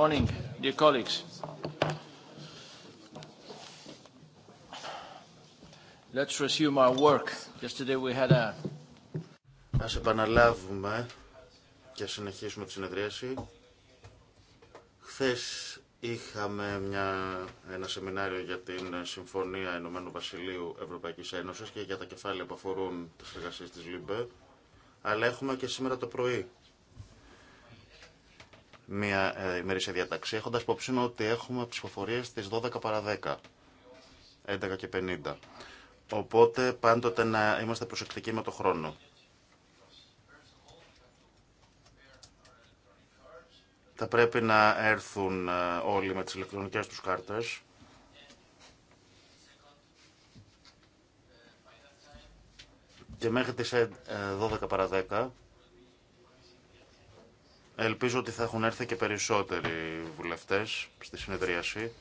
morning, dear colleagues. Let's resume our work. Yesterday we had a... Ας επαναλάβουμε και συνεχίσουμε τη συνεδρίαση. Χθες είχαμε μια, ένα σεμινάριο για την Συμφωνία Ενωμένου Βασιλείου Ευρωπαϊκής Ένωσης και για τα κεφάλαια που αφορούν τις εργασίες της ΛΥΜΠΕ. Αλλά έχουμε και σήμερα το πρωί μια ε, ημερήσια διαταξή, έχοντας υπόψη ότι έχουμε ψηφοφορίες στις 12 παρα 10, 11 και 50. Οπότε πάντοτε να είμαστε προσεκτικοί με το χρόνο. Θα πρέπει να έρθουν ε, όλοι με τις ηλεκτρονικές τους κάρτες. Και μέχρι τις 12 παρα 10 Ελπίζω ότι θα έχουν έρθει και περισσότεροι βουλευτές στη συνεδρίαση.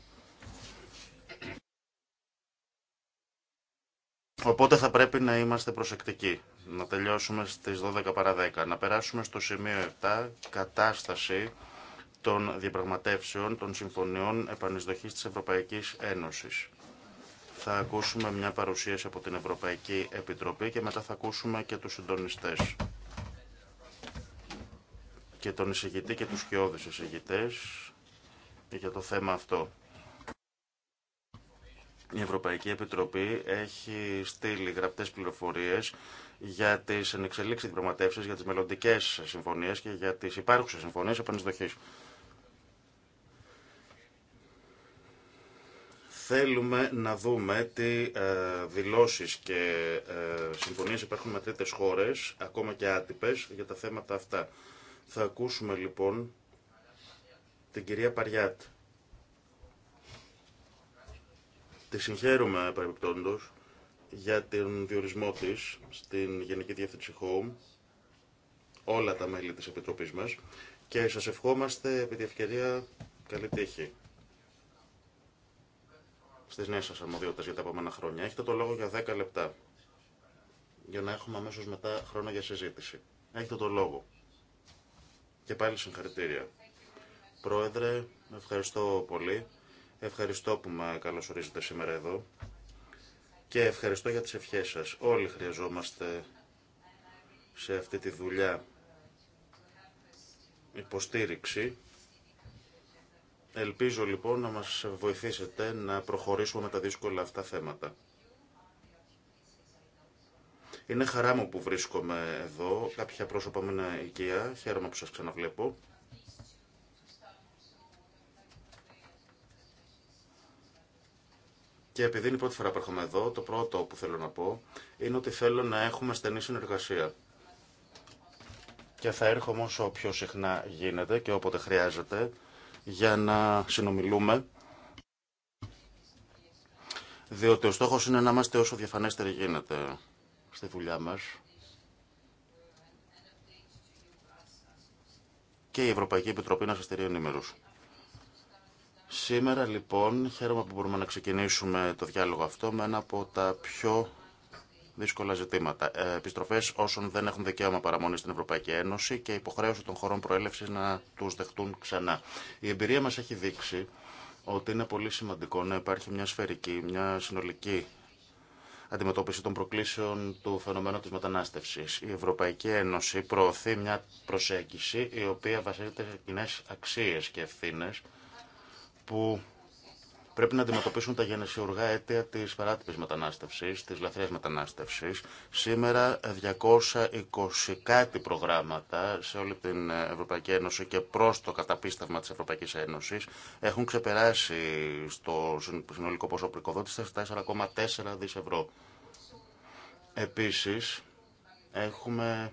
Οπότε θα πρέπει να είμαστε προσεκτικοί. Να τελειώσουμε στις 12 παρα 10. Να περάσουμε στο σημείο 7, κατάσταση των διαπραγματεύσεων των συμφωνιών επανεισδοχής της Ευρωπαϊκής Ένωσης. Θα ακούσουμε μια παρουσίαση από την Ευρωπαϊκή Επιτροπή και μετά θα ακούσουμε και τους συντονιστές και τον εισηγητή και τους σκιώδους εισηγητές για το θέμα αυτό. Η Ευρωπαϊκή Επιτροπή έχει στείλει γραπτές πληροφορίες για τις ενεξελίξεις διπλωματεύσεις, για τις μελλοντικέ συμφωνίες και για τις υπάρχουσες συμφωνίες επανεισδοχής. Θέλουμε να δούμε τι ε, δηλώσεις και ε, συμφωνίες υπάρχουν με τρίτες χώρες, ακόμα και άτυπες, για τα θέματα αυτά. Θα ακούσουμε λοιπόν την κυρία Παριάτ. Τη συγχαίρουμε παρεμπιπτόντως για τον διορισμό της στην Γενική Διεύθυνση Home, όλα τα μέλη της Επιτροπής μας και σας ευχόμαστε επί τη ευκαιρία καλή τύχη στις νέες σας αρμοδιότητες για τα επόμενα χρόνια. Έχετε το λόγο για 10 λεπτά για να έχουμε αμέσως μετά χρόνο για συζήτηση. Έχετε το λόγο. Και πάλι συγχαρητήρια. Πρόεδρε, ευχαριστώ πολύ. Ευχαριστώ που με καλωσορίζετε σήμερα εδώ. Και ευχαριστώ για τις ευχές σας. Όλοι χρειαζόμαστε σε αυτή τη δουλειά υποστήριξη. Ελπίζω λοιπόν να μας βοηθήσετε να προχωρήσουμε με τα δύσκολα αυτά θέματα. Είναι χαρά μου που βρίσκομαι εδώ. Κάποια πρόσωπα μου είναι οικεία. Χαίρομαι που σας ξαναβλέπω. Και επειδή είναι η πρώτη φορά που έρχομαι εδώ, το πρώτο που θέλω να πω είναι ότι θέλω να έχουμε στενή συνεργασία. Και θα έρχομαι όσο πιο συχνά γίνεται και όποτε χρειάζεται για να συνομιλούμε. Διότι ο στόχος είναι να είμαστε όσο διαφανέστεροι γίνεται στη δουλειά μας και η Ευρωπαϊκή Επιτροπή να σας τηρεί ενημερούς. Σήμερα λοιπόν χαίρομαι που μπορούμε να ξεκινήσουμε το διάλογο αυτό με ένα από τα πιο δύσκολα ζητήματα. Ε, επιστροφές Επιστροφέ όσων δεν έχουν δικαίωμα παραμονή στην Ευρωπαϊκή Ένωση και υποχρέωση των χωρών προέλευση να του δεχτούν ξανά. Η εμπειρία μα έχει δείξει ότι είναι πολύ σημαντικό να υπάρχει μια σφαιρική, μια συνολική αντιμετώπιση των προκλήσεων του φαινομένου της μετανάστευσης. Η Ευρωπαϊκή Ένωση προωθεί μια προσέγγιση η οποία βασίζεται σε κοινέ αξίες και ευθύνες που Πρέπει να αντιμετωπίσουν τα γενεσιουργά αίτια τη παράτυπη μετανάστευση, τη λαθρέα μετανάστευση. Σήμερα 220 κάτι προγράμματα σε όλη την Ευρωπαϊκή Ένωση και προ το καταπίστευμα τη Ευρωπαϊκή Ένωση έχουν ξεπεράσει στο συνολικό ποσό πρικοδότηση στα 4,4 δι ευρώ. Επίση, έχουμε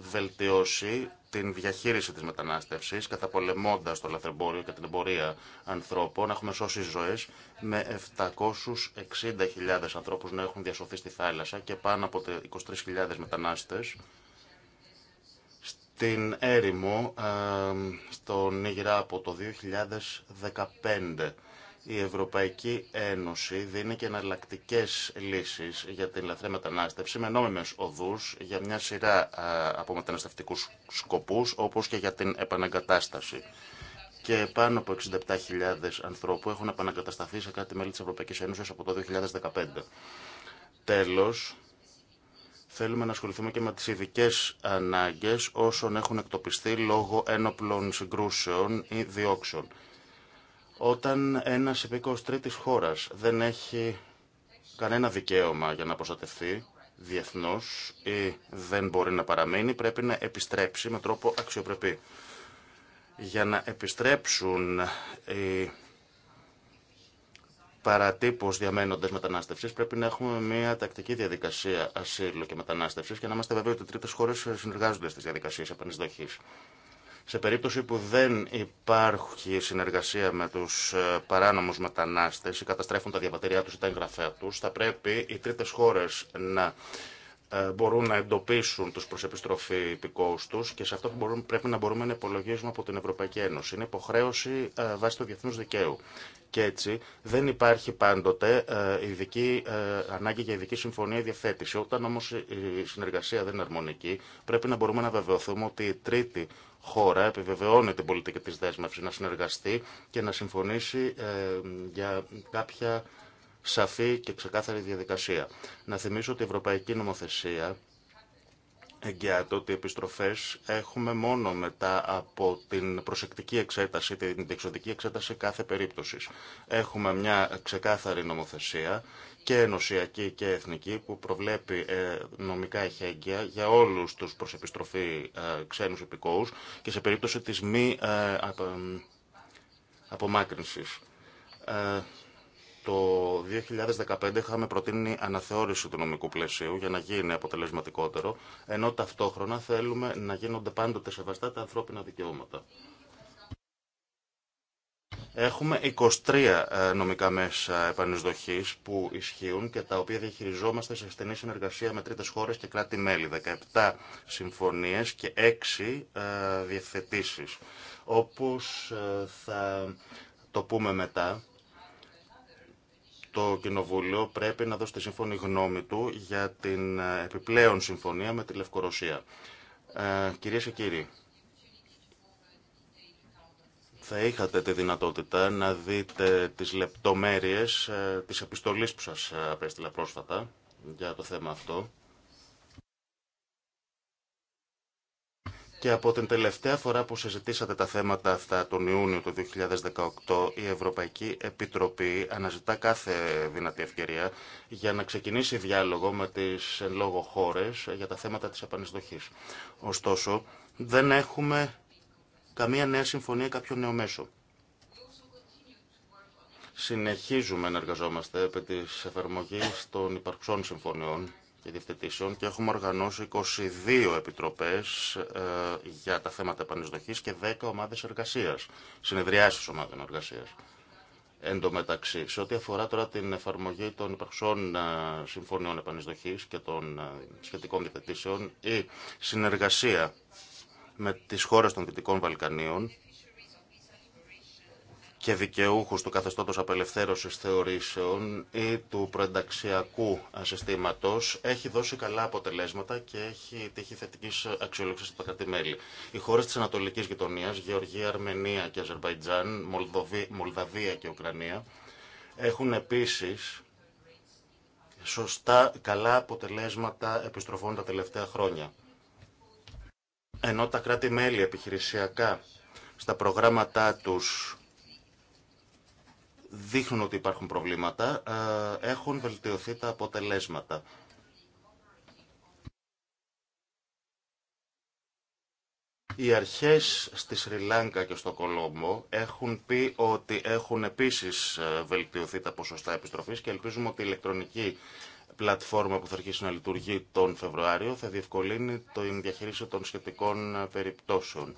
βελτιώσει την διαχείριση της μετανάστευσης, καταπολεμώντας το λαθρεμπόριο και την εμπορία ανθρώπων. Έχουμε σώσει ζωές με 760.000 ανθρώπους να έχουν διασωθεί στη θάλασσα και πάνω από 23.000 μετανάστες στην έρημο, ε, στον Νίγηρα από το 2015 η Ευρωπαϊκή Ένωση δίνει και εναλλακτικέ λύσει για την λαθρέα μετανάστευση με νόμιμε οδού για μια σειρά από μεταναστευτικού σκοπού, όπω και για την επαναγκατάσταση. Και πάνω από 67.000 ανθρώπου έχουν επαναγκατασταθεί σε κάτι μέλη τη Ευρωπαϊκή Ένωση από το 2015. Τέλο, θέλουμε να ασχοληθούμε και με τις ειδικέ ανάγκες όσων έχουν εκτοπιστεί λόγω ένοπλων συγκρούσεων ή διώξεων. Όταν ένας υπήκοος τρίτης χώρας δεν έχει κανένα δικαίωμα για να προστατευτεί διεθνώς ή δεν μπορεί να παραμείνει, πρέπει να επιστρέψει με τρόπο αξιοπρεπή. Για να επιστρέψουν οι παρατύπους διαμένοντες μετανάστευσης πρέπει να έχουμε μια τακτική διαδικασία ασύλου και μετανάστευσης και να είμαστε βέβαιοι ότι τρίτες χώρες συνεργάζονται στις διαδικασίες επανεισδοχής. Σε περίπτωση που δεν υπάρχει συνεργασία με του ε, παράνομου μετανάστε ή καταστρέφουν τα διαβατήριά του ή τα εγγραφέα του, θα πρέπει οι τρίτε χώρε να ε, μπορούν να εντοπίσουν του προ επιστροφή υπηκόου του και σε αυτό που πρέπει να μπορούμε να υπολογίζουμε από την Ευρωπαϊκή Ένωση. Είναι υποχρέωση ε, βάσει του διεθνού δικαίου. Και έτσι δεν υπάρχει πάντοτε ειδική, ανάγκη για ειδική συμφωνία διαθέτηση. Όταν όμω η συνεργασία δεν είναι αρμονική, πρέπει να μπορούμε να βεβαιωθούμε ότι η τρίτη χώρα επιβεβαιώνει την πολιτική της δέσμευση να συνεργαστεί και να συμφωνήσει ε, για κάποια σαφή και ξεκάθαρη διαδικασία. Να θυμίσω ότι η Ευρωπαϊκή Νομοθεσία εγγυάται ότι οι επιστροφές έχουμε μόνο μετά από την προσεκτική εξέταση, την διεξοδική εξέταση κάθε περίπτωσης. Έχουμε μια ξεκάθαρη νομοθεσία και ενωσιακή και εθνική που προβλέπει ε, νομικά εχέγγυα για όλους τους προς επιστροφή ε, ξένους επικόους και σε περίπτωση της μη ε, απομάκρυνσης. Το 2015 είχαμε προτείνει αναθεώρηση του νομικού πλαισίου για να γίνει αποτελεσματικότερο, ενώ ταυτόχρονα θέλουμε να γίνονται πάντοτε σεβαστά τα ανθρώπινα δικαιώματα. Έχουμε 23 ε, νομικά μέσα επανεισδοχή που ισχύουν και τα οποία διαχειριζόμαστε σε στενή συνεργασία με τρίτε χώρε και κράτη-μέλη. 17 συμφωνίε και 6 ε, διευθετήσει. Όπω ε, θα το πούμε μετά, το Κοινοβούλιο πρέπει να δώσει τη σύμφωνη γνώμη του για την επιπλέον συμφωνία με τη Λευκορωσία. Κυρίε και κύριοι, θα είχατε τη δυνατότητα να δείτε τις λεπτομέρειες ε, της επιστολής που σας ε, απέστειλα πρόσφατα για το θέμα αυτό. Και από την τελευταία φορά που συζητήσατε τα θέματα αυτά τον Ιούνιο του 2018, η Ευρωπαϊκή Επιτροπή αναζητά κάθε δυνατή ευκαιρία για να ξεκινήσει διάλογο με τις εν λόγω χώρες για τα θέματα της επανεισδοχής. Ωστόσο, δεν έχουμε καμία νέα συμφωνία, κάποιο νέο μέσο. Συνεχίζουμε να εργαζόμαστε επί τη εφαρμογή των υπαρξών συμφωνιών και διευθετήσεων και έχουμε οργανώσει 22 επιτροπέ ε, για τα θέματα επανεισδοχή και 10 ομάδε εργασία, συνεδριάσει ομάδων εργασία Εν τω σε ό,τι αφορά τώρα την εφαρμογή των υπαρξών ε, συμφωνιών επανεισδοχή και των ε, σχετικών διευθετήσεων, η συνεργασία με τις χώρες των Δυτικών Βαλκανίων και δικαιούχους του καθεστώτος απελευθέρωσης θεωρήσεων ή του προενταξιακού συστήματος έχει δώσει καλά αποτελέσματα και έχει τύχει θετική αξιολόγηση από τα μελη Οι χώρες της Ανατολικής Γειτονίας, Γεωργία, Αρμενία και Αζερβαϊτζάν, Μολδαβία και Ουκρανία έχουν επίσης σωστά καλά αποτελέσματα επιστροφών τα τελευταία χρόνια. Ενώ τα κράτη-μέλη επιχειρησιακά στα προγράμματά τους δείχνουν ότι υπάρχουν προβλήματα, ε, έχουν βελτιωθεί τα αποτελέσματα. Οι αρχές στη Σρι και στο Κολόμπο έχουν πει ότι έχουν επίσης ε, βελτιωθεί τα ποσοστά επιστροφής και ελπίζουμε ότι η ηλεκτρονική πλατφόρμα που θα αρχίσει να λειτουργεί τον Φεβρουάριο θα διευκολύνει την διαχείριση των σχετικών περιπτώσεων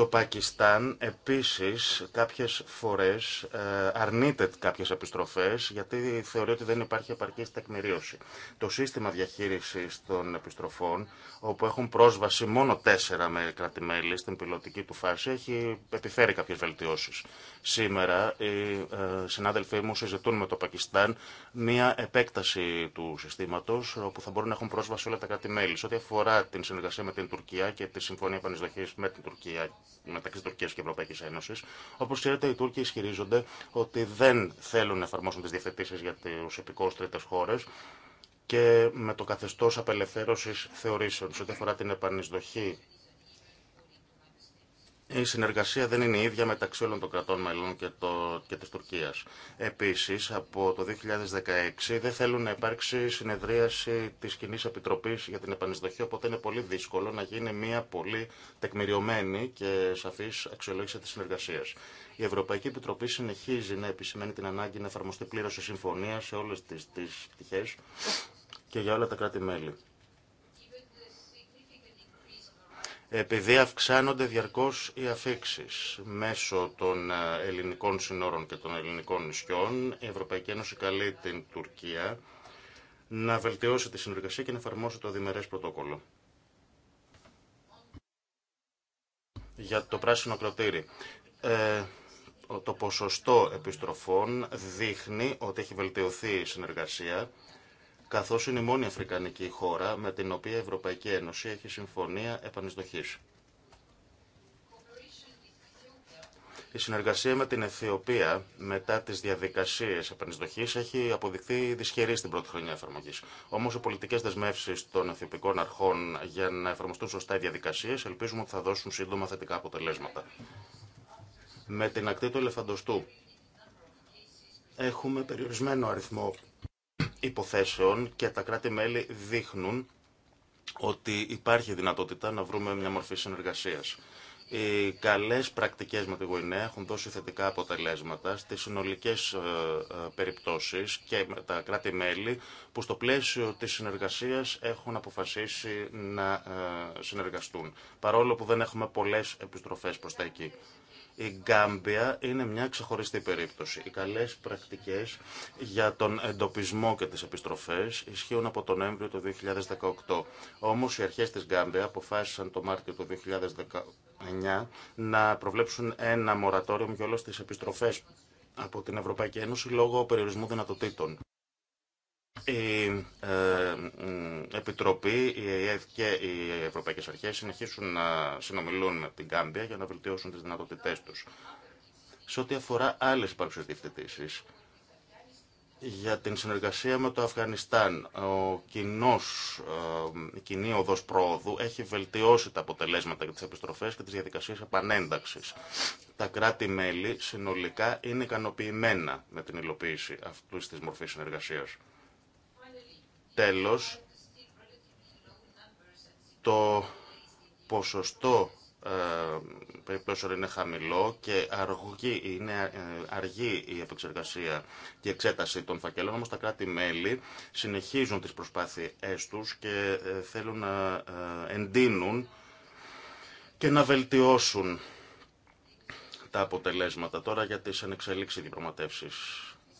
Το Πακιστάν επίσης κάποιες φορές ε, αρνείται κάποιες επιστροφές γιατί θεωρεί ότι δεν υπάρχει επαρκή τεκμηρίωση. Το σύστημα διαχείρισης των επιστροφών όπου έχουν πρόσβαση μόνο τέσσερα με κρατημέλη στην πιλωτική του φάση έχει επιφέρει κάποιες βελτιώσεις. Σήμερα οι ε, συνάδελφοί μου συζητούν με το Πακιστάν μια επέκταση του συστήματος όπου θα μπορούν να έχουν πρόσβαση όλα τα κρατημέλη. Σε ό,τι αφορά την συνεργασία με την Τουρκία και τη συμφωνία επανεισδοχής με την Τουρκία μεταξύ Τουρκία και Ευρωπαϊκή Ένωση. Όπω ξέρετε, οι Τούρκοι ισχυρίζονται ότι δεν θέλουν να εφαρμόσουν τι διευθετήσει για του επικού τρίτε χώρε και με το καθεστώ απελευθέρωση θεωρήσεων σε ό,τι αφορά την επανεισδοχή η συνεργασία δεν είναι η ίδια μεταξύ όλων των κρατών μελών και, το, και της Τουρκίας. Επίσης, από το 2016 δεν θέλουν να υπάρξει συνεδρίαση της κοινή Επιτροπής για την Επανεισδοχή, οπότε είναι πολύ δύσκολο να γίνει μια πολύ τεκμηριωμένη και σαφής αξιολόγηση της συνεργασίας. Η Ευρωπαϊκή Επιτροπή συνεχίζει να επισημαίνει την ανάγκη να εφαρμοστεί πλήρως η συμφωνία σε όλες τις, τις πτυχές και για όλα τα κράτη-μέλη. επειδή αυξάνονται διαρκώς οι αφήξεις μέσω των ε, ελληνικών συνόρων και των ελληνικών νησιών, η Ευρωπαϊκή Ένωση καλεί την Τουρκία να βελτιώσει τη συνεργασία και να εφαρμόσει το διμερές πρωτόκολλο. Για το πράσινο κροτήρι. Ε, το ποσοστό επιστροφών δείχνει ότι έχει βελτιωθεί η συνεργασία καθώς είναι η μόνη αφρικανική χώρα με την οποία η Ευρωπαϊκή Ένωση έχει συμφωνία επανεισδοχής. Η συνεργασία με την Αιθιοπία μετά τι διαδικασίε επανεισδοχή έχει αποδειχθεί δυσχερή στην πρώτη χρονιά εφαρμογή. Όμω οι πολιτικέ δεσμεύσει των αιθιοπικών αρχών για να εφαρμοστούν σωστά οι διαδικασίε ελπίζουμε ότι θα δώσουν σύντομα θετικά αποτελέσματα. Με την ακτή του ελεφαντοστού έχουμε περιορισμένο αριθμό υποθέσεων και τα κράτη-μέλη δείχνουν ότι υπάρχει δυνατότητα να βρούμε μια μορφή συνεργασίας. Οι καλές πρακτικές με τη έχουν δώσει θετικά αποτελέσματα στις συνολικές ε, ε, περιπτώσεις και τα κράτη-μέλη που στο πλαίσιο της συνεργασίας έχουν αποφασίσει να ε, συνεργαστούν, παρόλο που δεν έχουμε πολλές επιστροφές προς τα εκεί. Η Γκάμπια είναι μια ξεχωριστή περίπτωση. Οι καλές πρακτικές για τον εντοπισμό και τις επιστροφέ, ισχύουν από τον Νοέμβριο του 2018. όμω οι αρχές της Γκάμπια αποφάσισαν το Μάρτιο του 2019 να προβλέψουν ένα μορατόριο για όλε τι επιστροφέ από την Ευρωπαϊκή Ένωση λόγω περιορισμού δυνατοτήτων. Η ε, Επιτροπή, η ΕΕ και οι Ευρωπαϊκές Αρχές συνεχίσουν να συνομιλούν με την Κάμπια για να βελτιώσουν τις δυνατότητές τους. Σε ό,τι αφορά άλλες διευθυντήσεις, για την συνεργασία με το Αφγανιστάν, ο κοινός, ε, η κοινή οδός πρόοδου έχει βελτιώσει τα αποτελέσματα για τις επιστροφές και τις διαδικασίες επανένταξης. Τα κράτη-μέλη συνολικά είναι ικανοποιημένα με την υλοποίηση αυτού της μορφής συνεργασίας. Τέλος, το ποσοστό ε, είναι χαμηλό και αργή, είναι ε, αργή η επεξεργασία και εξέταση των φακελών, όμως τα κράτη-μέλη συνεχίζουν τις προσπάθειές τους και ε, θέλουν να ε, εντείνουν και να βελτιώσουν τα αποτελέσματα. Τώρα για τις ανεξελίξεις διπλωματεύσεις.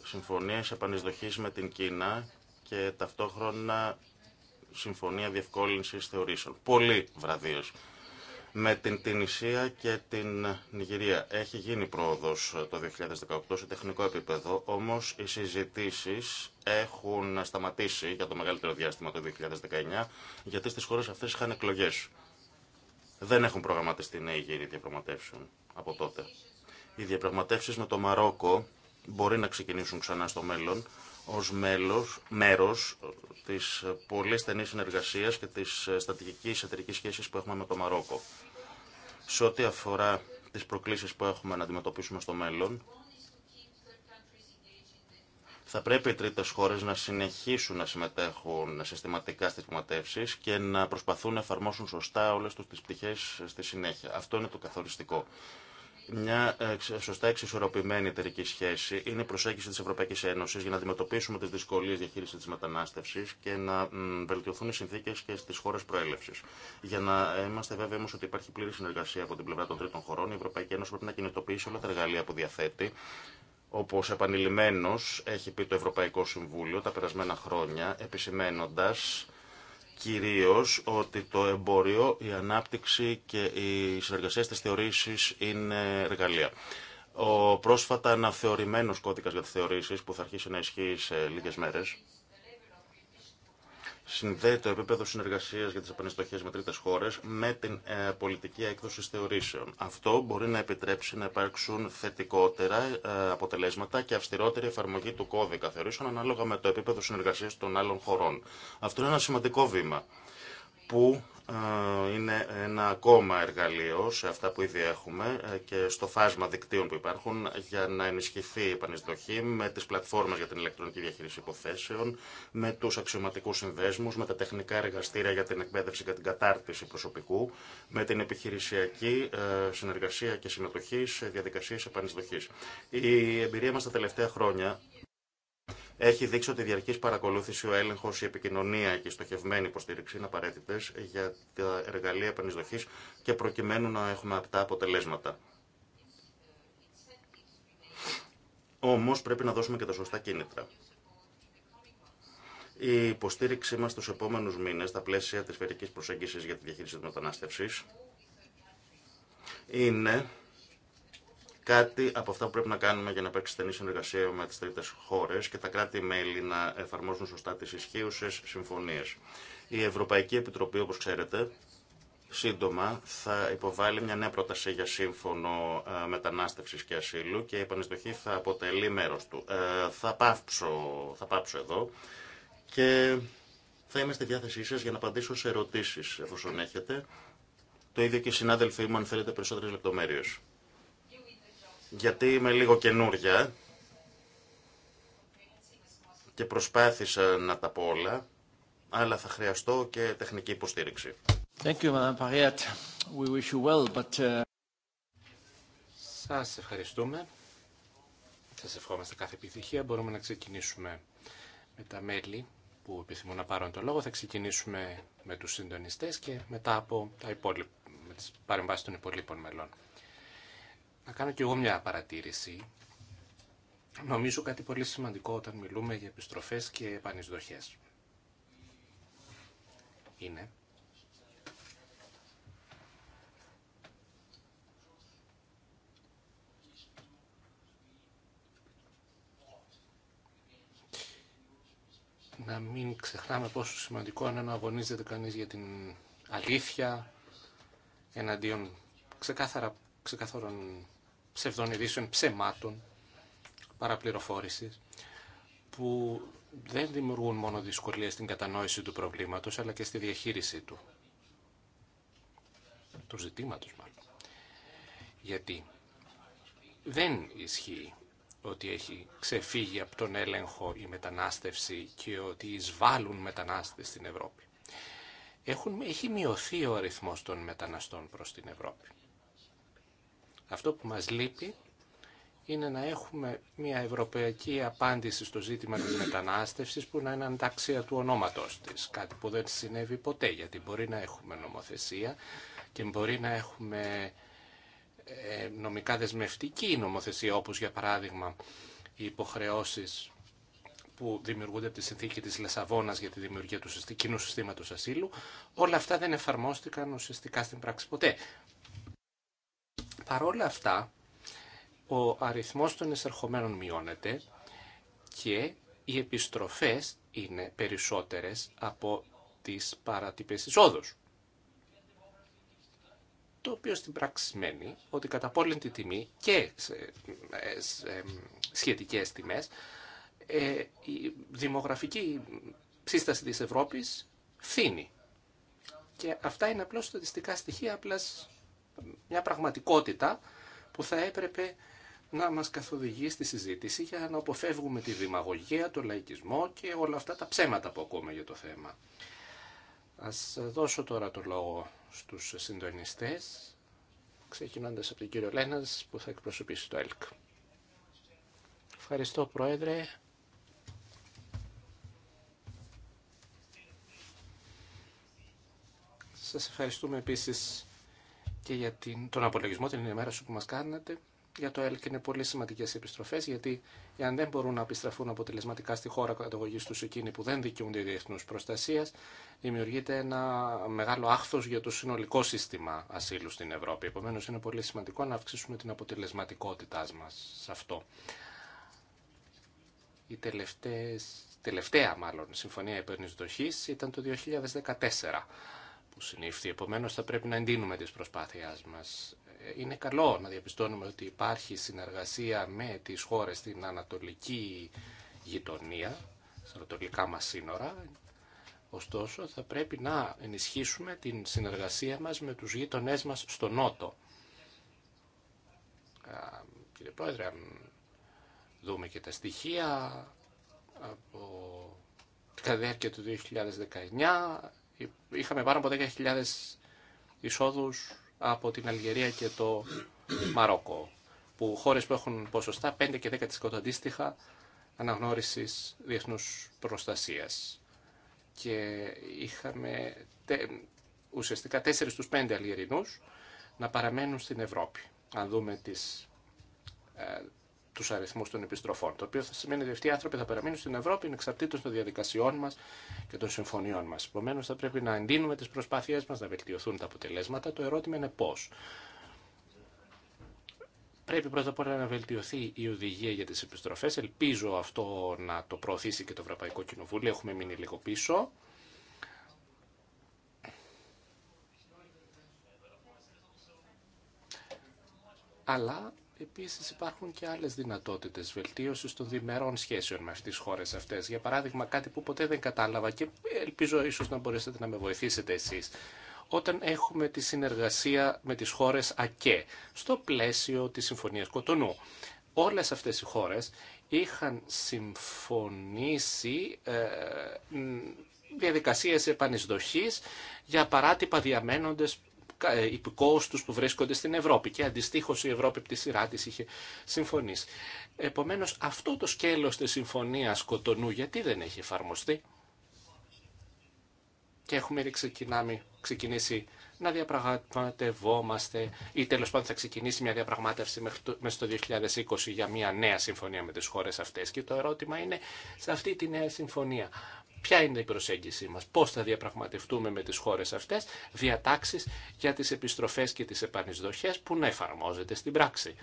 Συμφωνίες επανεισδοχής με την Κίνα και ταυτόχρονα συμφωνία διευκόλυνσης θεωρήσεων. Πολύ βραδίως. με την Τινησία και την Νιγηρία. Έχει γίνει πρόοδος το 2018 σε τεχνικό επίπεδο, όμως οι συζητήσεις έχουν σταματήσει για το μεγαλύτερο διάστημα το 2019, γιατί στις χώρες αυτές είχαν εκλογές. Δεν έχουν προγραμματιστεί νέοι γύροι διαπραγματεύσεων από τότε. Οι διαπραγματεύσεις με το Μαρόκο μπορεί να ξεκινήσουν ξανά στο μέλλον, ως μέλος, μέρος της πολύ στενής συνεργασίας και της στατικικής εταιρικής σχέσης που έχουμε με το Μαρόκο. Σε ό,τι αφορά τις προκλήσεις που έχουμε να αντιμετωπίσουμε στο μέλλον, θα πρέπει οι τρίτες χώρες να συνεχίσουν να συμμετέχουν συστηματικά στις διαπραγματεύσεις και να προσπαθούν να εφαρμόσουν σωστά όλες τους τις πτυχές στη συνέχεια. Αυτό είναι το καθοριστικό μια ε, σωστά εξισορροπημένη εταιρική σχέση είναι η προσέγγιση τη Ευρωπαϊκή Ένωση για να αντιμετωπίσουμε τι δυσκολίε διαχείριση τη μετανάστευση και να βελτιωθούν οι συνθήκε και στι χώρε προέλευση. Για να ε, είμαστε βέβαιοι όμω ότι υπάρχει πλήρη συνεργασία από την πλευρά των τρίτων χωρών, η Ευρωπαϊκή Ένωση πρέπει να κινητοποιήσει όλα τα εργαλεία που διαθέτει Όπω επανειλημμένως έχει πει το Ευρωπαϊκό Συμβούλιο τα περασμένα χρόνια, επισημένοντα κυρίως ότι το εμπόριο, η ανάπτυξη και οι συνεργασίες της θεωρήσεις είναι εργαλεία. Ο πρόσφατα αναθεωρημένος κώδικας για τις θεωρήσεις που θα αρχίσει να ισχύει σε λίγες μέρες συνδέει το επίπεδο συνεργασία για τι επανειστοχέ με τρίτε χώρε με την ε, πολιτική έκδοση θεωρήσεων. Αυτό μπορεί να επιτρέψει να υπάρξουν θετικότερα ε, αποτελέσματα και αυστηρότερη εφαρμογή του κώδικα θεωρήσεων ανάλογα με το επίπεδο συνεργασία των άλλων χωρών. Αυτό είναι ένα σημαντικό βήμα που ε, είναι ένα ακόμα εργαλείο σε αυτά που ήδη έχουμε ε, και στο φάσμα δικτύων που υπάρχουν για να ενισχυθεί η επανεισδοχή με τις πλατφόρμες για την ηλεκτρονική διαχείριση υποθέσεων, με τους αξιωματικούς συνδέσμους, με τα τεχνικά εργαστήρια για την εκπαίδευση και την κατάρτιση προσωπικού, με την επιχειρησιακή ε, συνεργασία και συμμετοχή σε διαδικασίες επανεισδοχής. Η εμπειρία μας τα τελευταία χρόνια έχει δείξει ότι η διαρκή παρακολούθηση, ο έλεγχο, η επικοινωνία και η στοχευμένη υποστήριξη είναι απαραίτητε για τα εργαλεία επανεισδοχή και προκειμένου να έχουμε αυτά αποτελέσματα. Όμω πρέπει να δώσουμε και τα σωστά κίνητρα. Η υποστήριξή μα στου επόμενου μήνε, στα πλαίσια τη φερική προσέγγιση για τη διαχείριση τη μετανάστευση, είναι κάτι από αυτά που πρέπει να κάνουμε για να υπάρξει στενή συνεργασία με τι τρίτε χώρε και τα κράτη-μέλη να εφαρμόζουν σωστά τι ισχύουσε συμφωνίε. Η Ευρωπαϊκή Επιτροπή, όπω ξέρετε, σύντομα θα υποβάλει μια νέα πρόταση για σύμφωνο ε, μετανάστευση και ασύλου και η επανειστοχή θα αποτελεί μέρο του. Ε, θα, πάψω, θα πάψω εδώ και θα είμαι στη διάθεσή σα για να απαντήσω σε ερωτήσει εφόσον έχετε. Το ίδιο και οι συνάδελφοί μου, αν θέλετε περισσότερε λεπτομέρειε γιατί είμαι λίγο καινούρια και προσπάθησα να τα πω όλα, αλλά θα χρειαστώ και τεχνική υποστήριξη. Thank you, We wish you well, but... Uh, Σας ευχαριστούμε. Σας ευχόμαστε κάθε επιτυχία. Μπορούμε να ξεκινήσουμε με τα μέλη που επιθυμούν να πάρουν το λόγο. Θα ξεκινήσουμε με τους συντονιστές και μετά από τα υπόλοιπα, με τις παρεμβάσεις των υπολείπων μελών. Να κάνω κι εγώ μια παρατήρηση. Νομίζω κάτι πολύ σημαντικό όταν μιλούμε για επιστροφές και επανεισδοχές. Είναι να μην ξεχνάμε πόσο σημαντικό είναι να αγωνίζεται κανείς για την αλήθεια εναντίον ξεκάθαρα, ξεκάθαρων ψευδών ειδήσεων, ψεμάτων, παραπληροφόρησης, που δεν δημιουργούν μόνο δυσκολίες στην κατανόηση του προβλήματος, αλλά και στη διαχείρισή του. Του ζητήματος μάλλον. Γιατί δεν ισχύει ότι έχει ξεφύγει από τον έλεγχο η μετανάστευση και ότι εισβάλλουν μετανάστες στην Ευρώπη. Έχουν, έχει μειωθεί ο αριθμός των μεταναστών προς την Ευρώπη. Αυτό που μας λείπει είναι να έχουμε μια ευρωπαϊκή απάντηση στο ζήτημα της μετανάστευσης που να είναι ανταξία του ονόματος της. Κάτι που δεν συνέβη ποτέ γιατί μπορεί να έχουμε νομοθεσία και μπορεί να έχουμε ε, νομικά δεσμευτική νομοθεσία όπως για παράδειγμα οι υποχρεώσεις που δημιουργούνται από τη συνθήκη της Λεσαβόνας για τη δημιουργία του κοινού συστήματος ασύλου, όλα αυτά δεν εφαρμόστηκαν ουσιαστικά στην πράξη ποτέ παρόλα αυτά, ο αριθμός των εισερχομένων μειώνεται και οι επιστροφές είναι περισσότερες από τις παρατυπές εισόδους. Το οποίο στην πράξη σημαίνει ότι κατά τη τιμή και σε ε, σχετικές τιμές ε, η δημογραφική σύσταση της Ευρώπης φθήνει. Και αυτά είναι απλώς στατιστικά στοιχεία απλάς μια πραγματικότητα που θα έπρεπε να μας καθοδηγεί στη συζήτηση για να αποφεύγουμε τη δημαγωγία, το λαϊκισμό και όλα αυτά τα ψέματα που ακούμε για το θέμα. Ας δώσω τώρα το λόγο στους συντονιστές, ξεκινώντας από τον κύριο Λένας που θα εκπροσωπήσει το ΕΛΚ. Ευχαριστώ Πρόεδρε. Σας ευχαριστούμε επίσης και για την, τον απολογισμό, την ενημέρωση που μα κάνετε. Για το ΕΛΚ είναι πολύ σημαντικέ οι επιστροφέ, γιατί αν δεν μπορούν να επιστραφούν αποτελεσματικά στη χώρα καταγωγή του εκείνοι που δεν δικαιούνται διεθνού προστασία, δημιουργείται ένα μεγάλο άχθο για το συνολικό σύστημα ασύλου στην Ευρώπη. Επομένω, είναι πολύ σημαντικό να αυξήσουμε την αποτελεσματικότητά μα σε αυτό. Η τελευταία, μάλλον, συμφωνία υπερνησδοχή ήταν το 2014 που συνήφθη. Επομένως θα πρέπει να εντείνουμε τι προσπάθειε μα. Είναι καλό να διαπιστώνουμε ότι υπάρχει συνεργασία με τι χώρες στην ανατολική γειτονία, στα ανατολικά μας σύνορα. Ωστόσο θα πρέπει να ενισχύσουμε την συνεργασία μας με τους γείτονές μας στο νότο. Κύριε Πρόεδρε, αν δούμε και τα στοιχεία από το διάρκεια του 2019 είχαμε πάνω από 10.000 εισόδου από την Αλγερία και το Μαρόκο, που χώρες που έχουν ποσοστά 5 και 10% αντίστοιχα αναγνώρισης διεθνού προστασίας. Και είχαμε ουσιαστικά 4 στους 5 Αλγερινούς να παραμένουν στην Ευρώπη. Αν δούμε τις ε, του αριθμού των επιστροφών. Το οποίο θα σημαίνει ότι αυτοί οι άνθρωποι θα παραμείνουν στην Ευρώπη εξαρτήτω των διαδικασιών μα και των συμφωνιών μα. Επομένω, θα πρέπει να εντείνουμε τι προσπάθειέ μα να βελτιωθούν τα αποτελέσματα. Το ερώτημα είναι πώ. Πρέπει πρώτα απ' όλα να βελτιωθεί η οδηγία για τι επιστροφέ. Ελπίζω αυτό να το προωθήσει και το Ευρωπαϊκό Κοινοβούλιο. Έχουμε μείνει λίγο πίσω. Αλλά Επίσης υπάρχουν και άλλες δυνατότητες βελτίωσης των διμερών σχέσεων με τις χώρες αυτές. Για παράδειγμα κάτι που ποτέ δεν κατάλαβα και ελπίζω ίσως να μπορέσετε να με βοηθήσετε εσείς. Όταν έχουμε τη συνεργασία με τις χώρες ΑΚΕ στο πλαίσιο της Συμφωνίας Κοτονού. Όλες αυτές οι χώρες είχαν συμφωνήσει ε, διαδικασίες επανεισδοχής για παράτυπα διαμένοντες ε, οι που βρίσκονται στην Ευρώπη και αντιστοιχώ η Ευρώπη από τη σειρά τη είχε συμφωνήσει. Επομένως αυτό το σκέλος της συμφωνίας Κοτονού γιατί δεν έχει εφαρμοστεί και έχουμε ξεκινήσει να διαπραγματευόμαστε ή τέλο πάντων θα ξεκινήσει μια διαπραγμάτευση μέσα στο 2020 για μια νέα συμφωνία με τις χώρες αυτές. Και το ερώτημα είναι σε αυτή τη νέα συμφωνία Ποια είναι η προσέγγιση μας, πώς θα διαπραγματευτούμε με τις χώρες αυτές διατάξεις για τις επιστροφές και τις επανεισδοχές που να εφαρμόζεται στην πράξη.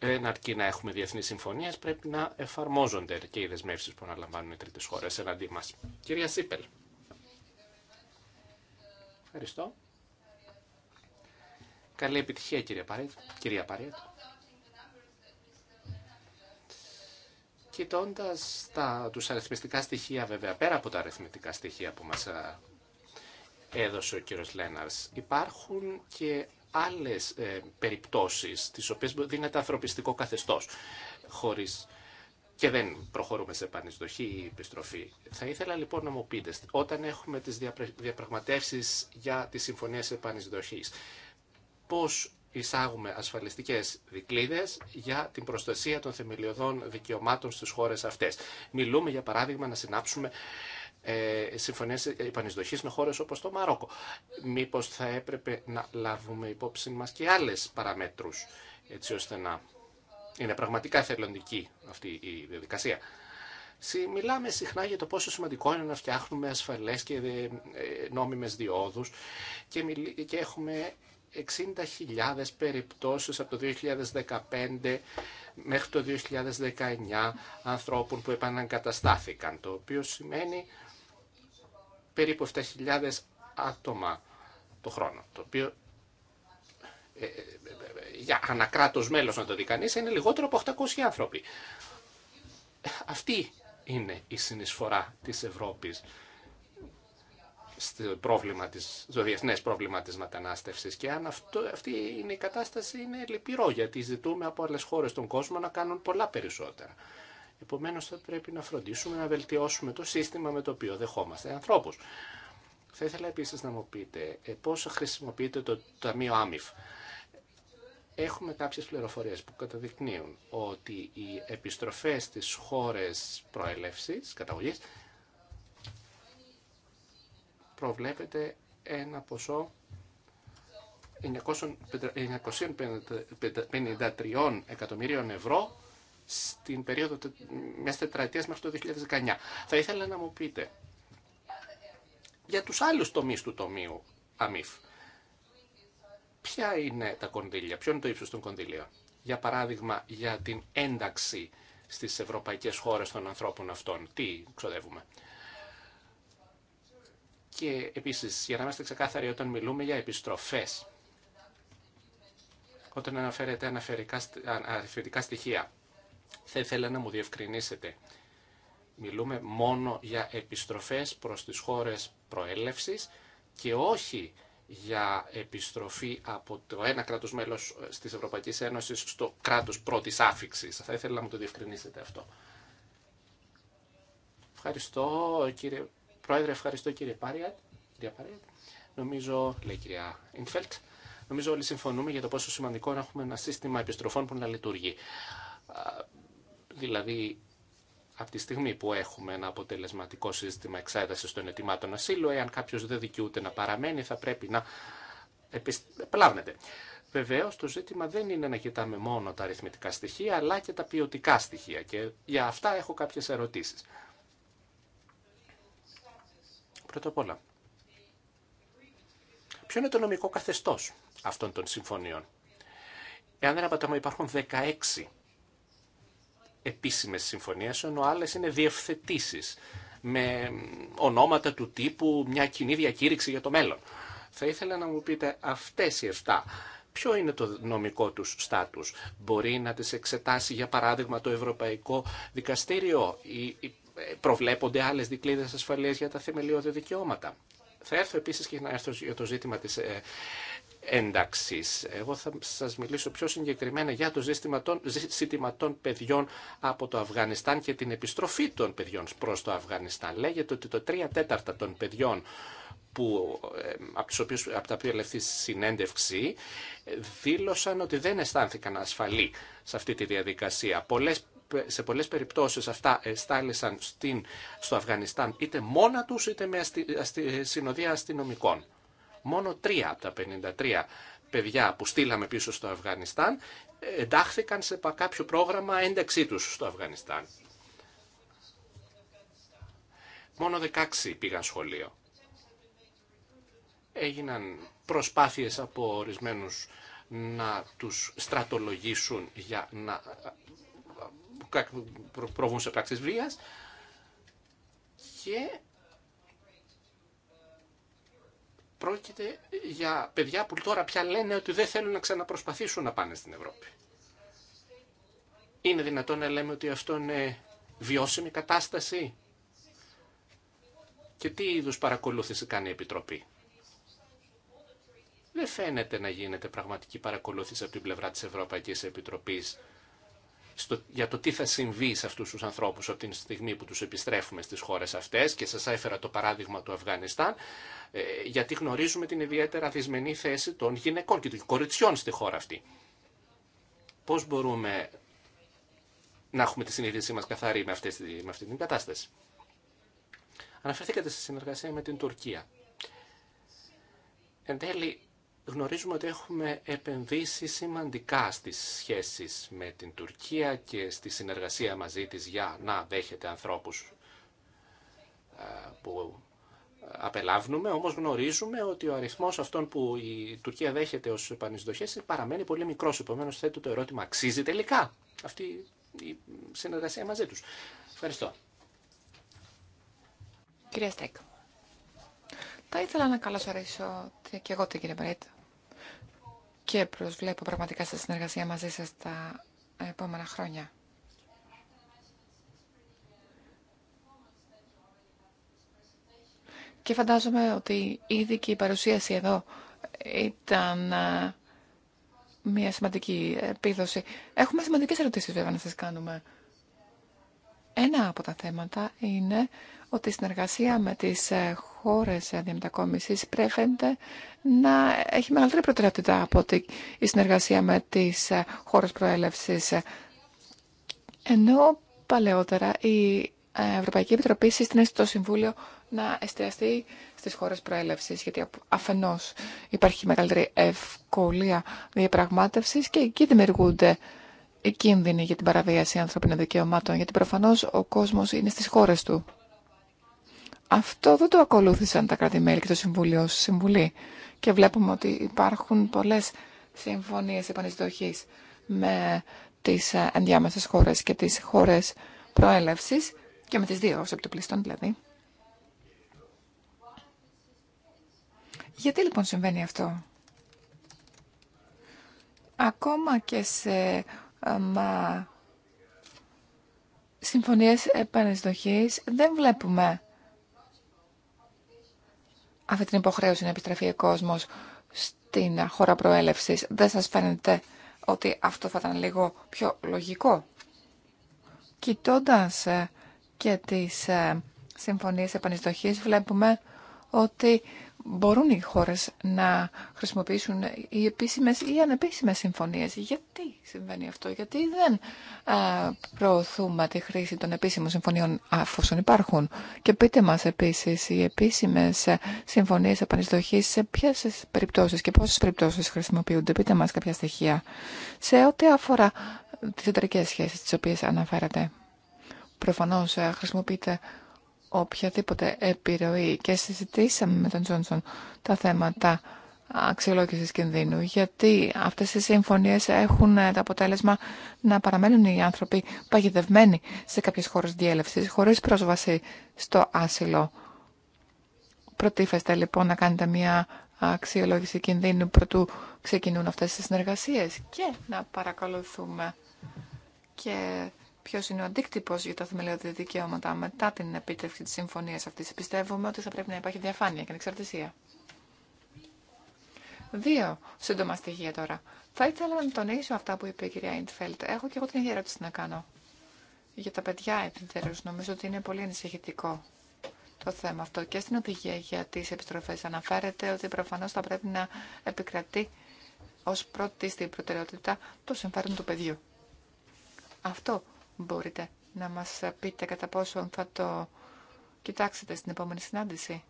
Δεν αρκεί να έχουμε διεθνείς συμφωνίες, πρέπει να εφαρμόζονται και οι δεσμεύσεις που αναλαμβάνουν οι τρίτες χώρες εναντί μας. Κυρία Σίπελ. Ευχαριστώ. Καλή επιτυχία κυρία Παρέτ. Κυρία Παρέτ. κοιτώντας τα, τους αριθμιστικά στοιχεία βέβαια, πέρα από τα αριθμητικά στοιχεία που μας ε, έδωσε ο κύριος Λέναρς, υπάρχουν και άλλες ε, περιπτώσεις τις οποίες δίνεται ανθρωπιστικό καθεστώς χωρίς και δεν προχωρούμε σε επανεισδοχή ή επιστροφή. Θα ήθελα λοιπόν να μου πείτε, όταν έχουμε τις διαπραγματεύσεις για τις συμφωνίες επανεισδοχής, πώς εισάγουμε ασφαλιστικές δικλίδες για την προστασία των θεμελιωδών δικαιωμάτων στις χώρες αυτές. Μιλούμε για παράδειγμα να συνάψουμε ε, συμφωνίες επανεισδοχής με χώρες όπως το Μαρόκο. Μήπως θα έπρεπε να λάβουμε υπόψη μας και άλλες παραμέτρους έτσι ώστε να είναι πραγματικά θελοντική αυτή η διαδικασία. Μιλάμε συχνά για το πόσο σημαντικό είναι να φτιάχνουμε ασφαλές και ε, νόμιμες διόδους και έχουμε 60.000 περιπτώσεις από το 2015 μέχρι το 2019 ανθρώπων που επαναγκαταστάθηκαν, το οποίο σημαίνει περίπου 7.000 άτομα το χρόνο, το οποίο ε, ε, ε, για ανακράτος μέλος να το δει κανείς, είναι λιγότερο από 800 άνθρωποι. Αυτή είναι η συνεισφορά της Ευρώπης στο πρόβλημα της, στο διεθνές πρόβλημα της μετανάστευσης και αν αυτό, αυτή είναι η κατάσταση είναι λυπηρό γιατί ζητούμε από άλλες χώρες των κόσμο να κάνουν πολλά περισσότερα. Επομένως θα πρέπει να φροντίσουμε να βελτιώσουμε το σύστημα με το οποίο δεχόμαστε ανθρώπους. Θα ήθελα επίσης να μου πείτε ε, πώς χρησιμοποιείτε το Ταμείο Άμυφ. Έχουμε κάποιες πληροφορίες που καταδεικνύουν ότι οι επιστροφές στις χώρες προέλευσης, καταγωγής, προβλέπεται ένα ποσό 953 εκατομμυρίων ευρώ στην περίοδο μιας τετραετίας μέχρι το 2019. Θα ήθελα να μου πείτε για τους άλλους τομείς του τομείου ΑΜΙΦ. Ποια είναι τα κονδύλια, ποιο είναι το ύψος των κονδύλιων. Για παράδειγμα, για την ένταξη στις ευρωπαϊκές χώρες των ανθρώπων αυτών. Τι ξοδεύουμε. Και επίσης, για να είμαστε ξεκάθαροι, όταν μιλούμε για επιστροφές, όταν αναφέρεται αναφερικά στοιχεία, θα ήθελα να μου διευκρινίσετε. Μιλούμε μόνο για επιστροφές προς τις χώρες προέλευσης και όχι για επιστροφή από το ένα κράτος μέλος ε, της Ευρωπαϊκής Ένωσης στο κράτος πρώτης άφηξης. Θα ήθελα να μου το διευκρινίσετε αυτό. Ευχαριστώ κύριε Πρόεδρε, ευχαριστώ κύριε Πάριατ. Κυρία Πάριατ. Νομίζω, λέει κυρία Ινφελτ, νομίζω όλοι συμφωνούμε για το πόσο σημαντικό να έχουμε ένα σύστημα επιστροφών που να λειτουργεί. Δηλαδή, από τη στιγμή που έχουμε ένα αποτελεσματικό σύστημα εξέταση των ετοιμάτων ασύλου, εάν κάποιο δεν δικαιούται να παραμένει, θα πρέπει να πλάβνεται. Βεβαίω, το ζήτημα δεν είναι να κοιτάμε μόνο τα αριθμητικά στοιχεία, αλλά και τα ποιοτικά στοιχεία. Και για αυτά έχω κάποιε ερωτήσει. Πρώτα απ' όλα, ποιο είναι το νομικό καθεστώς αυτών των συμφωνιών. Εάν δεν απατώμα υπάρχουν 16 επίσημες συμφωνίες, ενώ άλλες είναι διευθετήσεις με ονόματα του τύπου μια κοινή διακήρυξη για το μέλλον. Θα ήθελα να μου πείτε αυτές οι 7 ποιο είναι το νομικό τους στάτους. Μπορεί να τις εξετάσει για παράδειγμα το Ευρωπαϊκό Δικαστήριο ή προβλέπονται άλλες δικλείδες ασφαλείας για τα θεμελιώδη δικαιώματα. Θα έρθω επίσης και να έρθω για το ζήτημα της ε, ένταξης. Εγώ θα σας μιλήσω πιο συγκεκριμένα για το ζήτημα των, παιδιών από το Αφγανιστάν και την επιστροφή των παιδιών προς το Αφγανιστάν. Λέγεται ότι το 3 τέταρτα των παιδιών που, ε, από, τους οποίους, από τα οποία λεφθεί συνέντευξη ε, δήλωσαν ότι δεν αισθάνθηκαν ασφαλή σε αυτή τη διαδικασία. Πολλές σε πολλές περιπτώσεις αυτά στάλησαν στην, στο Αφγανιστάν είτε μόνα τους είτε με αστι, αστι, συνοδεία αστυνομικών. Μόνο τρία από τα 53 παιδιά που στείλαμε πίσω στο Αφγανιστάν ε, εντάχθηκαν σε κάποιο πρόγραμμα ένταξή τους στο Αφγανιστάν. Μόνο 16 πήγαν σχολείο. Έγιναν προσπάθειες από ορισμένους να τους στρατολογήσουν για να προβούν σε πράξεις βίας και πρόκειται για παιδιά που τώρα πια λένε ότι δεν θέλουν να ξαναπροσπαθήσουν να πάνε στην Ευρώπη. Είναι δυνατόν να λέμε ότι αυτό είναι βιώσιμη κατάσταση και τι είδους παρακολούθηση κάνει η Επιτροπή. Δεν φαίνεται να γίνεται πραγματική παρακολούθηση από την πλευρά της Ευρωπαϊκής Επιτροπής στο, για το τι θα συμβεί σε αυτούς τους ανθρώπους από την στιγμή που τους επιστρέφουμε στις χώρες αυτές και σας έφερα το παράδειγμα του Αφγανιστάν ε, γιατί γνωρίζουμε την ιδιαίτερα δυσμενή θέση των γυναικών και των κοριτσιών στη χώρα αυτή. Πώς μπορούμε να έχουμε τη συνείδησή μας καθαρή με, αυτές, με αυτή την κατάσταση. Αναφερθήκατε στη συνεργασία με την Τουρκία. Εν τέλει, γνωρίζουμε ότι έχουμε επενδύσει σημαντικά στις σχέσεις με την Τουρκία και στη συνεργασία μαζί της για να δέχεται ανθρώπους ε, που ε, απελάβνουμε, όμως γνωρίζουμε ότι ο αριθμός αυτών που η Τουρκία δέχεται ως επανεισδοχές παραμένει πολύ μικρός, επομένως θέτω το ερώτημα, αξίζει τελικά αυτή η συνεργασία μαζί τους. Ευχαριστώ. Κυρία Στέκ, θα ήθελα να καλωσορίσω και εγώ την κυρία Μπρέτ και προσβλέπω πραγματικά στη συνεργασία μαζί σας τα επόμενα χρόνια. Και φαντάζομαι ότι ήδη και η παρουσίαση εδώ ήταν ε, μια σημαντική επίδοση. Έχουμε σημαντικές ερωτήσεις βέβαια να σας κάνουμε. Ένα από τα θέματα είναι ότι η συνεργασία με τις ε, χώρες διαμετακόμισης πρέπει να έχει μεγαλύτερη προτεραιότητα από ότι η συνεργασία με τις ε, χώρες προέλευσης. Ενώ παλαιότερα η ε, Ευρωπαϊκή Επιτροπή σύστηνε στο Συμβούλιο να εστιαστεί στις χώρες προέλευσης, γιατί αφενός υπάρχει μεγαλύτερη ευκολία διαπραγμάτευσης και εκεί δημιουργούνται οι κίνδυνοι για την παραβίαση ανθρωπίνων δικαιωμάτων, γιατί προφανώς ο κόσμος είναι στις χώρες του. Αυτό δεν το ακολούθησαν τα κράτη-μέλη και το Συμβούλιο ως Συμβουλή. Και βλέπουμε ότι υπάρχουν πολλές συμφωνίες επανειστοχής με τις ε, ενδιάμεσες χώρες και τις χώρες προέλευσης και με τις δύο ως επιτοπλιστών δηλαδή. Γιατί λοιπόν συμβαίνει αυτό. Ακόμα και σε μα, συμφωνίες επανεισδοχής δεν βλέπουμε αυτή την υποχρέωση να επιστραφεί ο κόσμος στην χώρα προέλευση. Δεν σας φαίνεται ότι αυτό θα ήταν λίγο πιο λογικό. Κοιτώντα ε, και τις ε, συμφωνίες επανειστοχής βλέπουμε ότι μπορούν οι χώρες να χρησιμοποιήσουν οι επίσημες ή οι ανεπίσημες συμφωνίες. Γιατί συμβαίνει αυτό, γιατί δεν προωθούμε τη χρήση των επίσημων συμφωνιών αφού υπάρχουν. Και πείτε μας επίσης, οι επίσημες ε, συμφωνίες επανεισδοχής σε ποιες περιπτώσεις και πόσες περιπτώσεις χρησιμοποιούνται. Πείτε μας κάποια στοιχεία σε ό,τι αφορά τις εταιρικές σχέσεις τις οποίες αναφέρατε. Προφανώς ε, χρησιμοποιείται οποιαδήποτε επιρροή και συζητήσαμε με τον Τζόνσον τα θέματα αξιολόγηση κινδύνου, γιατί αυτές οι συμφωνίε έχουν ε, το αποτέλεσμα να παραμένουν οι άνθρωποι παγιδευμένοι σε κάποιες χώρε διέλευση, χωρί πρόσβαση στο άσυλο. Προτίθεστε λοιπόν να κάνετε μια αξιολόγηση κινδύνου προτού ξεκινούν αυτές τις συνεργασίες και να παρακολουθούμε ποιο είναι ο αντίκτυπο για τα θεμελιώδη δικαιώματα μετά την επίτευξη τη συμφωνία αυτή. Πιστεύουμε ότι θα πρέπει να υπάρχει διαφάνεια και ανεξαρτησία. Δύο σύντομα στοιχεία τώρα. Θα ήθελα να τονίσω αυτά που είπε η κυρία Ιντφέλτ. Έχω και εγώ την ίδια ερώτηση να κάνω. Για τα παιδιά επιτέλου, νομίζω ότι είναι πολύ ανησυχητικό το θέμα αυτό. Και στην οδηγία για τι επιστροφέ αναφέρεται ότι προφανώ θα πρέπει να επικρατεί ω πρώτη στην προτεραιότητα το συμφέρον του παιδιού. Αυτό Μπορείτε να μας πείτε κατά πόσο θα το κοιτάξετε στην επόμενη συνάντηση.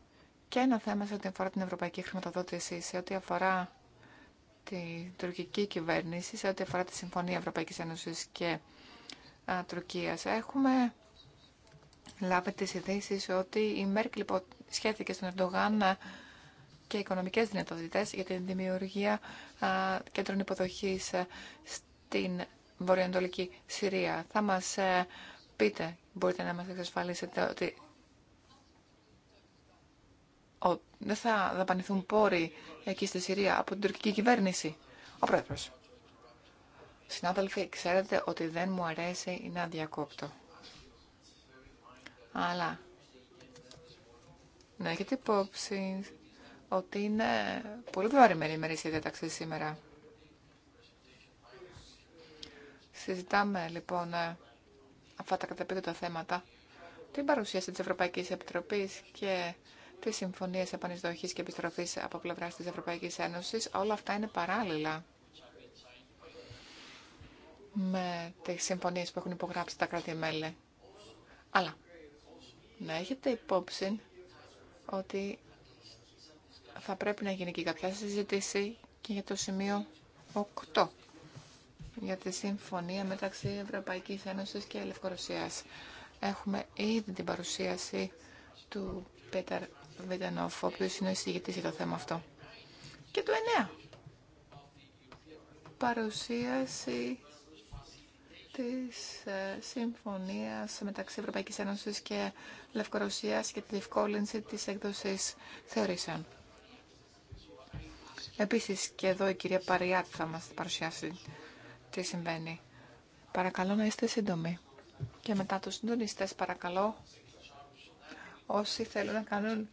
Και ένα θέμα σε ό,τι αφορά την ευρωπαϊκή χρηματοδότηση, σε ό,τι αφορά την τουρκική κυβέρνηση, σε ό,τι αφορά τη Συμφωνία Ευρωπαϊκής Ένωσης και α, Τουρκίας. Έχουμε λάβει τις ειδήσει ότι η Μέρκλ σχέθηκε στον Ερντογάν και οικονομικές δυνατότητες για την δημιουργία κέντρων υποδοχής στην Βορειοανατολική Συρία. Θα μας ε, πείτε, μπορείτε να μας εξασφαλίσετε ότι δεν θα δαπανηθούν πόροι εκεί στη Συρία από την τουρκική κυβέρνηση. Ο πρόεδρος. Συνάδελφοι, ξέρετε ότι δεν μου αρέσει να διακόπτω. Αλλά να έχετε υπόψη ότι είναι πολύ βαρημένη η ημερήσια διάταξη σήμερα. Συζητάμε λοιπόν ε, αυτά τα καταπίδωτα θέματα, την παρουσίαση της Ευρωπαϊκής Επιτροπής και τι συμφωνίες επανεισδοχής και επιστροφής από πλευράς της Ευρωπαϊκής Ένωσης, όλα αυτά είναι παράλληλα με τις συμφωνίες που έχουν υπογράψει τα κράτη-μέλη. Αλλά να έχετε υπόψη ότι θα πρέπει να γίνει και κάποια συζήτηση και για το σημείο 8 για τη συμφωνία μεταξύ Ευρωπαϊκής Ένωσης και Λευκορωσίας. Έχουμε ήδη την παρουσίαση του Πέταρ Βιντενοφ, ο οποίος είναι ο εισηγητής για το θέμα αυτό. Και το 9. Παρουσίαση της ε, συμφωνίας μεταξύ Ευρωπαϊκής Ένωσης και Λευκορωσίας και τη διευκόλυνση της έκδοσης θεωρήσεων. Επίσης και εδώ η κυρία Παριάτ θα μας παρουσιάσει τι συμβαίνει. Παρακαλώ να είστε σύντομοι. Και μετά τους συντονιστές παρακαλώ, όσοι θέλουν να κάνουν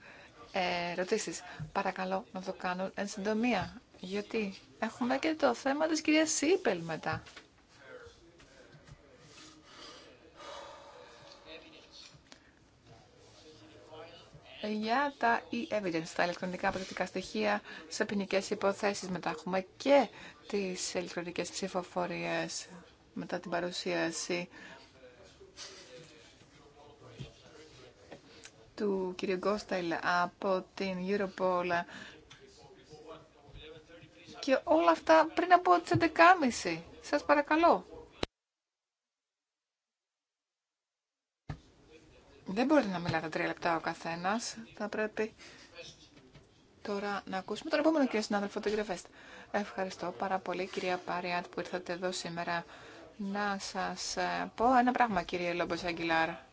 ε, ρωτήσεις παρακαλώ να το κάνουν εν συντομία. Γιατί έχουμε και το θέμα της κυρίας Σίπελ μετά. για τα e-evidence, τα ηλεκτρονικά αποδεικτικά στοιχεία σε ποινικέ υποθέσεις. Μετά έχουμε και τις ηλεκτρονικέ ψηφοφορίε μετά την παρουσίαση του κ. Γκόσταϊλ από την Europol και όλα αυτά πριν από τις 11.30. Σας παρακαλώ. Δεν μπορείτε να μιλάτε τρία λεπτά ο καθένα. Θα πρέπει τώρα να ακούσουμε τον επόμενο κύριο συνάδελφο, τον κύριο Βέστ. Ευχαριστώ πάρα πολύ, κυρία Πάριατ, που ήρθατε εδώ σήμερα. Να σα ε, πω ένα πράγμα, κύριε Λόμπο Αγγιλάρα.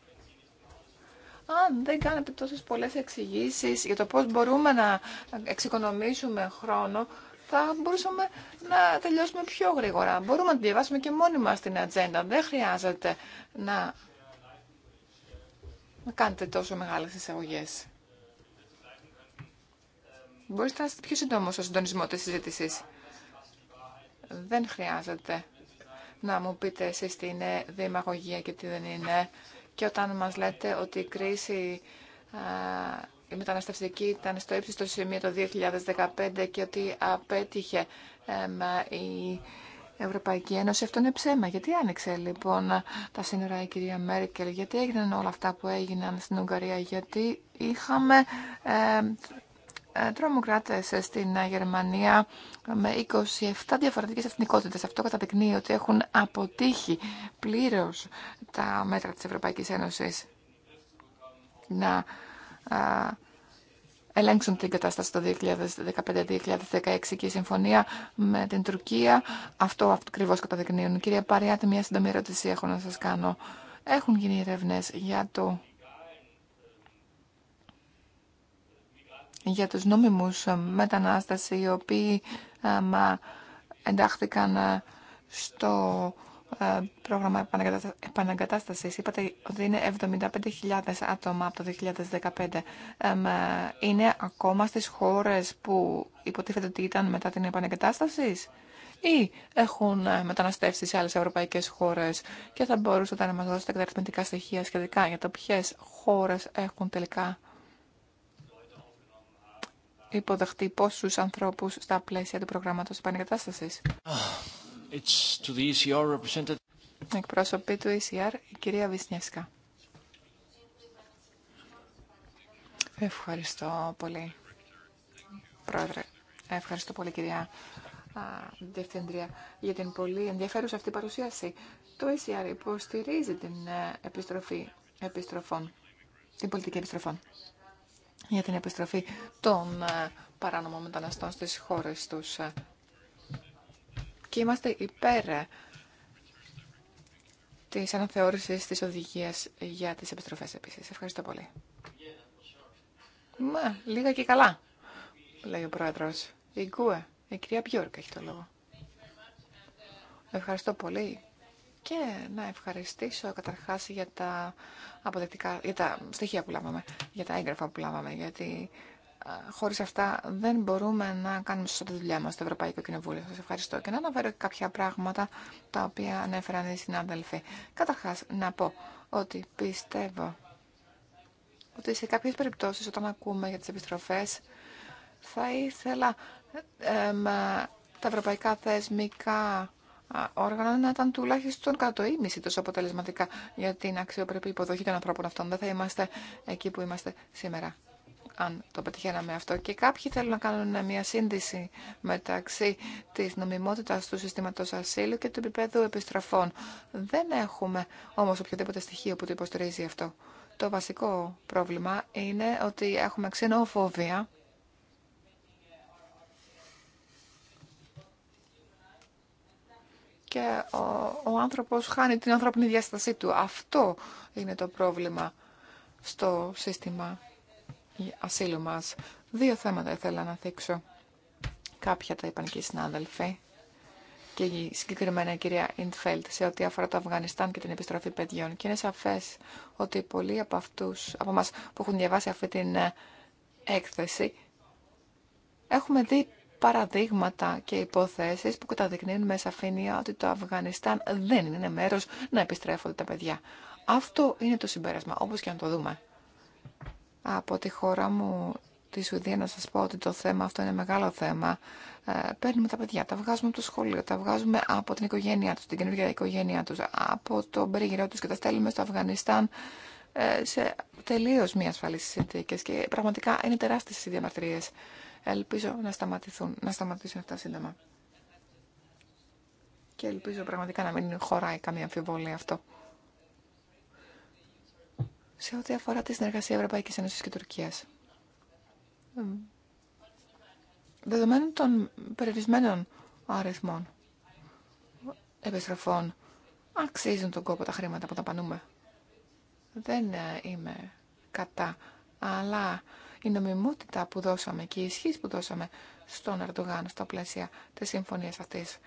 Αν δεν κάνετε τόσες πολλές εξηγήσει για το πώς μπορούμε να εξοικονομήσουμε χρόνο, θα μπορούσαμε να τελειώσουμε πιο γρήγορα. Μπορούμε να τη διαβάσουμε και μόνοι μας την ατζέντα. Δεν χρειάζεται να να κάνετε τόσο μεγάλες εισαγωγές. Μπορείτε να είστε πιο σύντομο στο συντονισμό της συζήτηση. Δεν χρειάζεται να μου πείτε εσεί τι είναι δημαγωγία και τι δεν είναι. Και όταν μας λέτε ότι η κρίση η μεταναστευτική ήταν στο ύψιστο σημείο το 2015 και ότι απέτυχε η Ευρωπαϊκή Ένωση. Αυτό είναι ψέμα. Γιατί άνοιξε λοιπόν τα σύνορα η κυρία Μέρκελ, γιατί έγιναν όλα αυτά που έγιναν στην Ουγγαρία, γιατί είχαμε ε, ε τρομοκράτες στην Γερμανία με 27 διαφορετικές εθνικότητες. Αυτό καταδεικνύει ότι έχουν αποτύχει πλήρως τα μέτρα της Ευρωπαϊκής Ένωσης να ε, ελέγξουν την κατάσταση το 2015-2016 και η συμφωνία με την Τουρκία. Αυτό, ακριβώ καταδεικνύουν. Κυρία Παριάτη, μια σύντομη ερώτηση έχω να σα κάνω. Έχουν γίνει ερευνέ για το... για τους νόμιμους μετανάστες οι οποίοι ε, εντάχθηκαν ε, στο ε, πρόγραμμα επαναγκατάστασης. Είπατε ότι είναι 75.000 άτομα από το 2015. Ε, είναι ακόμα στις χώρες που υποτίθεται ότι ήταν μετά την επαναγκατάσταση ή έχουν ε, μεταναστεύσει σε άλλες ευρωπαϊκές χώρες και θα μπορούσατε να μας δώσετε τα στοιχεία σχετικά για το ποιες χώρες έχουν τελικά υποδεχτεί πόσους ανθρώπους στα πλαίσια του προγράμματος επανεγκατάστασης. E Εκπρόσωπη του ECR, η κυρία Βυσνιεύσκα. Ευχαριστώ πολύ, πρόεδρε. Ευχαριστώ πολύ, κυρία Διευθυντρία, για την πολύ ενδιαφέρουσα αυτή παρουσίαση. Το ECR υποστηρίζει την ε, επιστροφή επιστροφών, την πολιτική επιστροφών για την επιστροφή των ε, παράνομων μεταναστών στις χώρες τους. Ε, και είμαστε υπέρ της αναθεώρησης της οδηγίας για τις επιστροφές επίσης. Ευχαριστώ πολύ. Μα, λίγα και καλά, λέει ο πρόεδρος. Η Γκουε, η κυρία Πιόρκα έχει το λόγο. Ευχαριστώ πολύ και να ευχαριστήσω καταρχάς για τα, για τα στοιχεία που λάβαμε, για τα έγγραφα που λάβαμε, γιατί χωρίς αυτά δεν μπορούμε να κάνουμε σωστά τη δουλειά μας στο Ευρωπαϊκό Κοινοβούλιο. Σας ευχαριστώ και να αναφέρω κάποια πράγματα τα οποία ανέφεραν οι συνάδελφοι. Καταρχάς να πω ότι πιστεύω ότι σε κάποιες περιπτώσεις όταν ακούμε για τις επιστροφές θα ήθελα ε, τα ευρωπαϊκά θεσμικά όργανα να ήταν τουλάχιστον κατά το τόσο αποτελεσματικά για την αξιοπρεπή υποδοχή των ανθρώπων αυτών. Δεν θα είμαστε εκεί που είμαστε σήμερα αν το πετυχαίναμε αυτό. Και κάποιοι θέλουν να κάνουν μια σύνδεση μεταξύ της νομιμότητας του συστήματος ασύλου και του επίπεδου επιστροφών. Δεν έχουμε όμως οποιοδήποτε στοιχείο που το υποστηρίζει αυτό. Το βασικό πρόβλημα είναι ότι έχουμε ξενοφοβία και ο, ο άνθρωπος χάνει την ανθρώπινη διάστασή του. Αυτό είναι το πρόβλημα στο σύστημα ασύλου μας. Δύο θέματα ήθελα να θίξω. Κάποια τα είπαν και οι συνάδελφοι και η συγκεκριμένα η κυρία Ιντφέλτ σε ό,τι αφορά το Αφγανιστάν και την επιστροφή παιδιών. Και είναι σαφέ ότι πολλοί από αυτού από εμά που έχουν διαβάσει αυτή την ε, έκθεση, έχουμε δει παραδείγματα και υποθέσει που καταδεικνύουν με σαφήνεια ότι το Αφγανιστάν δεν είναι μέρο να επιστρέφονται τα παιδιά. Αυτό είναι το συμπέρασμα, όπω και αν το δούμε από τη χώρα μου, τη Σουηδία, να σας πω ότι το θέμα αυτό είναι μεγάλο θέμα. Ε, παίρνουμε τα παιδιά, τα βγάζουμε από το σχολείο, τα βγάζουμε από την οικογένειά τους, την καινούργια οικογένειά τους, από τον περίγυρό τους και τα στέλνουμε στο Αφγανιστάν ε, σε τελείως μη ασφαλείς συνθήκες και πραγματικά είναι τεράστιες οι διαμαρτυρίες. Ελπίζω να σταματηθούν, να σταματήσουν αυτά σύντομα. Και ελπίζω πραγματικά να μην χωράει καμία αμφιβολία αυτό σε ό,τι αφορά τη συνεργασία Ευρωπαϊκή Ένωση και Τουρκίας. Δεδομένου των περιορισμένων αριθμών επιστροφών, αξίζουν τον κόπο τα χρήματα που τα πανούμε. Δεν ε, είμαι κατά, αλλά η νομιμότητα που δώσαμε και η ισχύ που δώσαμε στον Ερντογάν στα πλαίσια της συμφωνίας αυτής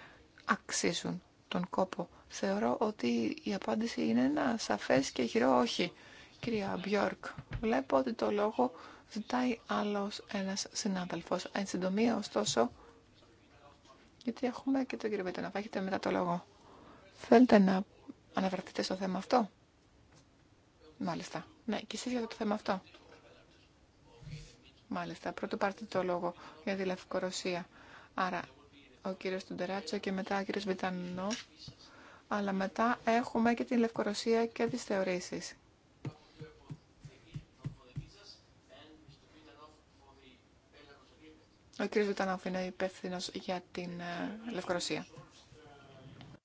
αξίζουν τον κόπο. Θεωρώ ότι η απάντηση είναι ένα σαφές και χειρό όχι Κυρία Μπιόρκ, βλέπω ότι το λόγο ζητάει άλλος ένας συνάδελφος. Εν συντομία, ωστόσο, γιατί έχουμε και τον κύριο να έχετε μετά το λόγο. Θέλετε να αναβραθείτε στο θέμα αυτό. Μάλιστα. Ναι, και εσείς για το θέμα αυτό. Μάλιστα. Πρώτο πάρτε το λόγο για τη Λευκορωσία. Άρα, ο κύριος Τουντεράτσο και μετά ο κύριος Βιτανινό. Αλλά μετά έχουμε και τη Λευκορωσία και τις θεωρήσεις. Ο κ. Βουτάνοφ είναι υπεύθυνο για την ε, Λευκορωσία.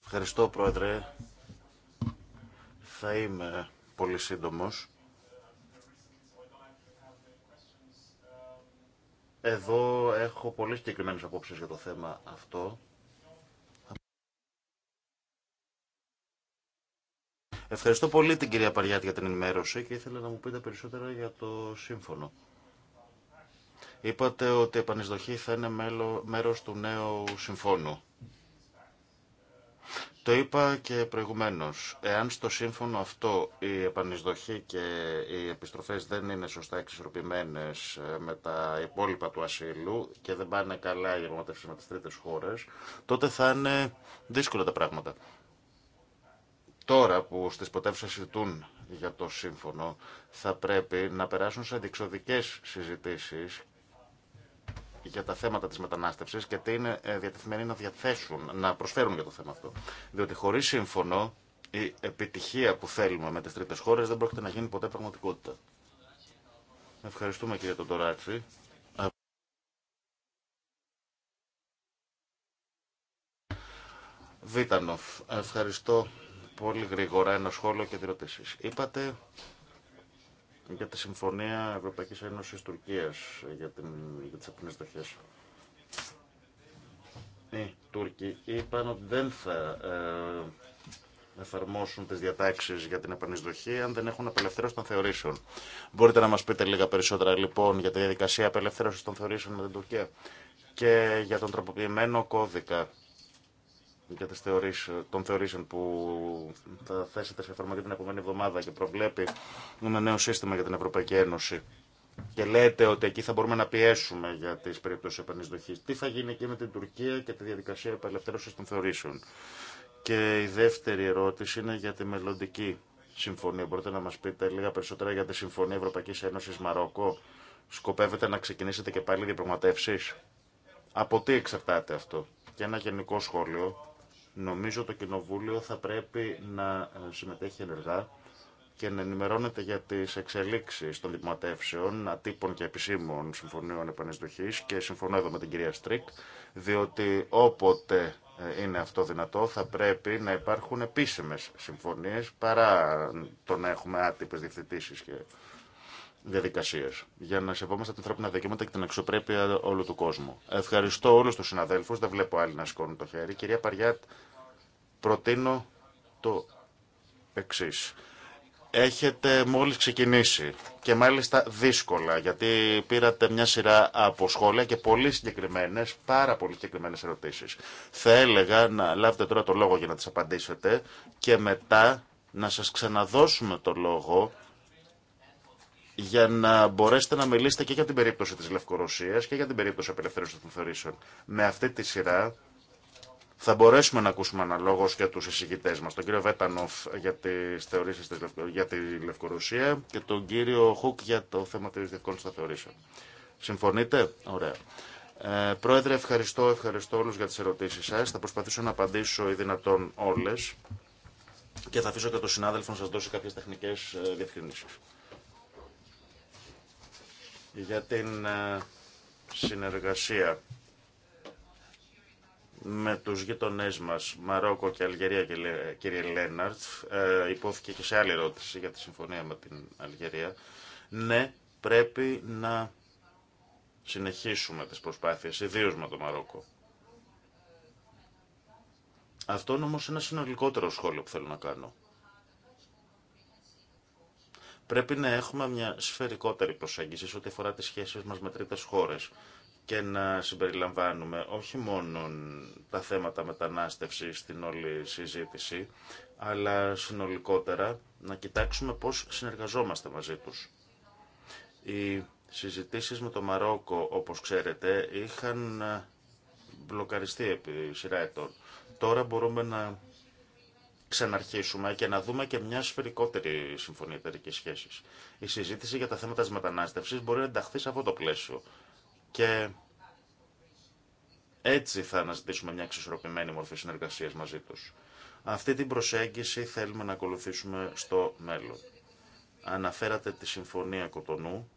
Ευχαριστώ, Πρόεδρε. Θα είμαι πολύ σύντομος. Εδώ έχω πολύ συγκεκριμένε απόψεις για το θέμα αυτό. Ευχαριστώ πολύ την κυρία Παριάτη για την ενημέρωση και ήθελα να μου πείτε περισσότερα για το σύμφωνο. Είπατε ότι η επανεισδοχή θα είναι μέρος του νέου συμφώνου. Το είπα και προηγουμένως, εάν στο σύμφωνο αυτό η επανεισδοχή και οι επιστροφές δεν είναι σωστά εξισορροπημένες ε, με τα υπόλοιπα του ασύλου και δεν πάνε καλά οι διαπραγματεύσεις με τις τρίτες χώρες, τότε θα είναι δύσκολα τα πράγματα. Τώρα που στις πρωτεύουσε ζητούν για το σύμφωνο, θα πρέπει να περάσουν σε διεξοδικές συζητήσεις για τα θέματα τη μετανάστευση και τι είναι ε, διατεθειμένοι να διαθέσουν, να προσφέρουν για το θέμα αυτό. Διότι χωρί σύμφωνο η επιτυχία που θέλουμε με τι τρίτε χώρε δεν πρόκειται να γίνει ποτέ πραγματικότητα. Ευχαριστούμε κύριε Τοντοράτσι. Βίτανοφ, ευχαριστώ πολύ γρήγορα ένα σχόλιο και τη ρωτήσεις. Είπατε για τη Συμφωνία Ευρωπαϊκής Ένωσης Τουρκίας για, την, για τις απεινές δοχές. Οι Τούρκοι είπαν ότι δεν θα ε, εφαρμόσουν τις διατάξεις για την επανεισδοχή αν δεν έχουν απελευθέρωση των θεωρήσεων. Μπορείτε να μας πείτε λίγα περισσότερα λοιπόν για τη διαδικασία απελευθέρωσης των θεωρήσεων με την Τουρκία και για τον τροποποιημένο κώδικα για τις θεωρήσεις, των θεωρήσεων που θα θέσετε σε εφαρμογή την επόμενη εβδομάδα και προβλέπει ένα νέο σύστημα για την Ευρωπαϊκή Ένωση και λέτε ότι εκεί θα μπορούμε να πιέσουμε για τις περιπτώσεις επανεισδοχής. Τι θα γίνει εκεί με την Τουρκία και τη διαδικασία επελευθέρωσης των θεωρήσεων. Και η δεύτερη ερώτηση είναι για τη μελλοντική συμφωνία. Μπορείτε να μας πείτε λίγα περισσότερα για τη Συμφωνία Ευρωπαϊκής Ένωσης Μαρόκο. Σκοπεύετε να ξεκινήσετε και πάλι διαπραγματεύσεις. Από τι εξαρτάται αυτό. Και ένα γενικό σχόλιο Νομίζω το Κοινοβούλιο θα πρέπει να ε, συμμετέχει ενεργά και να ενημερώνεται για τι εξελίξει των δημοτεύσεων ατύπων και επισήμων συμφωνίων επανεισδοχή και συμφωνώ εδώ με την κυρία Στρίκ, διότι όποτε ε, είναι αυτό δυνατό θα πρέπει να υπάρχουν επίσημε συμφωνίε παρά το να έχουμε άτυπε διευθυντήσεις και διαδικασίε για να σεβόμαστε τα ανθρώπινα δικαιώματα και την αξιοπρέπεια όλου του κόσμου. Ευχαριστώ όλου του συναδέλφου. Δεν βλέπω άλλοι να σηκώνουν το χέρι. Κυρία Παριάτ, προτείνω το εξή. Έχετε μόλις ξεκινήσει και μάλιστα δύσκολα γιατί πήρατε μια σειρά από σχόλια και πολύ συγκεκριμένες, πάρα πολύ συγκεκριμένες ερωτήσεις. Θα έλεγα να λάβετε τώρα το λόγο για να τις απαντήσετε και μετά να σας ξαναδώσουμε το λόγο για να μπορέσετε να μιλήσετε και για την περίπτωση της Λευκορωσίας και για την περίπτωση απελευθέρωσης των θεωρήσεων. Με αυτή τη σειρά θα μπορέσουμε να ακούσουμε αναλόγω και του εισηγητέ μα. Τον κύριο Βέτανοφ για τι θεωρήσει για τη Λευκορωσία και τον κύριο Χουκ για το θέμα τη διευκόλυνση των θεωρήσεων. Συμφωνείτε? Ωραία. Ε, πρόεδρε, ευχαριστώ, ευχαριστώ όλου για τι ερωτήσει σα. Θα προσπαθήσω να απαντήσω ή δυνατόν όλε και θα αφήσω και τον συνάδελφο να σα δώσει κάποιε τεχνικέ ε, διευκρινήσει για την ε, συνεργασία με τους γειτονές μας, Μαρόκο και Αλγερία, κύριε Λέναρτ, ε, υπόθηκε και σε άλλη ερώτηση για τη συμφωνία με την Αλγερία. Ναι, πρέπει να συνεχίσουμε τις προσπάθειες, ιδίω με το Μαρόκο. Αυτό όμως είναι ένα συνολικότερο σχόλιο που θέλω να κάνω. Πρέπει να έχουμε μια σφαιρικότερη προσέγγιση σε ό,τι αφορά τις σχέσεις μας με τρίτες χώρες και να συμπεριλαμβάνουμε όχι μόνο τα θέματα μετανάστευση στην όλη συζήτηση, αλλά συνολικότερα να κοιτάξουμε πώς συνεργαζόμαστε μαζί τους. Οι συζητήσεις με το Μαρόκο, όπως ξέρετε, είχαν μπλοκαριστεί επί σειρά ετών. Τώρα μπορούμε να ξαναρχίσουμε και να δούμε και μια σφαιρικότερη συμφωνία εταιρική σχέση. Η συζήτηση για τα θέματα τη μετανάστευση μπορεί να ενταχθεί σε αυτό το πλαίσιο. Και έτσι θα αναζητήσουμε μια εξισορροπημένη μορφή συνεργασία μαζί του. Αυτή την προσέγγιση θέλουμε να ακολουθήσουμε στο μέλλον. Αναφέρατε τη Συμφωνία Κοτονού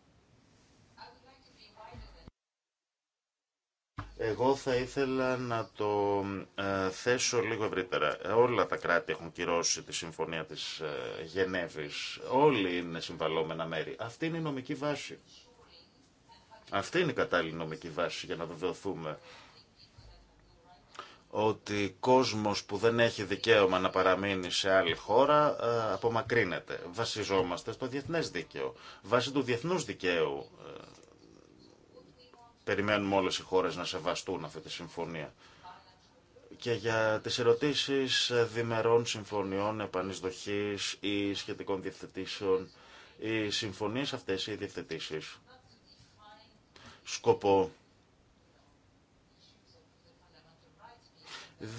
Εγώ θα ήθελα να το ε, θέσω λίγο ευρύτερα. Όλα τα κράτη έχουν κυρώσει τη Συμφωνία της ε, Γενέβης. Όλοι είναι συμβαλόμενα μέρη. Αυτή είναι η νομική βάση. Αυτή είναι η κατάλληλη νομική βάση για να βεβαιωθούμε ότι κόσμος που δεν έχει δικαίωμα να παραμείνει σε άλλη χώρα ε, απομακρύνεται. Βασιζόμαστε στο διεθνές δίκαιο. Βάσει του διεθνούς δικαίου ε, Περιμένουμε όλες οι χώρες να σεβαστούν αυτή τη συμφωνία. Και για τις ερωτήσεις διμερών συμφωνιών, επανεισδοχής ή σχετικών διευθετήσεων, οι συμφωνίες αυτές, οι διευθετήσεις, σκοπό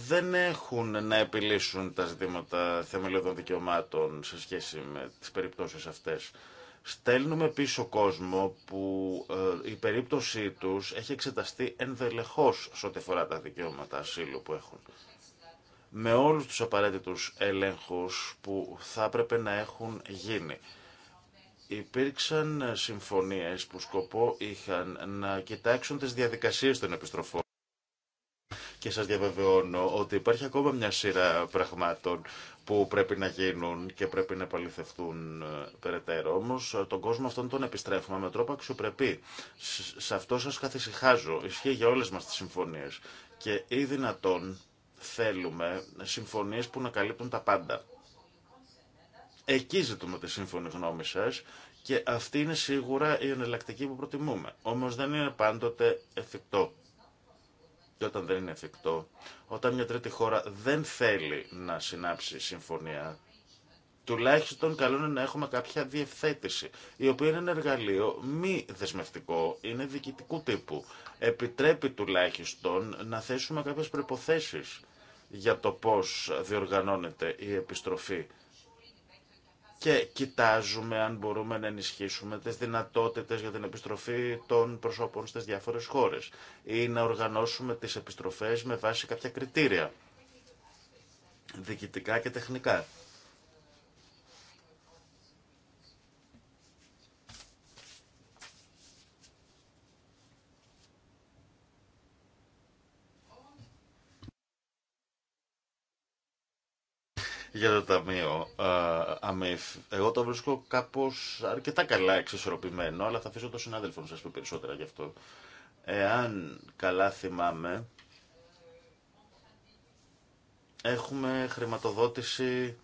δεν έχουν να επιλύσουν τα ζητήματα θεμελιωδών δικαιωμάτων σε σχέση με τις περιπτώσεις αυτές στέλνουμε πίσω κόσμο που ε, η περίπτωσή τους έχει εξεταστεί ενδελεχώς σε ό,τι αφορά τα δικαιώματα ασύλου που έχουν. Με όλους τους απαραίτητους ελέγχους που θα έπρεπε να έχουν γίνει. Υπήρξαν ε, συμφωνίες που σκοπό είχαν να κοιτάξουν τις διαδικασίες των επιστροφών και σας διαβεβαιώνω ότι υπάρχει ακόμα μια σειρά πραγμάτων που πρέπει να γίνουν και πρέπει να επαληθευτούν ε, περαιτέρω. Όμω ε, τον κόσμο αυτόν τον επιστρέφουμε με τρόπο αξιοπρεπή. Σε αυτό σας καθησυχάζω. Ισχύει για όλες μας τις συμφωνίες. Και ή δυνατόν θέλουμε συμφωνίες που να καλύπτουν τα πάντα. Εκεί ζητούμε τη σύμφωνη γνώμη σα και αυτή είναι σίγουρα η εναλλακτική που προτιμούμε. Όμως δεν είναι πάντοτε εφικτό και όταν δεν είναι εφικτό, όταν μια τρίτη χώρα δεν θέλει να συνάψει συμφωνία, τουλάχιστον καλό είναι να έχουμε κάποια διευθέτηση, η οποία είναι ένα εργαλείο μη δεσμευτικό, είναι διοικητικού τύπου. Επιτρέπει τουλάχιστον να θέσουμε κάποιες προϋποθέσεις για το πώς διοργανώνεται η επιστροφή και κοιτάζουμε αν μπορούμε να ενισχύσουμε τις δυνατότητες για την επιστροφή των προσώπων στις διάφορες χώρες ή να οργανώσουμε τις επιστροφές με βάση κάποια κριτήρια, διοικητικά και τεχνικά. για το Ταμείο ΑΜΕΦ. Εγώ το βρίσκω κάπω αρκετά καλά εξισορροπημένο, αλλά θα αφήσω τον συνάδελφο να σας πει περισσότερα γι' αυτό. Εάν καλά θυμάμαι, έχουμε χρηματοδότηση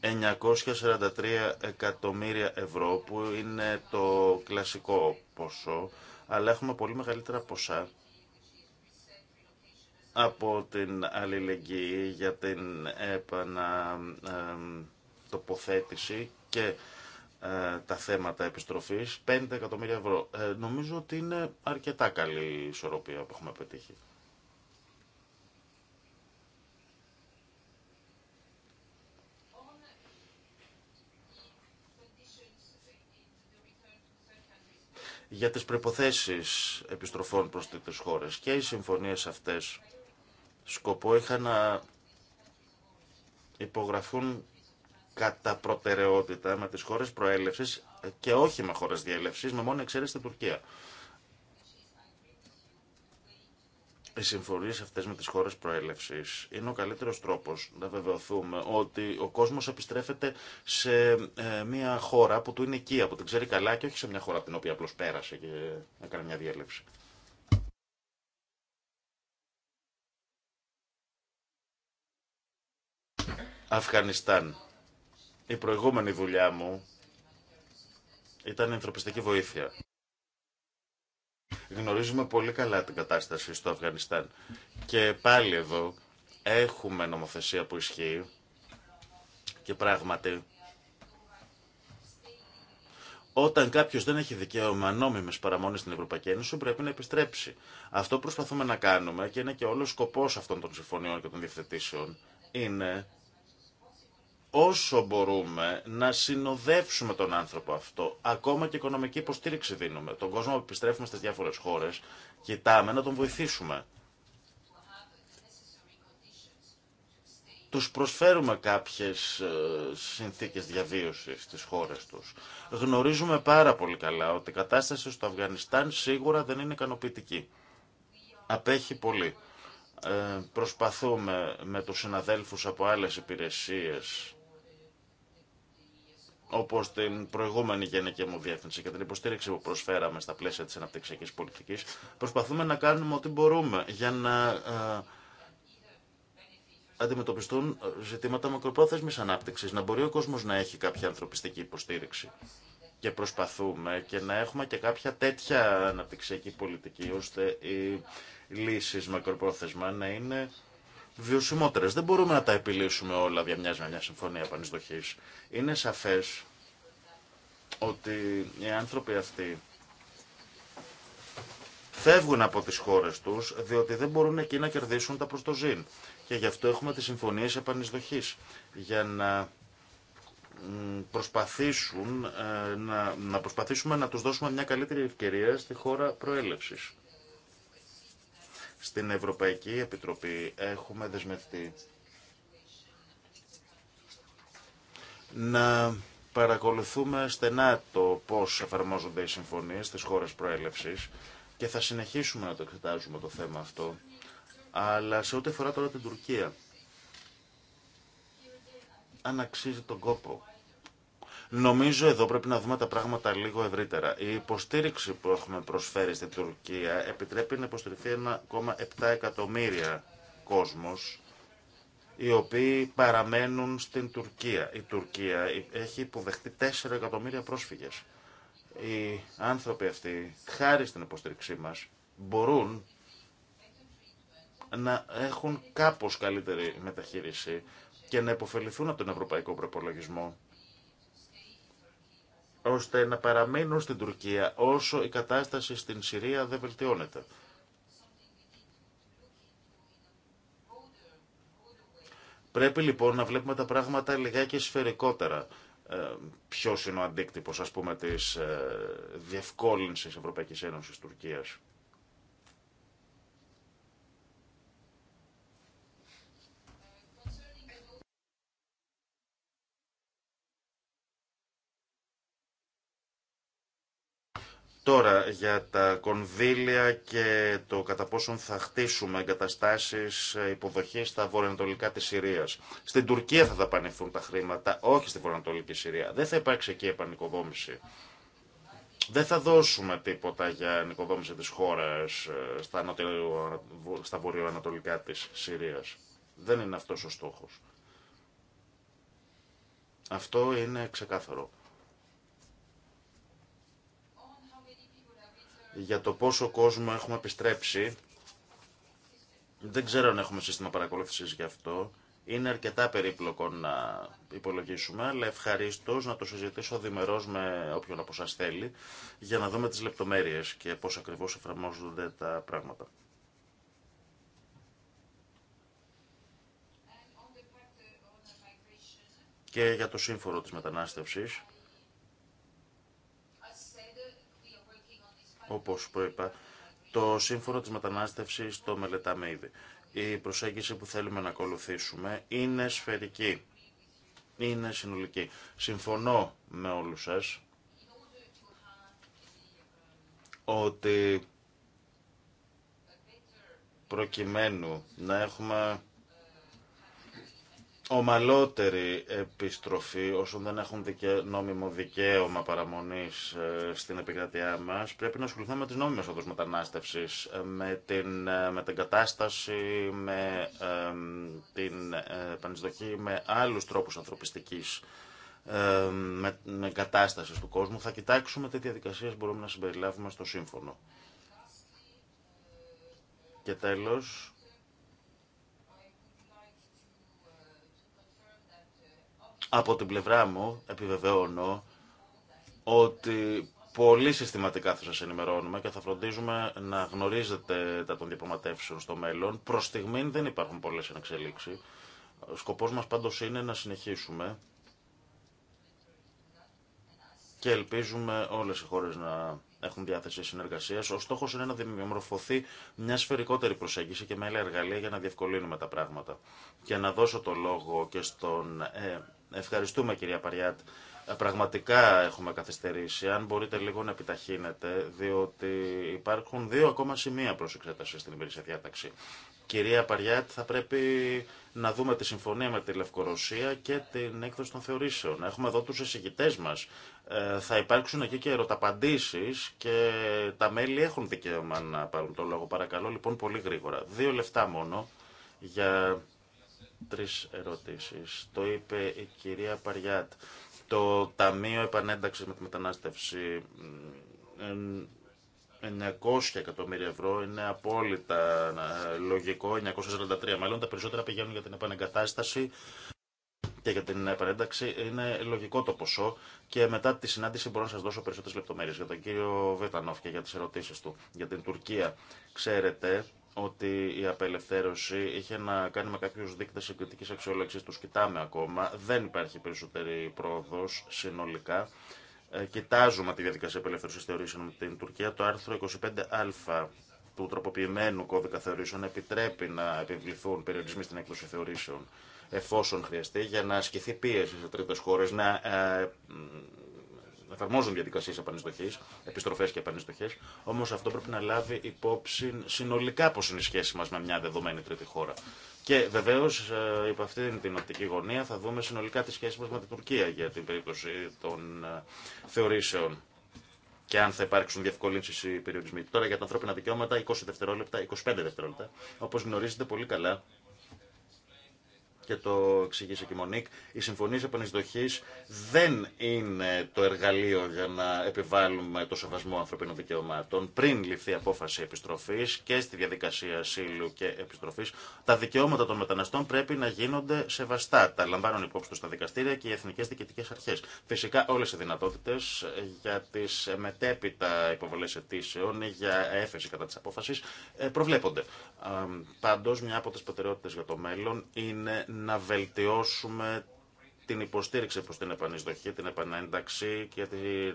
943 εκατομμύρια ευρώ, που είναι το κλασικό ποσό, αλλά έχουμε πολύ μεγαλύτερα ποσά από την αλληλεγγύη για την επανατοποθέτηση και ε, τα θέματα επιστροφής, 5 εκατομμύρια ευρώ. Ε, νομίζω ότι είναι αρκετά καλή η ισορροπία που έχουμε πετύχει. για τις προϋποθέσεις επιστροφών προς τις χώρες και οι συμφωνίες αυτές σκοπό είχα να υπογραφούν κατά προτεραιότητα με τις χώρες προέλευσης και όχι με χώρες διέλευσης, με μόνο εξαίρεση την Τουρκία. Οι συμφορίε αυτές με τις χώρες προέλευσης είναι ο καλύτερος τρόπος να βεβαιωθούμε ότι ο κόσμος επιστρέφεται σε ε, μια χώρα που του είναι εκεί, που την ξέρει καλά και όχι σε μια χώρα την οποία απλώ πέρασε και έκανε μια διέλευση. Αφγανιστάν. Η προηγούμενη δουλειά μου ήταν η ανθρωπιστική βοήθεια. Γνωρίζουμε πολύ καλά την κατάσταση στο Αφγανιστάν. Και πάλι εδώ έχουμε νομοθεσία που ισχύει και πράγματι όταν κάποιος δεν έχει δικαίωμα νόμιμες παραμόνες στην Ευρωπαϊκή Ένωση, πρέπει να επιστρέψει. Αυτό προσπαθούμε να κάνουμε και είναι και όλο σκοπός αυτών των συμφωνιών και των διευθετήσεων είναι όσο μπορούμε να συνοδεύσουμε τον άνθρωπο αυτό. Ακόμα και οικονομική υποστήριξη δίνουμε. Τον κόσμο που επιστρέφουμε στις διάφορες χώρες, κοιτάμε να τον βοηθήσουμε. τους προσφέρουμε κάποιες ε, συνθήκες διαβίωσης στις χώρες τους. Γνωρίζουμε πάρα πολύ καλά ότι η κατάσταση στο Αφγανιστάν σίγουρα δεν είναι ικανοποιητική. Απέχει πολύ. Ε, προσπαθούμε με τους συναδέλφους από άλλες υπηρεσίες όπω την προηγούμενη Γενική μου Διεύθυνση και την υποστήριξη που προσφέραμε στα πλαίσια τη αναπτυξιακή πολιτική, προσπαθούμε να κάνουμε ό,τι μπορούμε για να ε, αντιμετωπιστούν ζητήματα μακροπρόθεσμης ανάπτυξη. να μπορεί ο κόσμος να έχει κάποια ανθρωπιστική υποστήριξη. Και προσπαθούμε και να έχουμε και κάποια τέτοια αναπτυξιακή πολιτική, ώστε οι λύσει μακροπρόθεσμα να είναι βιωσιμότερε. Δεν μπορούμε να τα επιλύσουμε όλα για μια, μια συμφωνία πανεισδοχή. Είναι σαφέ ότι οι άνθρωποι αυτοί φεύγουν από τις χώρες τους διότι δεν μπορούν εκεί να κερδίσουν τα προστοζήν. Και γι' αυτό έχουμε τις συμφωνίες επανεισδοχής για να προσπαθήσουν ε, να, να προσπαθήσουμε να τους δώσουμε μια καλύτερη ευκαιρία στη χώρα προέλευσης. Στην Ευρωπαϊκή Επιτροπή έχουμε δεσμευτεί να παρακολουθούμε στενά το πώς εφαρμόζονται οι συμφωνίες στις χώρες προέλευσης και θα συνεχίσουμε να το εξετάζουμε το θέμα αυτό. Αλλά σε ό,τι αφορά τώρα την Τουρκία, αν αξίζει τον κόπο Νομίζω εδώ πρέπει να δούμε τα πράγματα λίγο ευρύτερα. Η υποστήριξη που έχουμε προσφέρει στην Τουρκία επιτρέπει να υποστηριχθεί 1,7 εκατομμύρια κόσμος οι οποίοι παραμένουν στην Τουρκία. Η Τουρκία έχει υποδεχτεί 4 εκατομμύρια πρόσφυγες. Οι άνθρωποι αυτοί, χάρη στην υποστήριξή μας, μπορούν να έχουν κάπως καλύτερη μεταχείριση και να υποφεληθούν από τον ευρωπαϊκό προπολογισμό ώστε να παραμείνουν στην Τουρκία όσο η κατάσταση στην Συρία δεν βελτιώνεται. Πρέπει λοιπόν να βλέπουμε τα πράγματα λιγάκι σφαιρικότερα. Ε, Ποιο είναι ο αντίκτυπο, α πούμε, τη ε, διευκόλυνση Ευρωπαϊκή Ένωση Τουρκία. Τώρα για τα κονδύλια και το κατά πόσον θα χτίσουμε εγκαταστάσει υποδοχή στα βορειοανατολικά τη Συρία. Στην Τουρκία θα δαπανηθούν τα χρήματα, όχι στη βορειοανατολική Συρία. Δεν θα υπάρξει εκεί επανοικοδόμηση. Δεν θα δώσουμε τίποτα για ανοικοδόμηση της χώρας ε, στα, στα βορειοανατολικά της Συρίας. Δεν είναι αυτός ο στόχος. Αυτό είναι ξεκάθαρο. για το πόσο κόσμο έχουμε επιστρέψει. Δεν ξέρω αν έχουμε σύστημα παρακολούθησης γι' αυτό. Είναι αρκετά περίπλοκο να υπολογίσουμε, αλλά ευχαρίστω να το συζητήσω διμερώ με όποιον από σα θέλει, για να δούμε τι λεπτομέρειε και πώ ακριβώ εφαρμόζονται τα πράγματα. Και για το σύμφορο της μετανάστευση Όπως προείπα, το σύμφωνο της μετανάστευσης το μελετάμε ήδη. Η προσέγγιση που θέλουμε να ακολουθήσουμε είναι σφαιρική, είναι συνολική. Συμφωνώ με όλους σας ότι προκειμένου να έχουμε ομαλότερη επιστροφή όσων δεν έχουν δικαι... νόμιμο δικαίωμα παραμονής ε, στην επικρατειά μας πρέπει να ασχοληθούμε με τις νόμιμες οδούς μετανάστευσης, ε, με την, ε, με την κατάσταση, με την επανεισδοχή, με άλλους τρόπους ανθρωπιστικής ε, με, κατάστασης του κόσμου. Θα κοιτάξουμε τι διαδικασίες μπορούμε να συμπεριλάβουμε στο σύμφωνο. Και τέλος, Από την πλευρά μου επιβεβαιώνω ότι πολύ συστηματικά θα σας ενημερώνουμε και θα φροντίζουμε να γνωρίζετε τα των διαπραγματεύσεων στο μέλλον. Προς στιγμήν δεν υπάρχουν πολλές εξελίξει. Ο σκοπός μας πάντως είναι να συνεχίσουμε και ελπίζουμε όλες οι χώρες να έχουν διάθεση συνεργασία. Ο στόχο είναι να δημιουργηθεί μια σφαιρικότερη προσέγγιση και με άλλα εργαλεία για να διευκολύνουμε τα πράγματα. Και να δώσω το λόγο και στον ε, Ευχαριστούμε κυρία Παριάτ. Ε, πραγματικά έχουμε καθυστερήσει. Αν μπορείτε λίγο να επιταχύνετε, διότι υπάρχουν δύο ακόμα σημεία προ εξέταση στην υπηρεσία διάταξη. Κυρία Παριάτ, θα πρέπει να δούμε τη συμφωνία με τη Λευκορωσία και την έκδοση των θεωρήσεων. Έχουμε εδώ τους εισηγητέ μας. Ε, θα υπάρξουν εκεί και ερωταπαντήσει και τα μέλη έχουν δικαίωμα να πάρουν το λόγο. Παρακαλώ λοιπόν πολύ γρήγορα. Δύο λεφτά μόνο για τρεις ερωτήσεις. Το είπε η κυρία Παριάτ. Το Ταμείο Επανένταξης με τη Μετανάστευση 900 εκατομμύρια ευρώ είναι απόλυτα ε, λογικό, 943 μάλλον, τα περισσότερα πηγαίνουν για την επανεγκατάσταση και για την επανένταξη. Είναι λογικό το ποσό και μετά τη συνάντηση μπορώ να σας δώσω περισσότερες λεπτομέρειες για τον κύριο Βετανόφ και για τις ερωτήσεις του για την Τουρκία. Ξέρετε ότι η απελευθέρωση είχε να κάνει με κάποιους δείκτες συγκριτική αξιολόγησης, τους κοιτάμε ακόμα, δεν υπάρχει περισσότερη πρόοδος συνολικά. Ε, κοιτάζουμε τη διαδικασία απελευθέρωσης θεωρήσεων με την Τουρκία. Το άρθρο 25α του τροποποιημένου κώδικα θεωρήσεων επιτρέπει να επιβληθούν περιορισμοί στην έκδοση θεωρήσεων εφόσον χρειαστεί για να ασκηθεί πίεση σε τρίτες χώρες, να ε, εφαρμόζουν διαδικασίε επανειστοχή, επιστροφέ και επανειστοχέ, όμω αυτό πρέπει να λάβει υπόψη συνολικά πώ είναι η σχέση μα με μια δεδομένη τρίτη χώρα. Και βεβαίω, ε, υπό αυτή την οπτική γωνία, θα δούμε συνολικά τη σχέση μα με την Τουρκία για την περίπτωση των ε, θεωρήσεων και αν θα υπάρξουν διευκολύνσει ή περιορισμοί. Τώρα για τα ανθρώπινα δικαιώματα, 20 δευτερόλεπτα, 25 δευτερόλεπτα. Όπω γνωρίζετε πολύ καλά, και το εξηγήσε και η Μονίκ, οι συμφωνίε επανεισδοχή δεν είναι το εργαλείο για να επιβάλλουμε το σεβασμό ανθρωπίνων δικαιωμάτων. Πριν ληφθεί απόφαση επιστροφή και στη διαδικασία ασύλου και επιστροφή, τα δικαιώματα των μεταναστών πρέπει να γίνονται σεβαστά. Τα λαμβάνουν υπόψη του στα δικαστήρια και οι εθνικέ διοικητικέ αρχέ. Φυσικά όλε οι δυνατότητε για τι μετέπειτα υποβολέ αιτήσεων ή για έφεση κατά τη απόφαση ε, προβλέπονται. Πάντω, μια από τι προτεραιότητε για το μέλλον είναι να βελτιώσουμε την υποστήριξη προ την επανεισδοχή, την επανένταξη και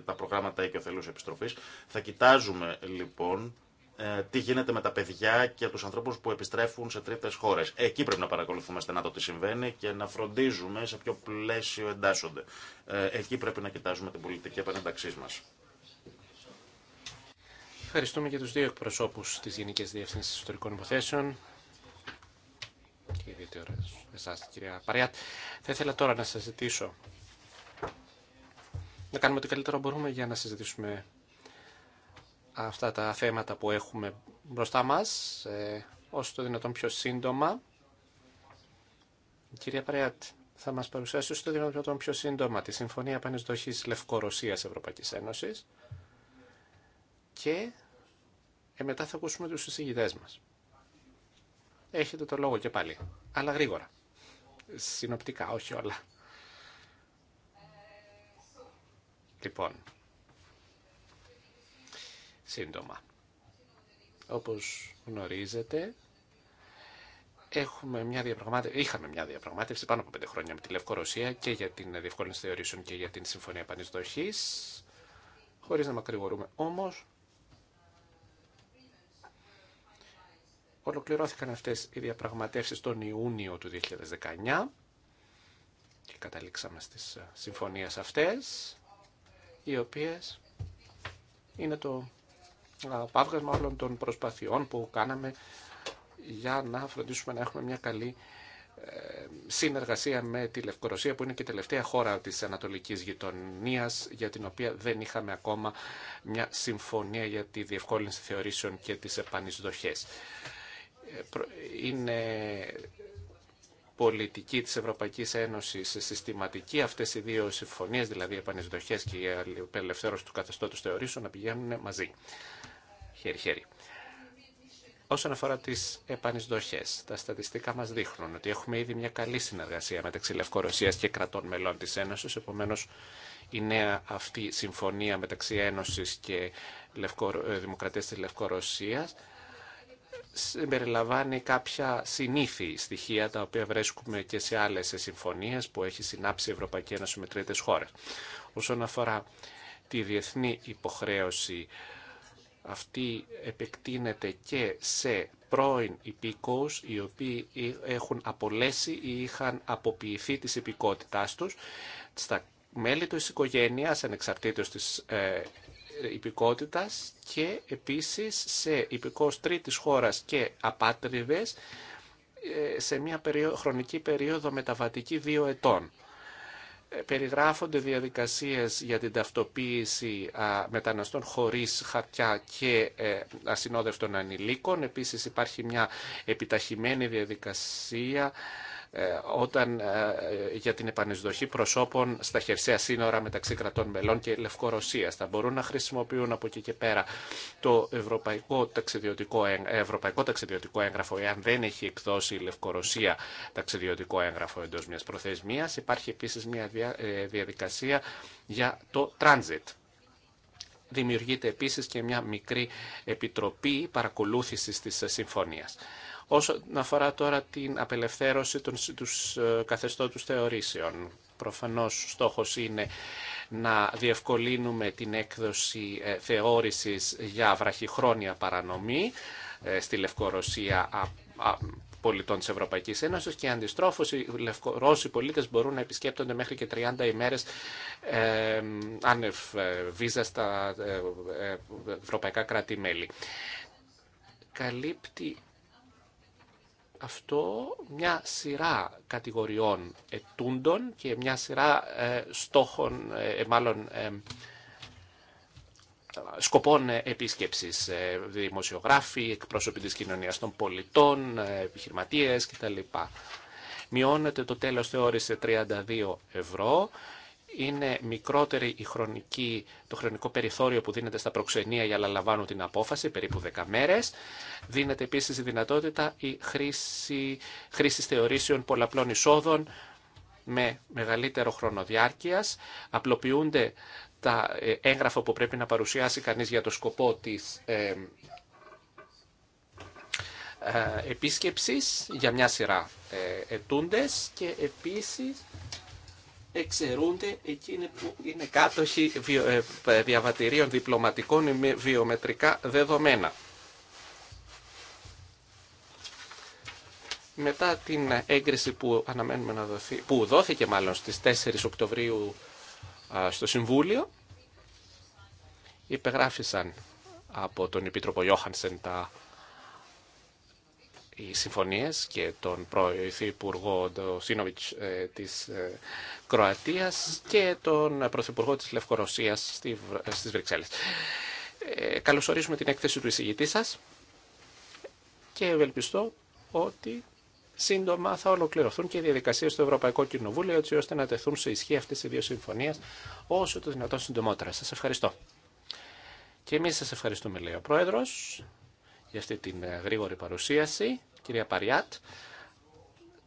τα προγράμματα οικειοθελού επιστροφής. Θα κοιτάζουμε λοιπόν ε, τι γίνεται με τα παιδιά και τους ανθρώπους που επιστρέφουν σε τρίτες χώρες. Εκεί πρέπει να παρακολουθούμε στενά το τι συμβαίνει και να φροντίζουμε σε ποιο πλαίσιο εντάσσονται. Ε, εκεί πρέπει να κοιτάζουμε την πολιτική επανένταξή μας. Ευχαριστούμε και τους δύο εκπροσώπους της Γενικής Διεύθυνσης Ιστορικών Υποθέσεων. Εσάς, κυρία Παριάτ. Θα ήθελα τώρα να σας ζητήσω να κάνουμε ό,τι καλύτερο μπορούμε για να συζητήσουμε αυτά τα θέματα που έχουμε μπροστά μας, ε, όσο το δυνατόν πιο σύντομα. κυρία Παριάτ, θα μας παρουσιάσει όσο το δυνατόν πιο σύντομα τη Συμφωνία Πανεσδοχής Λευκορωσίας Ευρωπαϊκής Ένωσης και ε, μετά θα ακούσουμε τους συζητητές μας. Έχετε το λόγο και πάλι αλλά γρήγορα. Συνοπτικά, όχι όλα. Λοιπόν, σύντομα. Όπως γνωρίζετε, έχουμε μια διαπραγμάτευση, είχαμε μια διαπραγμάτευση πάνω από πέντε χρόνια με τη Λευκορωσία και για την διευκόλυνση θεωρήσεων και για την Συμφωνία Πανεισδοχής. Χωρίς να μακρηγορούμε όμως, Ολοκληρώθηκαν αυτές οι διαπραγματεύσεις τον Ιούνιο του 2019 και καταλήξαμε στις ε, συμφωνίες αυτές, οι οποίες είναι το ε, παύγασμα όλων των προσπαθειών που κάναμε για να φροντίσουμε να έχουμε μια καλή ε, συνεργασία με τη Λευκορωσία που είναι και η τελευταία χώρα της Ανατολικής Γειτονίας για την οποία δεν είχαμε ακόμα μια συμφωνία για τη διευκόλυνση θεωρήσεων και τις επανεισδοχές είναι πολιτική της Ευρωπαϊκής Ένωσης συστηματική αυτές οι δύο συμφωνίες, δηλαδή οι επανεισδοχές και η απελευθέρωση του καθεστώτος θεωρήσεων να πηγαίνουν μαζί, χέρι-χέρι. Όσον αφορά τις επανεισδοχές, τα στατιστικά μας δείχνουν ότι έχουμε ήδη μια καλή συνεργασία μεταξύ Λευκορωσίας και κρατών μελών της Ένωσης, επομένως η νέα αυτή συμφωνία μεταξύ Ένωσης και ε, Δημοκρατίας της Λευκορωσίας συμπεριλαμβάνει κάποια συνήθη στοιχεία τα οποία βρίσκουμε και σε άλλες συμφωνίες που έχει συνάψει η Ευρωπαϊκή Ένωση με τρίτες χώρες. Όσον αφορά τη διεθνή υποχρέωση αυτή επεκτείνεται και σε πρώην υπήκοους οι οποίοι έχουν απολέσει ή είχαν αποποιηθεί της υπηκότητάς τους στα μέλη της οικογένειας ανεξαρτήτως της ε, υπηκότητας και επίσης σε υπηκός τρίτης χώρας και απάτριδες ε, σε μια χρονική περίοδο μεταβατική δύο ετών. Ε, περιγράφονται διαδικασίες για την ταυτοποίηση μεταναστών χωρίς χαρτιά και ε, ασυνόδευτων ανηλίκων. Επίσης υπάρχει μια επιταχυμένη διαδικασία ε, όταν, ε, ε, για την επανεισδοχή προσώπων στα χερσαία σύνορα μεταξύ κρατών μελών και Λευκορωσίας. Θα μπορούν να χρησιμοποιούν από εκεί και πέρα το ευρωπαϊκό ταξιδιωτικό, ευρωπαϊκό ταξιδιωτικό έγγραφο εάν δεν έχει εκδώσει η Λευκορωσία ταξιδιωτικό έγγραφο εντός μιας προθεσμίας. Υπάρχει επίσης μια διαδικασία για το transit. Δημιουργείται επίσης και μια μικρή επιτροπή παρακολούθησης της συμφωνίας. Όσον αφορά τώρα την απελευθέρωση των, τους ε, καθεστώτους θεωρήσεων, προφανώς στόχος είναι να διευκολύνουμε την έκδοση ε, θεώρησης για βραχυχρόνια παρανομή ε, στη Λευκορωσία πολιτών της Ευρωπαϊκής Ένωσης και αντιστρόφως οι Λευκορώσοι πολίτες μπορούν να επισκέπτονται μέχρι και 30 ημέρες ε, άνευ βίζα στα ευρωπαϊκά κράτη-μέλη. Καλύπτει αυτό μια σειρά κατηγοριών ετούντων και μια σειρά ε, στόχων, ε, ε, μάλλον σκοπών επίσκεψης, δημοσιογράφοι, εκπρόσωποι της κοινωνίας των πολιτών, επιχειρηματίες κτλ. Μειώνεται το τέλος σε 32 ευρώ είναι μικρότερη η χρονική, το χρονικό περιθώριο που δίνεται στα προξενία για να λαμβάνουν την απόφαση, περίπου 10 μέρες. Δίνεται επίσης η δυνατότητα η χρήση, χρήσης θεωρήσεων πολλαπλών εισόδων με μεγαλύτερο χρονοδιάρκειας. Απλοποιούνται τα ε, έγγραφα που πρέπει να παρουσιάσει κανείς για το σκοπό της ε, ε επίσκεψης για μια σειρά ε, και επίσης εξαιρούνται εκείνοι που είναι κάτοχοι ε, διαβατηρίων διπλωματικών με βιομετρικά δεδομένα. Μετά την έγκριση που, αναμένουμε να δοθεί, που δόθηκε μάλλον στις 4 Οκτωβρίου στο Συμβούλιο, υπεγράφησαν από τον Επίτροπο Ιόχανσεν τα οι συμφωνίες και τον Πρωθυπουργό το ε, τη ε, της ε, Κροατίας και τον Πρωθυπουργό της Λευκορωσίας στις Βρυξέλλες. Καλωσορίζουμε την έκθεση του εισηγητή σας και ευελπιστώ ότι σύντομα θα ολοκληρωθούν και οι διαδικασίε στο Ευρωπαϊκό Κοινοβούλιο, έτσι ώστε να τεθούν σε ισχύ αυτέ οι δύο συμφωνίε όσο το δυνατόν συντομότερα. Σα ευχαριστώ. Και εμεί σα ευχαριστούμε, λέει ο Πρόεδρο για αυτή την ε, γρήγορη παρουσίαση, κυρία Παριάτ.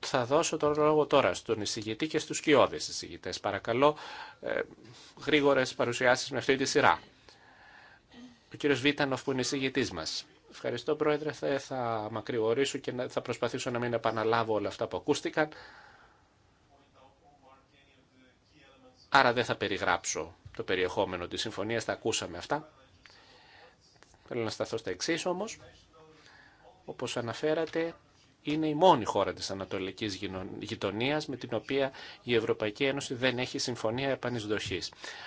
Θα δώσω τον λόγο τώρα στον εισηγητή και στους κοιόδες εισηγητές. Παρακαλώ, ε, γρήγορες παρουσιάσεις με αυτή τη σειρά. Ο κύριος Βίτανοφ που είναι εισηγητής μας. Ευχαριστώ Πρόεδρε, θα, θα μακρηγορήσω και θα προσπαθήσω να μην επαναλάβω όλα αυτά που ακούστηκαν. Άρα δεν θα περιγράψω το περιεχόμενο της συμφωνίας, θα ακούσαμε αυτά. Θέλω να σταθώ στα εξή όμω, Όπως αναφέρατε, είναι η μόνη χώρα της Ανατολικής γειτονία, με την οποία η Ευρωπαϊκή Ένωση δεν έχει συμφωνία επανεισδοχή.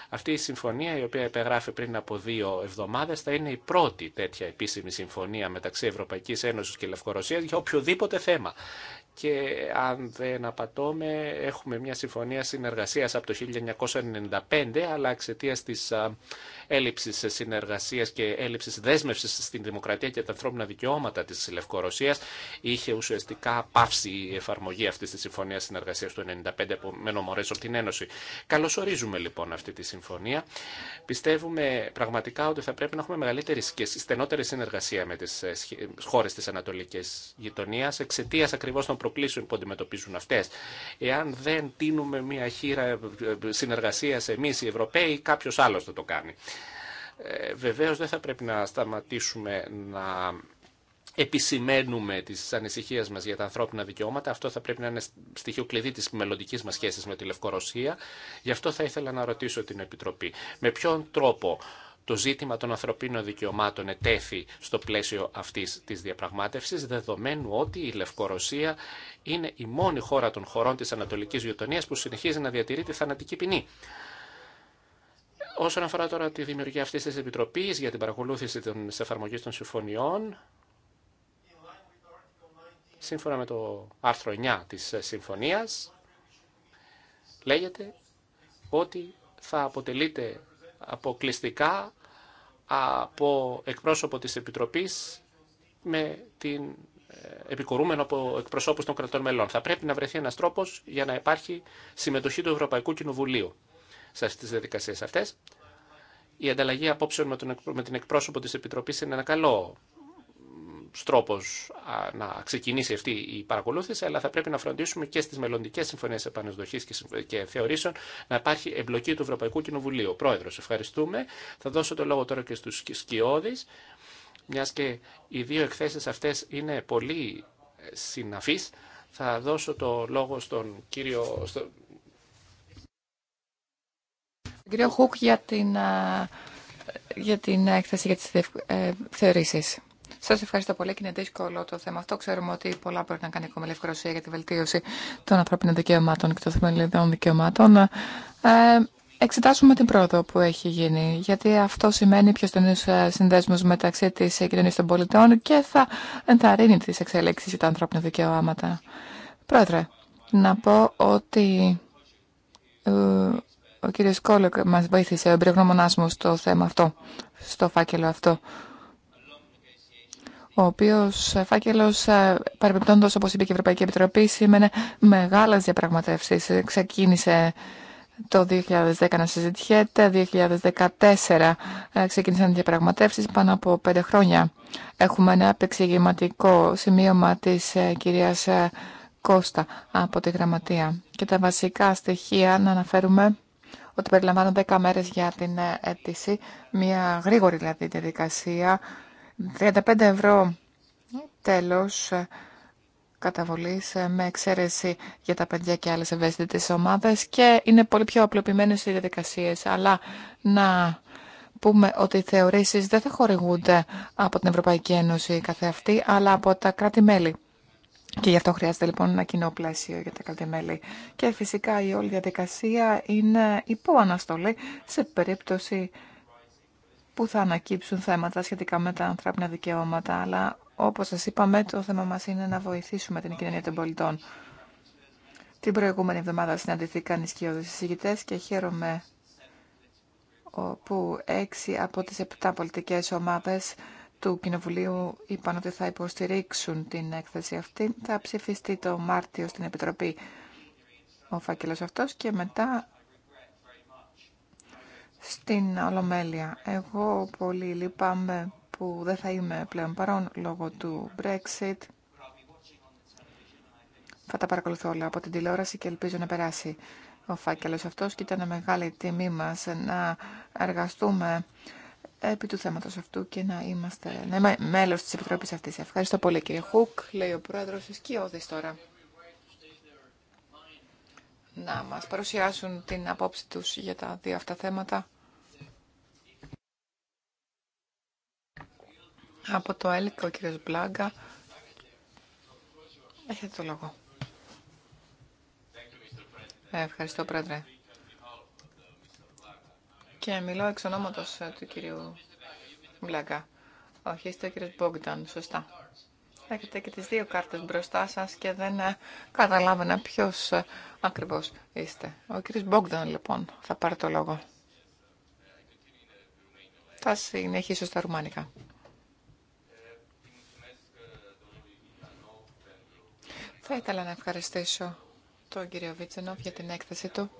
Αυτή η συμφωνία η οποία επεγράφει πριν από δύο εβδομάδες θα είναι η πρώτη τέτοια επίσημη συμφωνία μεταξύ Ευρωπαϊκής Ένωση και Λευκορωσίας για οποιοδήποτε θέμα και αν δεν απατώμε έχουμε μια συμφωνία συνεργασίας από το 1995 αλλά εξαιτία της έλλειψης συνεργασίας και έλλειψης δέσμευσης στην δημοκρατία και τα ανθρώπινα δικαιώματα της Λευκορωσίας είχε ουσιαστικά πάυσει η εφαρμογή αυτής της συμφωνίας συνεργασίας του 1995 με μορές από την Ένωση. Καλωσορίζουμε λοιπόν αυτή τη συμφωνία. Πιστεύουμε πραγματικά ότι θα πρέπει να έχουμε μεγαλύτερη και στενότερη συνεργασία με τις ε, χώρες της Ανατολικής Γειτονίας εξαιτία ακριβώς των προ προκλήσεων που αντιμετωπίζουν αυτέ. Εάν δεν τίνουμε μια χείρα ε, ε, συνεργασία εμεί οι Ευρωπαίοι, κάποιο άλλο θα το κάνει. Ε, Βεβαίω δεν θα πρέπει να σταματήσουμε να επισημαίνουμε τι ανησυχίε μα για τα ανθρώπινα δικαιώματα. Αυτό θα πρέπει να είναι στοιχείο κλειδί τη μελλοντική μα σχέση με τη Λευκορωσία. Γι' αυτό θα ήθελα να ρωτήσω την Επιτροπή. Με ποιον τρόπο το ζήτημα των ανθρωπίνων δικαιωμάτων ετέθη στο πλαίσιο αυτής της διαπραγμάτευσης, δεδομένου ότι η Λευκορωσία είναι η μόνη χώρα των χωρών της Ανατολικής Γειτονίας που συνεχίζει να διατηρεί τη θανατική ποινή. Όσον αφορά τώρα τη δημιουργία αυτής της Επιτροπής για την παρακολούθηση της εφαρμογής των συμφωνιών, σύμφωνα με το άρθρο 9 της συμφωνίας, λέγεται ότι θα αποτελείται αποκλειστικά από εκπρόσωπο της Επιτροπής με την ε, επικορούμενο από εκπροσώπους των κρατών μελών. Θα πρέπει να βρεθεί ένας τρόπος για να υπάρχει συμμετοχή του Ευρωπαϊκού Κοινοβουλίου σε αυτές τις διαδικασίες αυτές. Η ανταλλαγή απόψεων με, με την εκπρόσωπο της Επιτροπής είναι ένα καλό τρόπος να ξεκινήσει αυτή η παρακολούθηση, αλλά θα πρέπει να φροντίσουμε και στις μελλοντικές συμφωνίες επανεσδοχής και θεωρήσεων να υπάρχει εμπλοκή του Ευρωπαϊκού Κοινοβουλίου. Πρόεδρος, ευχαριστούμε. Θα δώσω το λόγο τώρα και στους Σκιώδης, μιας και οι δύο εκθέσεις αυτές είναι πολύ ε, συναφείς. Θα δώσω το λόγο στον κύριο... Στον κύριο Χουκ για την, ε, για την έκθεση για τις ε, θεωρήσεις. Σα ευχαριστώ πολύ και είναι δύσκολο το θέμα αυτό. Ξέρουμε ότι πολλά μπορεί να κάνει ακόμα η για τη βελτίωση των ανθρώπινων δικαιωμάτων και των θεμελιωδών δικαιωμάτων. Ε, εξετάσουμε την πρόοδο που έχει γίνει, γιατί αυτό σημαίνει πιο στενού ε, συνδέσμου μεταξύ τη κοινωνία των πολιτών και θα ενθαρρύνει τι εξέλιξει για τα ανθρώπινα δικαιώματα. Πρόεδρε, να πω ότι ε, ο κύριος Κόλοκ μας βοήθησε, ο εμπειρογνωμονάς μου στο θέμα αυτό, στο φάκελο αυτό ο οποίο φάκελο ε, παρεμπιπτόντως όπως είπε και η Ευρωπαϊκή Επιτροπή, σήμαινε μεγάλε διαπραγματεύσεις. Ξεκίνησε το 2010 να συζητιέται, 2014 ε, ξεκίνησαν διαπραγματεύσεις, πάνω από πέντε χρόνια. Έχουμε ένα επεξηγηματικό σημείωμα τη ε, κυρίας Κώστα από τη Γραμματεία. Και τα βασικά στοιχεία να αναφέρουμε ότι περιλαμβάνουν 10 μέρες για την αίτηση, μια γρήγορη δηλαδή διαδικασία, 35 ευρώ τέλος καταβολής με εξαίρεση για τα παιδιά και άλλες ευαίσθητες ομάδες και είναι πολύ πιο απλοποιημένες οι διαδικασίες. Αλλά να πούμε ότι οι θεωρήσεις δεν θα χορηγούνται από την Ευρωπαϊκή Ένωση καθεαυτή, αλλά από τα κράτη-μέλη. Και γι' αυτό χρειάζεται λοιπόν ένα κοινό πλαίσιο για τα κράτη-μέλη. Και φυσικά η όλη διαδικασία είναι υπό αναστολή σε περίπτωση που θα ανακύψουν θέματα σχετικά με τα ανθρώπινα δικαιώματα, αλλά όπως σας είπαμε το θέμα μας είναι να βοηθήσουμε την κοινωνία των πολιτών. Την προηγούμενη εβδομάδα συναντηθήκαν οι σκιώδες συζητητές και χαίρομαι που έξι από τις επτά πολιτικές ομάδες του Κοινοβουλίου είπαν ότι θα υποστηρίξουν την έκθεση αυτή. Θα ψηφιστεί το Μάρτιο στην Επιτροπή ο φάκελος αυτός και μετά στην Ολομέλεια. Εγώ πολύ λυπάμαι που δεν θα είμαι πλέον παρόν λόγω του Brexit. Θα τα παρακολουθώ όλα από την τηλεόραση και ελπίζω να περάσει ο φάκελος αυτός και ήταν μεγάλη τιμή μας να εργαστούμε επί του θέματος αυτού και να είμαστε ναι, μέλος της Επιτροπής αυτής. Ευχαριστώ πολύ κύριε Χουκ, λέει ο πρόεδρος της Κιώδης τώρα να μας παρουσιάσουν την απόψη τους για τα δύο αυτά θέματα. Από το ΕΛΚ ο κύριος Μπλάγκα. Έχετε το λόγο. Ευχαριστώ, Πρόεδρε. Και μιλώ εξ ονόματος του κυρίου Μπλάγκα. Όχι, είστε ο κύριος Μπόγκταν, σωστά. Έχετε και τις δύο κάρτες μπροστά σας και δεν ε, καταλάβαινα ποιος ε, ακριβώς είστε. Ο κύριος Μπόγκδαν λοιπόν θα πάρει το λόγο. Θα συνεχίσω στα ρουμάνικα. Θα ήθελα να ευχαριστήσω τον κύριο Βίτσενοφ για την έκθεση του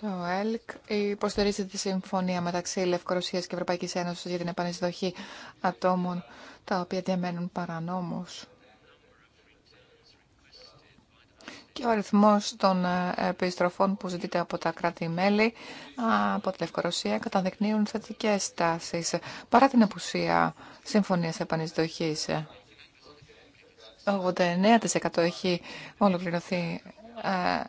Το ΕΛΚ υποστηρίζει τη συμφωνία μεταξύ Λευκορωσία και Ευρωπαϊκή Ένωση για την επανεισδοχή ατόμων τα οποία διαμένουν παρανόμω. Και ο αριθμό των ε, επιστροφών που ζητείται από τα κράτη-μέλη από τη Λευκορωσία καταδεικνύουν θετικέ τάσει παρά την απουσία συμφωνίας επανεισδοχής. 89% έχει ολοκληρωθεί ε,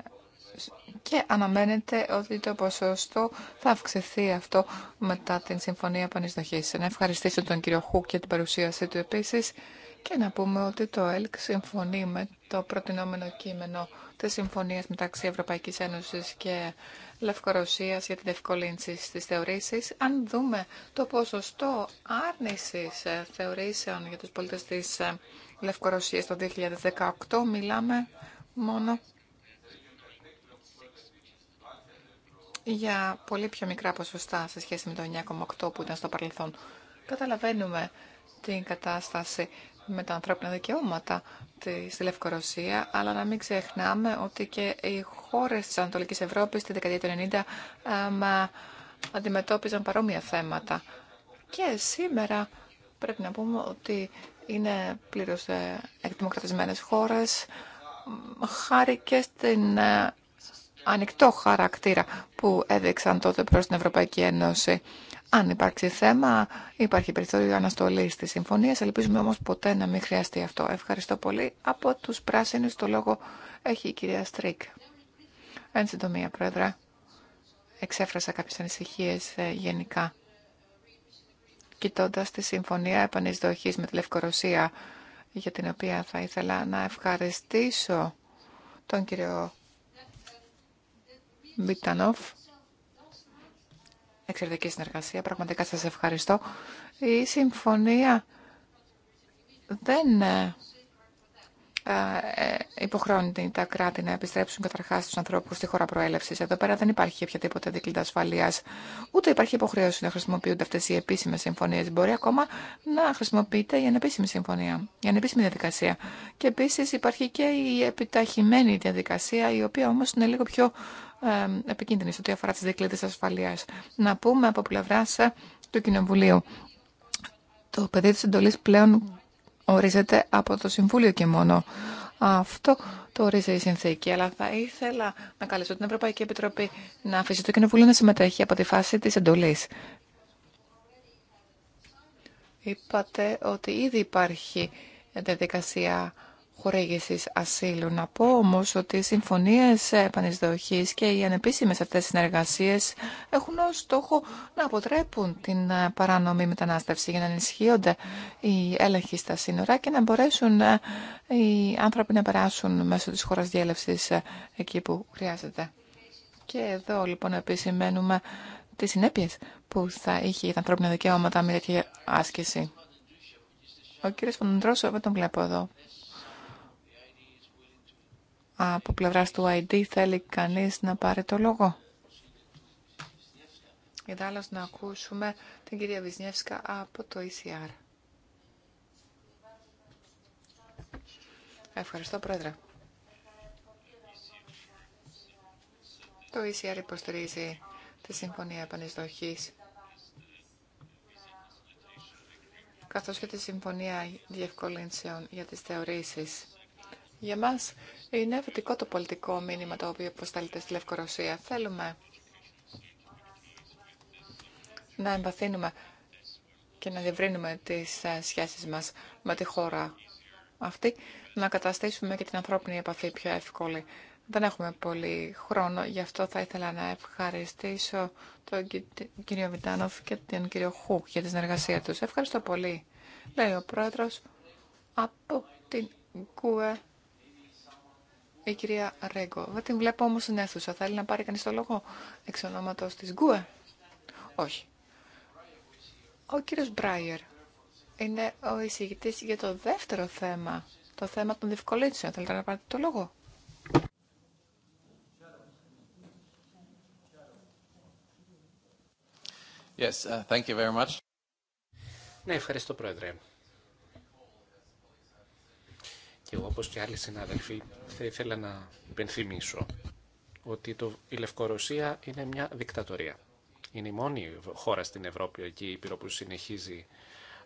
και αναμένεται ότι το ποσοστό θα αυξηθεί αυτό μετά την Συμφωνία Πανεισδοχή. Να ευχαριστήσω τον κύριο Χου και την παρουσίασή του επίση και να πούμε ότι το ΕΛΚ συμφωνεί με το προτινόμενο κείμενο τη συμφωνία μεταξύ Ευρωπαϊκή Ένωση και Λευκορωσίας για την ευκολύνση στι θεωρήσει. Αν δούμε το ποσοστό άρνηση ε, θεωρήσεων για του πολίτε τη ε, Λευκορωσία το 2018, μιλάμε μόνο για πολύ πιο μικρά ποσοστά σε σχέση με το 9,8 που ήταν στο παρελθόν. Καταλαβαίνουμε την κατάσταση με τα ανθρώπινα δικαιώματα στη Λευκορωσία, αλλά να μην ξεχνάμε ότι και οι χώρες της Ανατολικής Ευρώπης στη δεκαετία του 90 αντιμετώπιζαν παρόμοια θέματα. Και σήμερα πρέπει να πούμε ότι είναι πλήρως ε, εκδημοκρατισμένες χώρες, χάρη και στην ε, ανοιχτό χαρακτήρα που έδειξαν τότε προς την Ευρωπαϊκή Ένωση. Αν υπάρξει θέμα, υπάρχει περιθώριο αναστολή τη συμφωνία. Ελπίζουμε όμω ποτέ να μην χρειαστεί αυτό. Ευχαριστώ πολύ. Από του πράσινου το λόγο έχει η κυρία Στρίκ. Εν συντομία, Πρόεδρε, εξέφρασα κάποιε ανησυχίε ε, γενικά. Κοιτώντα τη συμφωνία επανεισδοχή με τη Λευκορωσία, για την οποία θα ήθελα να ευχαριστήσω τον κύριο Μπιτανόφ. Εξαιρετική συνεργασία. Πραγματικά σας ευχαριστώ. Η συμφωνία δεν ε, ε, υποχρεώνει τα κράτη να επιστρέψουν καταρχά του ανθρώπου στη χώρα προέλευση. Εδώ πέρα δεν υπάρχει οποιαδήποτε δίκλυντα ασφαλεία, ούτε υπάρχει υποχρέωση να χρησιμοποιούνται αυτέ οι επίσημε συμφωνίε. Μπορεί ακόμα να χρησιμοποιείται η ανεπίσημη συμφωνία, η ανεπίσημη διαδικασία. Και επίση υπάρχει και η επιταχυμένη διαδικασία, η οποία όμω είναι λίγο πιο επικίνδυνη σε ό,τι αφορά τι δικλείδε ασφαλείας. Να πούμε από πλευρά ε, του Κοινοβουλίου. Το πεδίο τη εντολή πλέον ορίζεται από το Συμβούλιο και μόνο. Αυτό το ορίζει η συνθήκη, αλλά θα ήθελα να καλέσω την Ευρωπαϊκή Επιτροπή να αφήσει το Κοινοβούλιο να συμμετέχει από τη φάση της εντολής. Είπατε ότι ήδη υπάρχει διαδικασία χορήγηση ασύλου. Να πω όμω ότι οι συμφωνίε επανεισδοχή και οι ανεπίσημε αυτέ συνεργασίε έχουν ως στόχο να αποτρέπουν την ε, παράνομη μετανάστευση για να ενισχύονται οι έλεγχοι στα σύνορα και να μπορέσουν ε, οι άνθρωποι να περάσουν μέσω τη χώρα διέλευση ε, εκεί που χρειάζεται. Και εδώ λοιπόν επισημαίνουμε τι συνέπειε που θα είχε για τα ανθρώπινα δικαιώματα με τέτοια άσκηση. Ο κύριος Φοντρόσο, δεν τον βλέπω εδώ από πλευράς του ID θέλει κανείς να πάρει το λόγο. Για να ακούσουμε την κυρία Βυσνιεύσκα από το ECR. Ευχαριστώ, Πρόεδρε. Το ECR υποστηρίζει τη Συμφωνία Επανεισδοχής καθώς και τη Συμφωνία Διευκολύνσεων για τις θεωρήσεις. Για μας είναι θετικό το πολιτικό μήνυμα το οποίο προσταλείται στη Λευκορωσία. Θέλουμε να εμβαθύνουμε και να διευρύνουμε τις ε, σχέσεις μας με τη χώρα αυτή, να καταστήσουμε και την ανθρώπινη επαφή πιο εύκολη. Δεν έχουμε πολύ χρόνο, γι' αυτό θα ήθελα να ευχαριστήσω τον κύριο Βιτάνοφ και τον κύριο Χου για τη συνεργασία τους. Ευχαριστώ πολύ, λέει ο πρόεδρος από την ΚΟΕ η κυρία Ρέγκο. Δεν την βλέπω όμως στην αίθουσα. Θέλει να πάρει κανείς το λόγο εξ ονόματος της Γκουε. Όχι. Ο κύριος Μπράιερ είναι ο εισηγητής για το δεύτερο θέμα, το θέμα των διευκολύνσεων. Θέλετε να πάρετε το λόγο. Yes, uh, thank you very much. Ναι, ευχαριστώ Πρόεδρε. Και εγώ, όπως και άλλοι συνάδελφοι, θα ήθελα να υπενθυμίσω ότι το, η Λευκορωσία είναι μια δικτατορία. Είναι η μόνη χώρα στην Ευρώπη εκεί η που συνεχίζει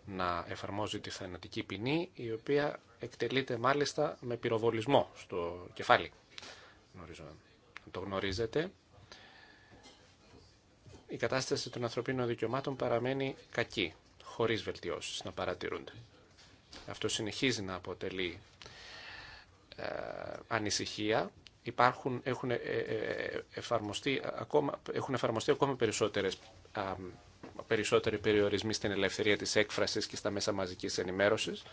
να εφαρμόζει τη θανατική ποινή, η οποία εκτελείται μάλιστα με πυροβολισμό στο κεφάλι. Γνωρίζω, το γνωρίζετε. Η κατάσταση των ανθρωπίνων δικαιωμάτων παραμένει κακή, χωρίς βελτιώσεις να παρατηρούνται. Αυτό συνεχίζει να αποτελεί ε, ανησυχία. Υπάρχουν, έχουν, ε, ε, εφαρμοστεί ακόμα, έχουν εφαρμοστεί ακόμα περισσότερες περισσότεροι περιορισμοί στην ελευθερία της έκφρασης και στα μέσα μαζικής ενημέρωσης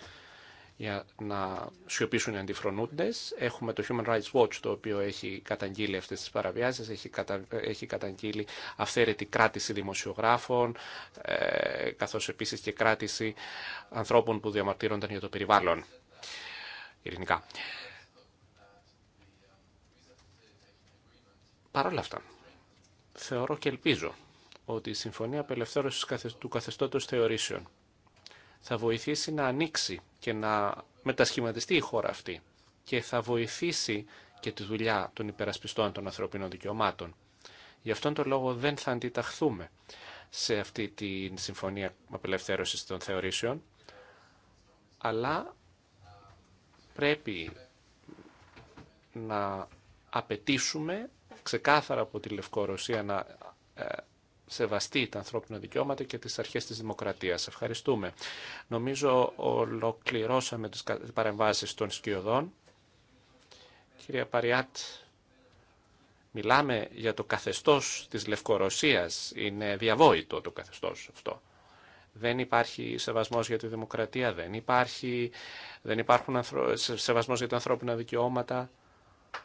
για να σιωπήσουν οι αντιφρονούντες. Έχουμε το Human Rights Watch το οποίο έχει καταγγείλει αυτές τις παραβιάσεις, έχει, κατα... έχει καταγγείλει αυθαίρετη κράτηση δημοσιογράφων, ε, καθώς επίσης και κράτηση ανθρώπων που διαμαρτύρονταν για το περιβάλλον. Ειρηνικά. Παρ' όλα αυτά, θεωρώ και ελπίζω ότι η Συμφωνία Απελευθέρωσης του Καθεστώτος Θεωρήσεων θα βοηθήσει να ανοίξει και να μετασχηματιστεί η χώρα αυτή και θα βοηθήσει και τη δουλειά των υπερασπιστών των ανθρωπίνων δικαιωμάτων. Γι' αυτόν τον λόγο δεν θα αντιταχθούμε σε αυτή τη συμφωνία απελευθέρωση των θεωρήσεων, αλλά πρέπει να απαιτήσουμε ξεκάθαρα από τη Λευκορωσία να ε, σεβαστεί τα ανθρώπινα δικαιώματα και τις αρχές της δημοκρατίας. Ευχαριστούμε. Νομίζω ολοκληρώσαμε τις παρεμβάσεις των σκιωδών. Κυρία Παριάτ, μιλάμε για το καθεστώς της Λευκορωσίας. Είναι διαβόητο το καθεστώς αυτό. Δεν υπάρχει σεβασμός για τη δημοκρατία, δεν, υπάρχει, δεν υπάρχουν σεβασμός για τα ανθρώπινα δικαιώματα.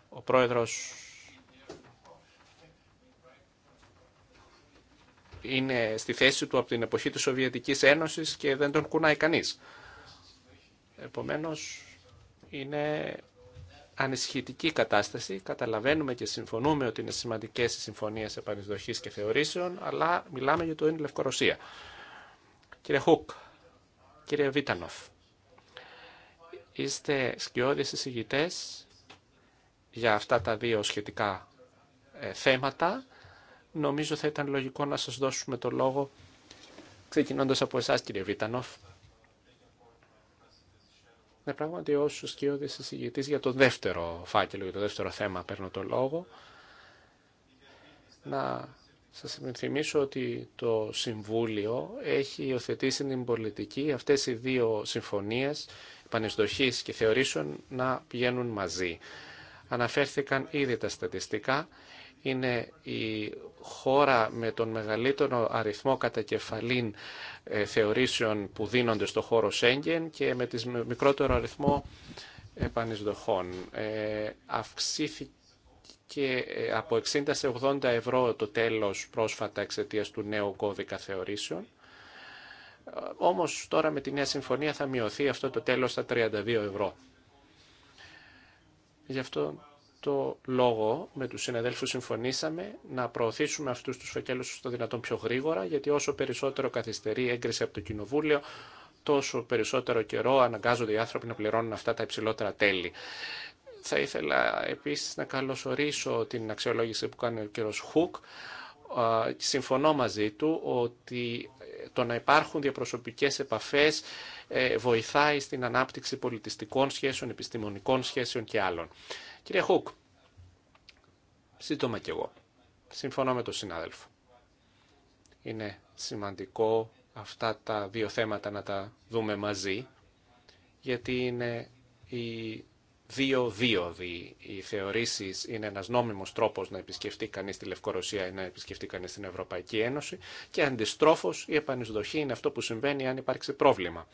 Ο πρόεδρος είναι στη θέση του από την εποχή της Σοβιετικής Ένωσης και δεν τον κουνάει κανείς. Επομένως, είναι ανησυχητική κατάσταση. Καταλαβαίνουμε και συμφωνούμε ότι είναι σημαντικές οι συμφωνίες επανεισδοχής και θεωρήσεων, αλλά μιλάμε για το είναι Λευκορωσία. Κύριε Χουκ, κύριε Βίτανοφ, είστε σκιώδεις εισηγητές για αυτά τα δύο σχετικά ε, θέματα νομίζω θα ήταν λογικό να σας δώσουμε το λόγο, ξεκινώντας από εσάς κύριε Βίτανοφ. Ναι, πράγματι ως σκιώδης εισηγητής για το δεύτερο φάκελο, για το δεύτερο θέμα παίρνω το λόγο. Να σας θυμίσω ότι το Συμβούλιο έχει υιοθετήσει την πολιτική αυτές οι δύο συμφωνίες πανεσδοχής και θεωρήσεων να πηγαίνουν μαζί. Αναφέρθηκαν ήδη τα στατιστικά είναι η χώρα με τον μεγαλύτερο αριθμό κατακεφαλήν ε, θεωρήσεων που δίνονται στο χώρο Σέγγεν και με τις μικρότερο αριθμό επανεισδοχών. Ε, αυξήθηκε ε, από 60 σε 80 ευρώ το τέλος πρόσφατα εξαιτίας του νέου κώδικα θεωρήσεων. Όμως τώρα με τη νέα συμφωνία θα μειωθεί αυτό το τέλος στα 32 ευρώ. Γι' αυτό το λόγο με τους συναδέλφους συμφωνήσαμε να προωθήσουμε αυτούς τους φακέλους στο δυνατόν πιο γρήγορα, γιατί όσο περισσότερο καθυστερεί έγκριση από το Κοινοβούλιο, τόσο περισσότερο καιρό αναγκάζονται οι άνθρωποι να πληρώνουν αυτά τα υψηλότερα τέλη. Θα ήθελα επίσης να καλωσορίσω την αξιολόγηση που κάνει ο κ. Χουκ. Συμφωνώ μαζί του ότι το να υπάρχουν διαπροσωπικές επαφές ε, βοηθάει στην ανάπτυξη πολιτιστικών σχέσεων, επιστημονικών σχέσεων και άλλων. Κύριε Χουκ, σύντομα κι εγώ. Συμφωνώ με τον συνάδελφο. Είναι σημαντικό αυτά τα δύο θέματα να τα δούμε μαζί, γιατί είναι οι δύο δίωδοι. Οι θεωρήσεις είναι ένας νόμιμος τρόπος να επισκεφτεί κανείς τη Λευκορωσία ή να επισκεφτεί κανείς την Ευρωπαϊκή Ένωση και αντιστρόφως η επανεισδοχή είναι αυτό που συμβαίνει αν υπάρξει πρόβλημα.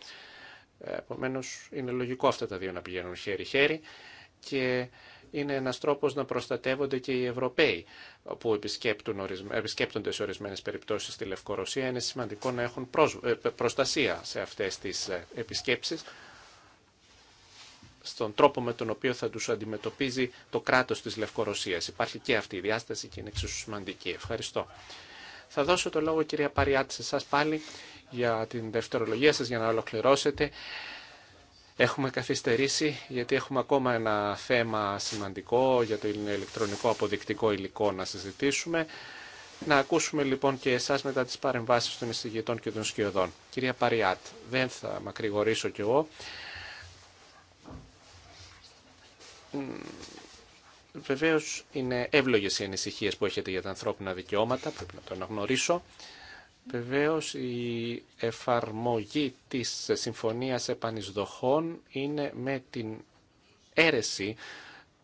Ε, Επομένω, είναι λογικό αυτά τα δύο να πηγαίνουν χέρι-χέρι και αντιστροφως η επανεισδοχη ειναι αυτο που συμβαινει αν υπαρξει προβλημα επομενως ειναι λογικο αυτα τα δυο να πηγαινουν χερι χερι και είναι ένας τρόπος να προστατεύονται και οι Ευρωπαίοι που επισκέπτονται σε ορισμένες περιπτώσεις στη Λευκορωσία. Είναι σημαντικό να έχουν ε, προστασία σε αυτές τις ε, επισκέψεις στον τρόπο με τον οποίο θα τους αντιμετωπίζει το κράτος της Λευκορωσίας. Υπάρχει και αυτή η διάσταση και είναι εξίσου σημαντική. Ευχαριστώ. Θα δώσω το λόγο κυρία Παριάτη σε εσάς πάλι για την δευτερολογία σας για να ολοκληρώσετε. Έχουμε καθυστερήσει γιατί έχουμε ακόμα ένα θέμα σημαντικό για το ηλεκτρονικό αποδεικτικό υλικό να συζητήσουμε. Να ακούσουμε λοιπόν και εσάς μετά τις παρεμβάσεις των εισηγητών και των σκιωδών. Κυρία Παριάτ, δεν θα μακρηγορήσω κι εγώ. Βεβαίως είναι εύλογες οι ανησυχίες που έχετε για τα ανθρώπινα δικαιώματα, πρέπει να το αναγνωρίσω. Βεβαίως η εφαρμογή της συμφωνίας επανεισδοχών είναι με την αίρεση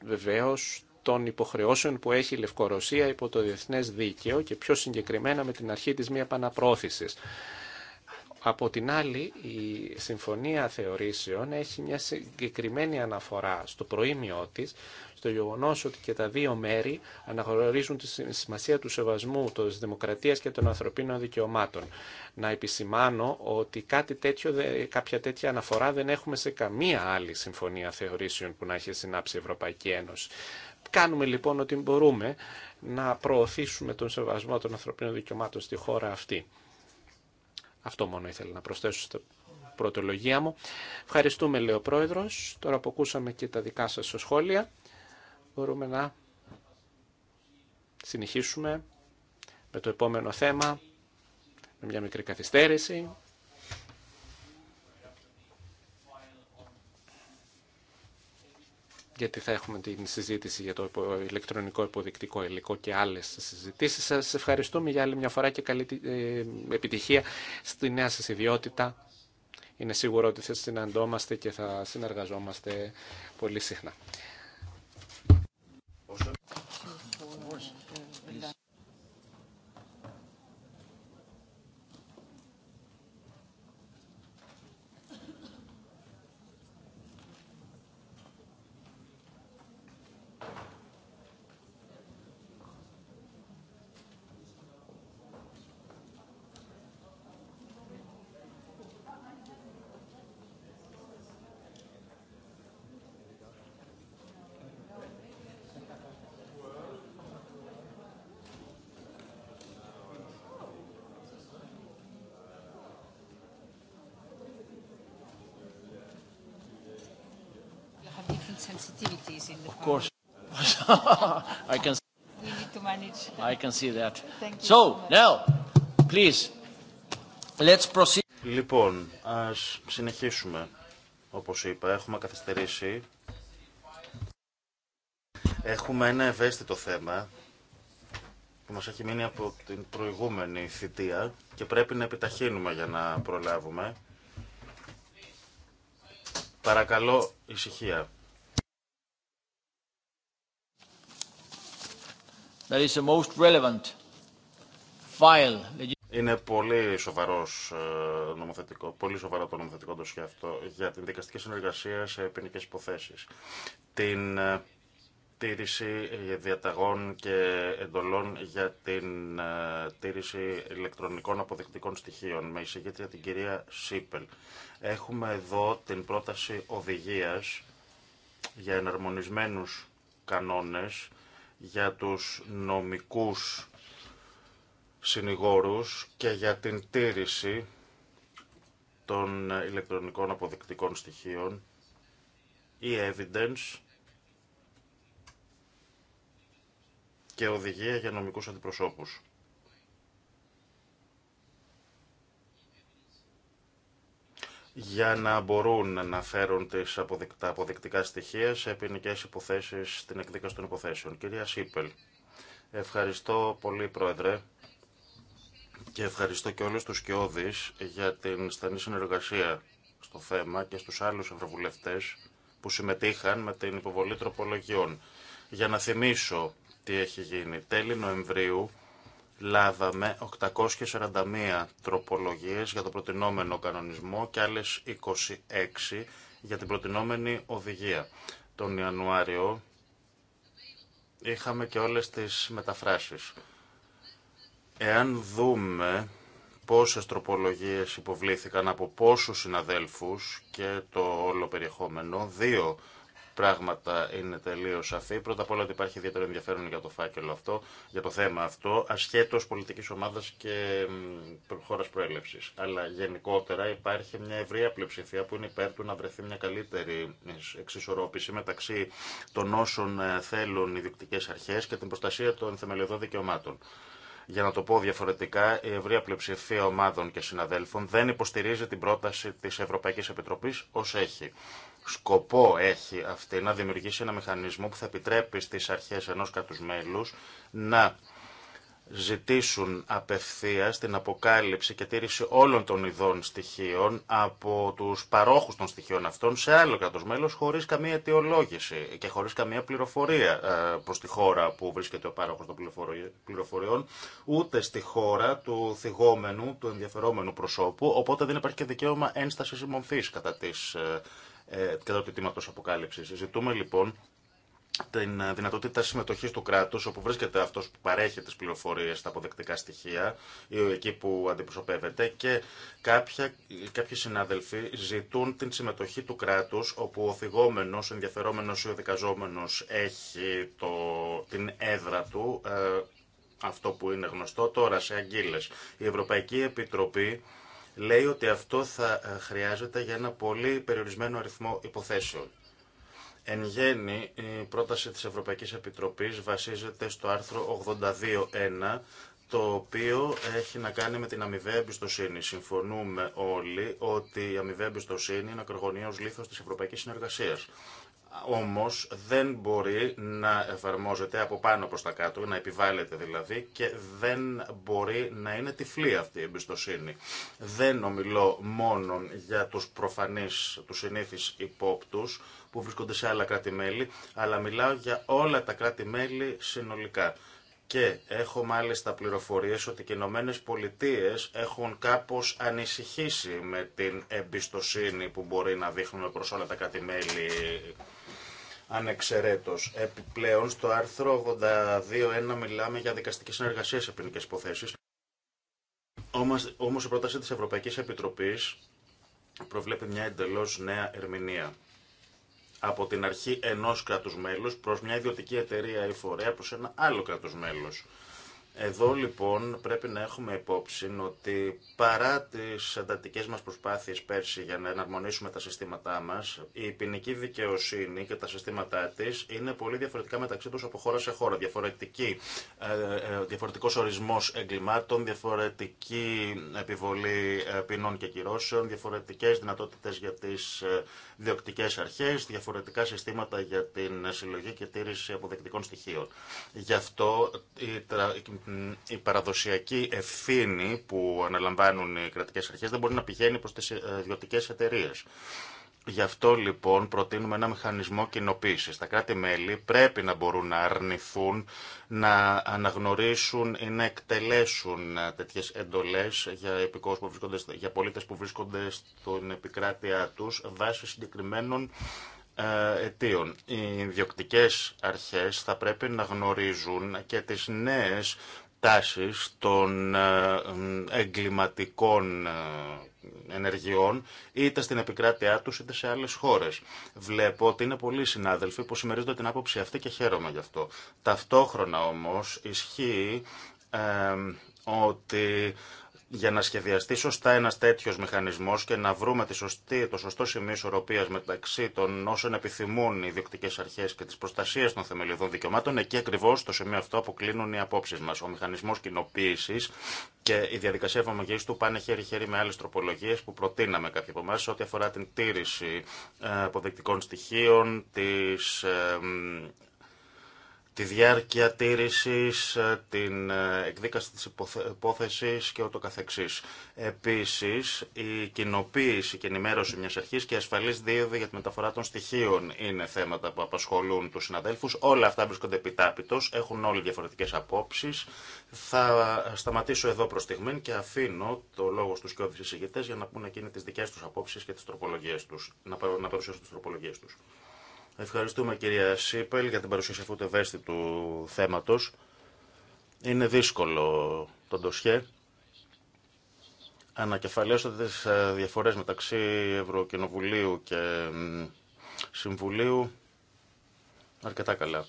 βεβαίως των υποχρεώσεων που έχει η Λευκορωσία υπό το διεθνές δίκαιο και πιο συγκεκριμένα με την αρχή της μη επαναπρόθεσης. Από την άλλη, η Συμφωνία Θεωρήσεων έχει μια συγκεκριμένη αναφορά στο προήμιό της, το γεγονό ότι και τα δύο μέρη αναγνωρίζουν τη σημασία του σεβασμού τη δημοκρατία και των ανθρωπίνων δικαιωμάτων. Να επισημάνω ότι κάτι τέτοιο, κάποια τέτοια αναφορά δεν έχουμε σε καμία άλλη συμφωνία θεωρήσεων που να έχει συνάψει η Ευρωπαϊκή Ένωση. Κάνουμε λοιπόν ότι μπορούμε να προωθήσουμε τον σεβασμό των ανθρωπίνων δικαιωμάτων στη χώρα αυτή. Αυτό μόνο ήθελα να προσθέσω στο πρωτολογία μου. Ευχαριστούμε, λέει ο Πρόεδρος. Τώρα που ακούσαμε και τα δικά σας σχόλια μπορούμε να συνεχίσουμε με το επόμενο θέμα, με μια μικρή καθυστέρηση. γιατί θα έχουμε την συζήτηση για το ηλεκτρονικό υποδεικτικό υλικό και άλλες συζητήσεις. Σας ευχαριστούμε για άλλη μια φορά και καλή ε, επιτυχία στη νέα σας ιδιότητα. Είναι σίγουρο ότι θα συναντώμαστε και θα συνεργαζόμαστε πολύ συχνά. Λοιπόν, ας συνεχίσουμε. Όπως είπα, έχουμε καθυστερήσει. Έχουμε ένα ευαίσθητο θέμα που μας έχει μείνει από την προηγούμενη θητεία και πρέπει να επιταχύνουμε για να προλάβουμε. Παρακαλώ, ησυχία. Είναι πολύ σοβαρό, ε, νομοθετικό, πολύ σοβαρό το νομοθετικό ντοσχέ αυτό για την δικαστική συνεργασία σε ποινικέ υποθέσει. Την ε, τήρηση διαταγών και εντολών για την ε, τήρηση ηλεκτρονικών αποδεικτικών στοιχείων με εισηγήτρια την κυρία Σίπελ. Έχουμε εδώ την πρόταση οδηγίας για εναρμονισμένους κανόνες για τους νομικούς συνηγόρους και για την τήρηση των ηλεκτρονικών αποδεικτικών στοιχείων ή evidence και οδηγία για νομικούς αντιπροσώπους. για να μπορούν να φέρουν τις αποδεικτικά στοιχεία σε ποινικέ υποθέσεις στην εκδίκαση των υποθέσεων. Κυρία Σίπελ, ευχαριστώ πολύ Πρόεδρε και ευχαριστώ και όλους τους Κιώδης για την στενή συνεργασία στο θέμα και στους άλλους ευρωβουλευτές που συμμετείχαν με την υποβολή τροπολογιών. Για να θυμίσω τι έχει γίνει. Τέλη Νοεμβρίου λάβαμε 841 τροπολογίες για το προτινόμενο κανονισμό και άλλες 26 για την προτινόμενη οδηγία. Τον Ιανουάριο είχαμε και όλες τις μεταφράσεις. Εάν δούμε πόσες τροπολογίες υποβλήθηκαν από πόσους συναδέλφους και το όλο περιεχόμενο, δύο πράγματα είναι τελείω σαφή. Πρώτα απ' όλα ότι υπάρχει ιδιαίτερο ενδιαφέρον για το φάκελο αυτό, για το θέμα αυτό, ασχέτω πολιτική ομάδα και χώρα προέλευση. Αλλά γενικότερα υπάρχει μια ευρία πλειοψηφία που είναι υπέρ του να βρεθεί μια καλύτερη εξισορρόπηση μεταξύ των όσων ε, θέλουν οι διοικητικέ αρχέ και την προστασία των θεμελιωδών δικαιωμάτων. Για να το πω διαφορετικά, η ευρία πλειοψηφία ομάδων και συναδέλφων δεν υποστηρίζει την πρόταση τη Ευρωπαϊκή Επιτροπή ω έχει σκοπό έχει αυτή να δημιουργήσει ένα μηχανισμό που θα επιτρέπει στις αρχές ενός κατους μέλους να ζητήσουν απευθείας την αποκάλυψη και τήρηση όλων των ειδών στοιχείων από τους παρόχους των στοιχείων αυτών σε άλλο κράτος μέλος χωρίς καμία αιτιολόγηση και χωρίς καμία πληροφορία ε, προς τη χώρα που βρίσκεται ο πάροχος των πληροφοριών ούτε στη χώρα του θυγόμενου, του ενδιαφερόμενου προσώπου οπότε δεν υπάρχει και δικαίωμα ένστασης μομφής κατά της ε, ε, κατά του της αποκάλυψης. Ζητούμε λοιπόν την ε, δυνατότητα συμμετοχή του κράτου, όπου βρίσκεται αυτό που παρέχει τι πληροφορίε, τα αποδεκτικά στοιχεία, ή εκεί που αντιπροσωπεύεται, και κάποια, κάποιοι συνάδελφοι ζητούν την συμμετοχή του κράτου, όπου ο θυγόμενο, ο ενδιαφερόμενο ή ο δικαζόμενο έχει το, την έδρα του, ε, αυτό που είναι γνωστό τώρα σε αγγίλε. Η Ευρωπαϊκή Επιτροπή λέει ότι αυτό θα ε, χρειάζεται για ένα πολύ περιορισμένο αριθμό υποθέσεων. Εν γέννη, η πρόταση της Ευρωπαϊκής Επιτροπής βασίζεται στο άρθρο 82.1, το οποίο έχει να κάνει με την αμοιβαία εμπιστοσύνη. Συμφωνούμε όλοι ότι η αμοιβαία εμπιστοσύνη είναι ως λίθος της Ευρωπαϊκής Συνεργασίας όμως δεν μπορεί να εφαρμόζεται από πάνω προς τα κάτω, να επιβάλλεται δηλαδή και δεν μπορεί να είναι τυφλή αυτή η εμπιστοσύνη. Δεν ομιλώ μόνο για τους προφανείς, τους συνήθεις υπόπτους που βρίσκονται σε άλλα κράτη-μέλη, αλλά μιλάω για όλα τα κράτη-μέλη συνολικά. Και έχω μάλιστα πληροφορίες ότι και οι Ηνωμένε Πολιτείε έχουν κάπως ανησυχήσει με την εμπιστοσύνη που μπορεί να δείχνουμε προς όλα τα κράτη-μέλη ανεξαιρέτως. Επιπλέον, στο άρθρο 82.1 μιλάμε για δικαστική συνεργασία σε ποινικέ υποθέσει. Όμως, η πρόταση της Ευρωπαϊκής Επιτροπής προβλέπει μια εντελώς νέα ερμηνεία από την αρχή ενό κράτου μέλου προ μια ιδιωτική εταιρεία ή φορέα προ ένα άλλο κράτο μέλο. Εδώ λοιπόν πρέπει να έχουμε υπόψη ότι παρά τις εντατικέ μας προσπάθειες πέρσι για να εναρμονίσουμε τα συστήματά μας, η ποινική δικαιοσύνη και τα συστήματά της είναι πολύ διαφορετικά μεταξύ τους από χώρα σε χώρα. Διαφορετική, ε, ε, διαφορετικός ορισμός εγκλημάτων, διαφορετική επιβολή ε, ποινών και κυρώσεων, διαφορετικές δυνατότητες για τις διοκτικέ αρχές, διαφορετικά συστήματα για την συλλογή και τήρηση αποδεκτικών στοιχείων. Γι' αυτό η, παραδοσιακή ευθύνη που αναλαμβάνουν οι κρατικέ αρχές δεν μπορεί να πηγαίνει προς τις ιδιωτικέ εταιρείε. Γι' αυτό λοιπόν προτείνουμε ένα μηχανισμό κοινοποίηση. Τα κράτη-μέλη πρέπει να μπορούν να αρνηθούν, να αναγνωρίσουν ή να εκτελέσουν τέτοιε εντολέ για, για πολίτε που βρίσκονται στην επικράτειά του βάσει συγκεκριμένων ε, αιτίων. Οι ιδιοκτικέ αρχέ θα πρέπει να γνωρίζουν και τι νέε τάσει των ε, εγκληματικών ε, ενεργειών, είτε στην επικράτειά του είτε σε άλλε χώρε. Βλέπω ότι είναι πολλοί συνάδελφοι που συμμερίζονται την άποψη αυτή και χαίρομαι γι' αυτό. Ταυτόχρονα όμω ισχύει ε, ότι για να σχεδιαστεί σωστά ένα τέτοιο μηχανισμό και να βρούμε τη σωστή, το σωστό σημείο ισορροπία μεταξύ των όσων επιθυμούν οι διοικητικέ αρχέ και τη προστασία των θεμελιωδών δικαιωμάτων, εκεί ακριβώ το σημείο αυτό αποκλίνουν οι απόψει μα. Ο μηχανισμό κοινοποίηση και η διαδικασία εφαρμογή του πάνε χέρι-χέρι με άλλε τροπολογίε που προτείναμε κάποιοι από εμά ό,τι αφορά την τήρηση ε, αποδεκτικών στοιχείων, τι ε, τη διάρκεια τήρησης, ε, την ε, εκδίκαση της υπόθεσης και ούτω καθεξής. Επίσης, η κοινοποίηση και ενημέρωση μιας αρχής και ασφαλής δίωδη για τη μεταφορά των στοιχείων είναι θέματα που απασχολούν τους συναδέλφους. Όλα αυτά βρίσκονται επιτάπητος, έχουν όλοι διαφορετικές απόψεις. Θα σταματήσω εδώ προς στιγμή και αφήνω το λόγο στους και εισηγητές για να πούνε εκείνοι τις δικές τους απόψεις και τις τροπολογίες τους, να παρουσιάσουν τις τροπολογίες τους. Ευχαριστούμε κυρία Σίπελ για την παρουσίαση αυτού του ευαίσθητου θέματος. Είναι δύσκολο το ντοσιέ. Ανακεφαλαίωσατε τις ε, διαφορές μεταξύ Ευρωκοινοβουλίου και Συμβουλίου αρκετά καλά.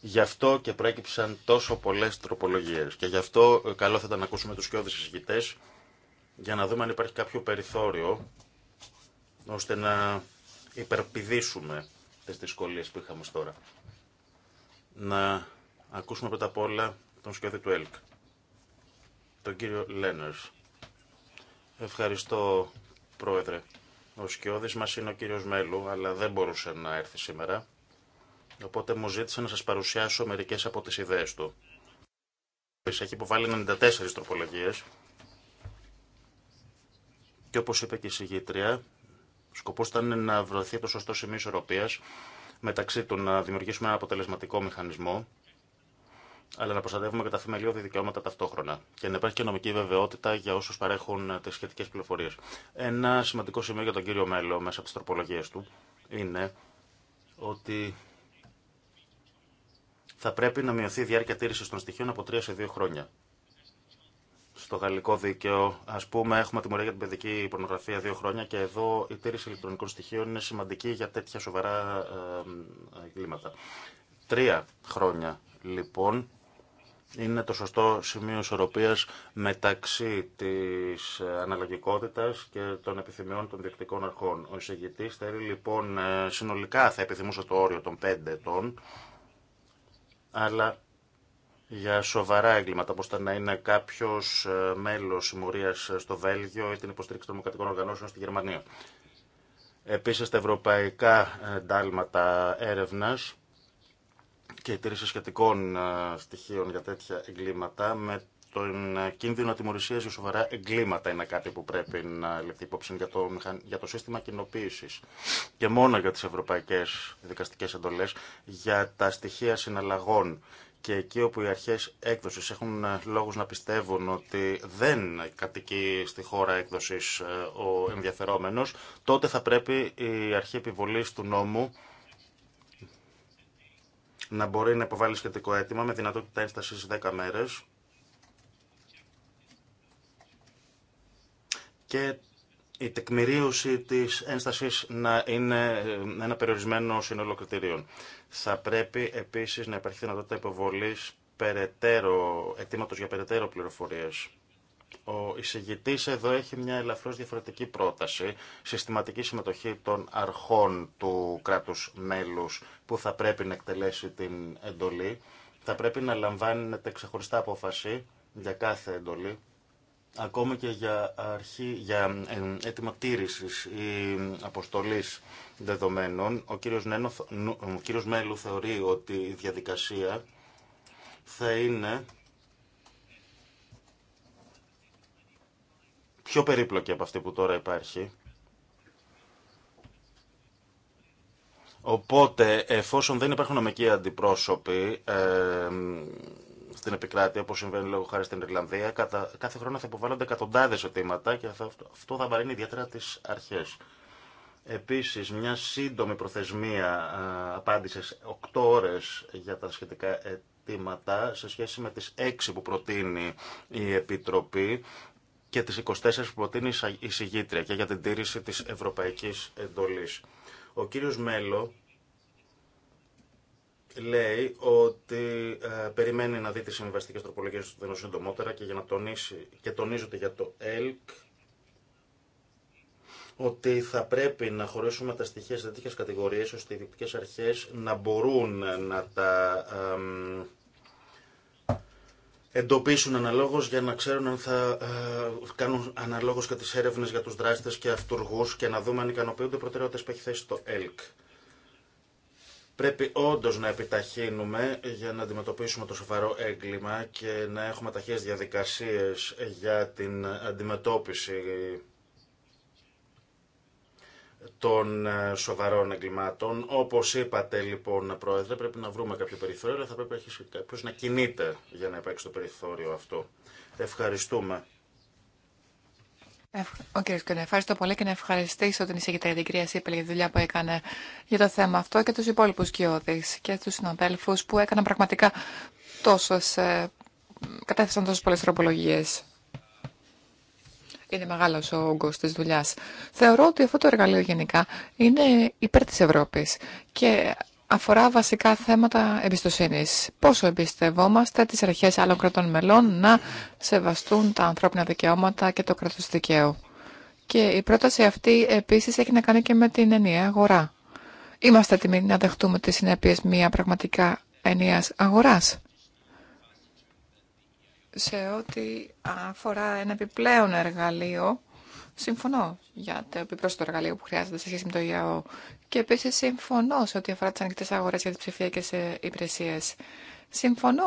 Γι' αυτό και προέκυψαν τόσο πολλές τροπολογίες και γι' αυτό ε, καλό θα ήταν να ακούσουμε τους κοιόδης συζητητές για να δούμε αν υπάρχει κάποιο περιθώριο ώστε να υπερπηδήσουμε τις δυσκολίες που είχαμε τώρα. Να ακούσουμε πρώτα απ' όλα τον σκιώδη του ΕΛΚ, τον κύριο Λένερς. Ευχαριστώ, Πρόεδρε. Ο σκιώδης μας είναι ο κύριος Μέλου, αλλά δεν μπορούσε να έρθει σήμερα. Οπότε μου ζήτησε να σας παρουσιάσω μερικές από τις ιδέες του. Έχει υποβάλει 94 τροπολογίες. Και όπως είπε και η συγγήτρια, Σκοπό ήταν να βρεθεί το σωστό σημείο ισορροπία μεταξύ του να δημιουργήσουμε ένα αποτελεσματικό μηχανισμό, αλλά να προστατεύουμε και τα θεμελιώδη δικαιώματα ταυτόχρονα και να υπάρχει και νομική βεβαιότητα για όσου παρέχουν ε, τι σχετικέ πληροφορίε. Ένα σημαντικό σημείο για τον κύριο Μέλλο μέσα από τι τροπολογίε του είναι ότι θα πρέπει να μειωθεί η διάρκεια τήρηση των στοιχείων από τρία σε δύο χρόνια στο γαλλικό δίκαιο, α πούμε, έχουμε τιμωρία για την παιδική πορνογραφία δύο χρόνια και εδώ η τήρηση ηλεκτρονικών στοιχείων είναι σημαντική για τέτοια σοβαρά ε, ε, εγκλήματα. Τρία χρόνια, λοιπόν, είναι το σωστό σημείο ισορροπία μεταξύ της ε, αναλογικότητα και των επιθυμιών των διεκτικών αρχών. Ο εισηγητή θέλει λοιπόν συνολικά θα επιθυμούσε το όριο των 5 ετών, αλλά για σοβαρά έγκληματα, όπω να είναι κάποιο ε, μέλο συμμορία ε, στο Βέλγιο ή την υποστήριξη δημοκρατικών οργανώσεων στη Γερμανία. Επίση, τα ευρωπαϊκά εντάλματα έρευνα και η τήρηση σχετικών ε, στοιχείων για τέτοια εγκλήματα με τον κίνδυνο ατιμορρησία για σοβαρά εγκλήματα είναι κάτι που πρέπει να ληφθεί υπόψη για το, για το σύστημα κοινοποίηση. Και μόνο για τι ευρωπαϊκέ δικαστικέ εντολέ, για τα στοιχεία συναλλαγών και εκεί όπου οι αρχές έκδοσης έχουν ε, λόγους να πιστεύουν ότι δεν κατοικεί στη χώρα έκδοσης ε, ο ενδιαφερόμενος, τότε θα πρέπει η αρχή επιβολής του νόμου να μπορεί να υποβάλει σχετικό αίτημα με δυνατότητα ένστασης 10 μέρες και η τεκμηρίωση της ένστασης να είναι ε, ένα περιορισμένο σύνολο κριτηρίων. Θα πρέπει επίσης να υπάρχει δυνατότητα υποβολής περαιτέρω, για περαιτέρω πληροφορίες. Ο εισηγητή εδώ έχει μια ελαφρώς διαφορετική πρόταση, συστηματική συμμετοχή των αρχών του κράτους μέλους που θα πρέπει να εκτελέσει την εντολή. Θα πρέπει να λαμβάνεται ξεχωριστά απόφαση για κάθε εντολή ακόμα και για, αρχή, για ε, έτοιμα τήρησης ή αποστολής δεδομένων, ο κύριος, Νένο, ο κύριος Μέλου θεωρεί ότι η διαδικασία θα είναι πιο περίπλοκη από αυτή που τώρα υπάρχει. Οπότε, εφόσον δεν υπάρχουν νομικοί αντιπρόσωποι, ε, στην επικράτεια, όπω συμβαίνει λόγω χάρη στην Ιρλανδία, κατά, κάθε χρόνο θα υποβάλλονται εκατοντάδε αιτήματα και θα, αυτό θα βαρύνει ιδιαίτερα τι αρχέ. Επίση, μια σύντομη προθεσμία απάντησε 8 ώρε για τα σχετικά αιτήματα σε σχέση με τι 6 που προτείνει η Επιτροπή και τις 24 που προτείνει η συγγήτρια και για την τήρηση τη Ευρωπαϊκή εντολής. Ο κύριος Μέλο λέει ότι ε, περιμένει να δει τι συμβαστικέ τροπολογίε του Δενού συντομότερα και, για να τονίσει, και τονίζεται για το ΕΛΚ ότι θα πρέπει να χωρίσουμε τα στοιχεία σε τέτοιε κατηγορίε ώστε οι διοικητικέ αρχέ να μπορούν να τα εντοπίσουν αναλόγως για να ξέρουν αν θα ε, κάνουν αναλόγως και τις έρευνες για τους δράστες και αυτούργους και να δούμε αν ικανοποιούνται προτεραιότητες που έχει θέσει το ΕΛΚ. Πρέπει όντως να επιταχύνουμε για να αντιμετωπίσουμε το σοβαρό έγκλημα και να έχουμε ταχές διαδικασίες για την αντιμετώπιση των ε, σοβαρών εγκλημάτων. Όπως είπατε λοιπόν Πρόεδρε, πρέπει να βρούμε κάποιο περιθώριο, αλλά θα πρέπει κάποιο να κινείται για να υπάρξει το περιθώριο αυτό. Ευχαριστούμε. Ο κύριο Κονέ, ευχαριστώ πολύ και να ευχαριστήσω την εισηγητρία την κυρία Σίπελ για τη δουλειά που έκανε για το θέμα αυτό και τους υπόλοιπους κοιόδης και τους συναδέλφου που έκαναν πραγματικά τόσες, ε, κατέθεσαν τόσες πολλές τροπολογίες. Είναι μεγάλο ο όγκο τη δουλειά. Θεωρώ ότι αυτό το εργαλείο γενικά είναι υπέρ τη Ευρώπη. Και αφορά βασικά θέματα εμπιστοσύνη. Πόσο εμπιστευόμαστε τις αρχέ άλλων κρατών μελών να σεβαστούν τα ανθρώπινα δικαιώματα και το κράτο δικαίου. Και η πρόταση αυτή επίση έχει να κάνει και με την ενιαία αγορά. Είμαστε έτοιμοι να δεχτούμε τι συνέπειε μια πραγματικά ενιαία αγοράς. Σε ό,τι αφορά ένα επιπλέον εργαλείο Συμφωνώ για το επιπρόσθετο εργαλείο που χρειάζεται σε σχέση με το ΙΑΟ. Και επίση συμφωνώ σε ό,τι αφορά τι ανοιχτέ αγορέ για τι ψηφιακέ υπηρεσίε. Συμφωνώ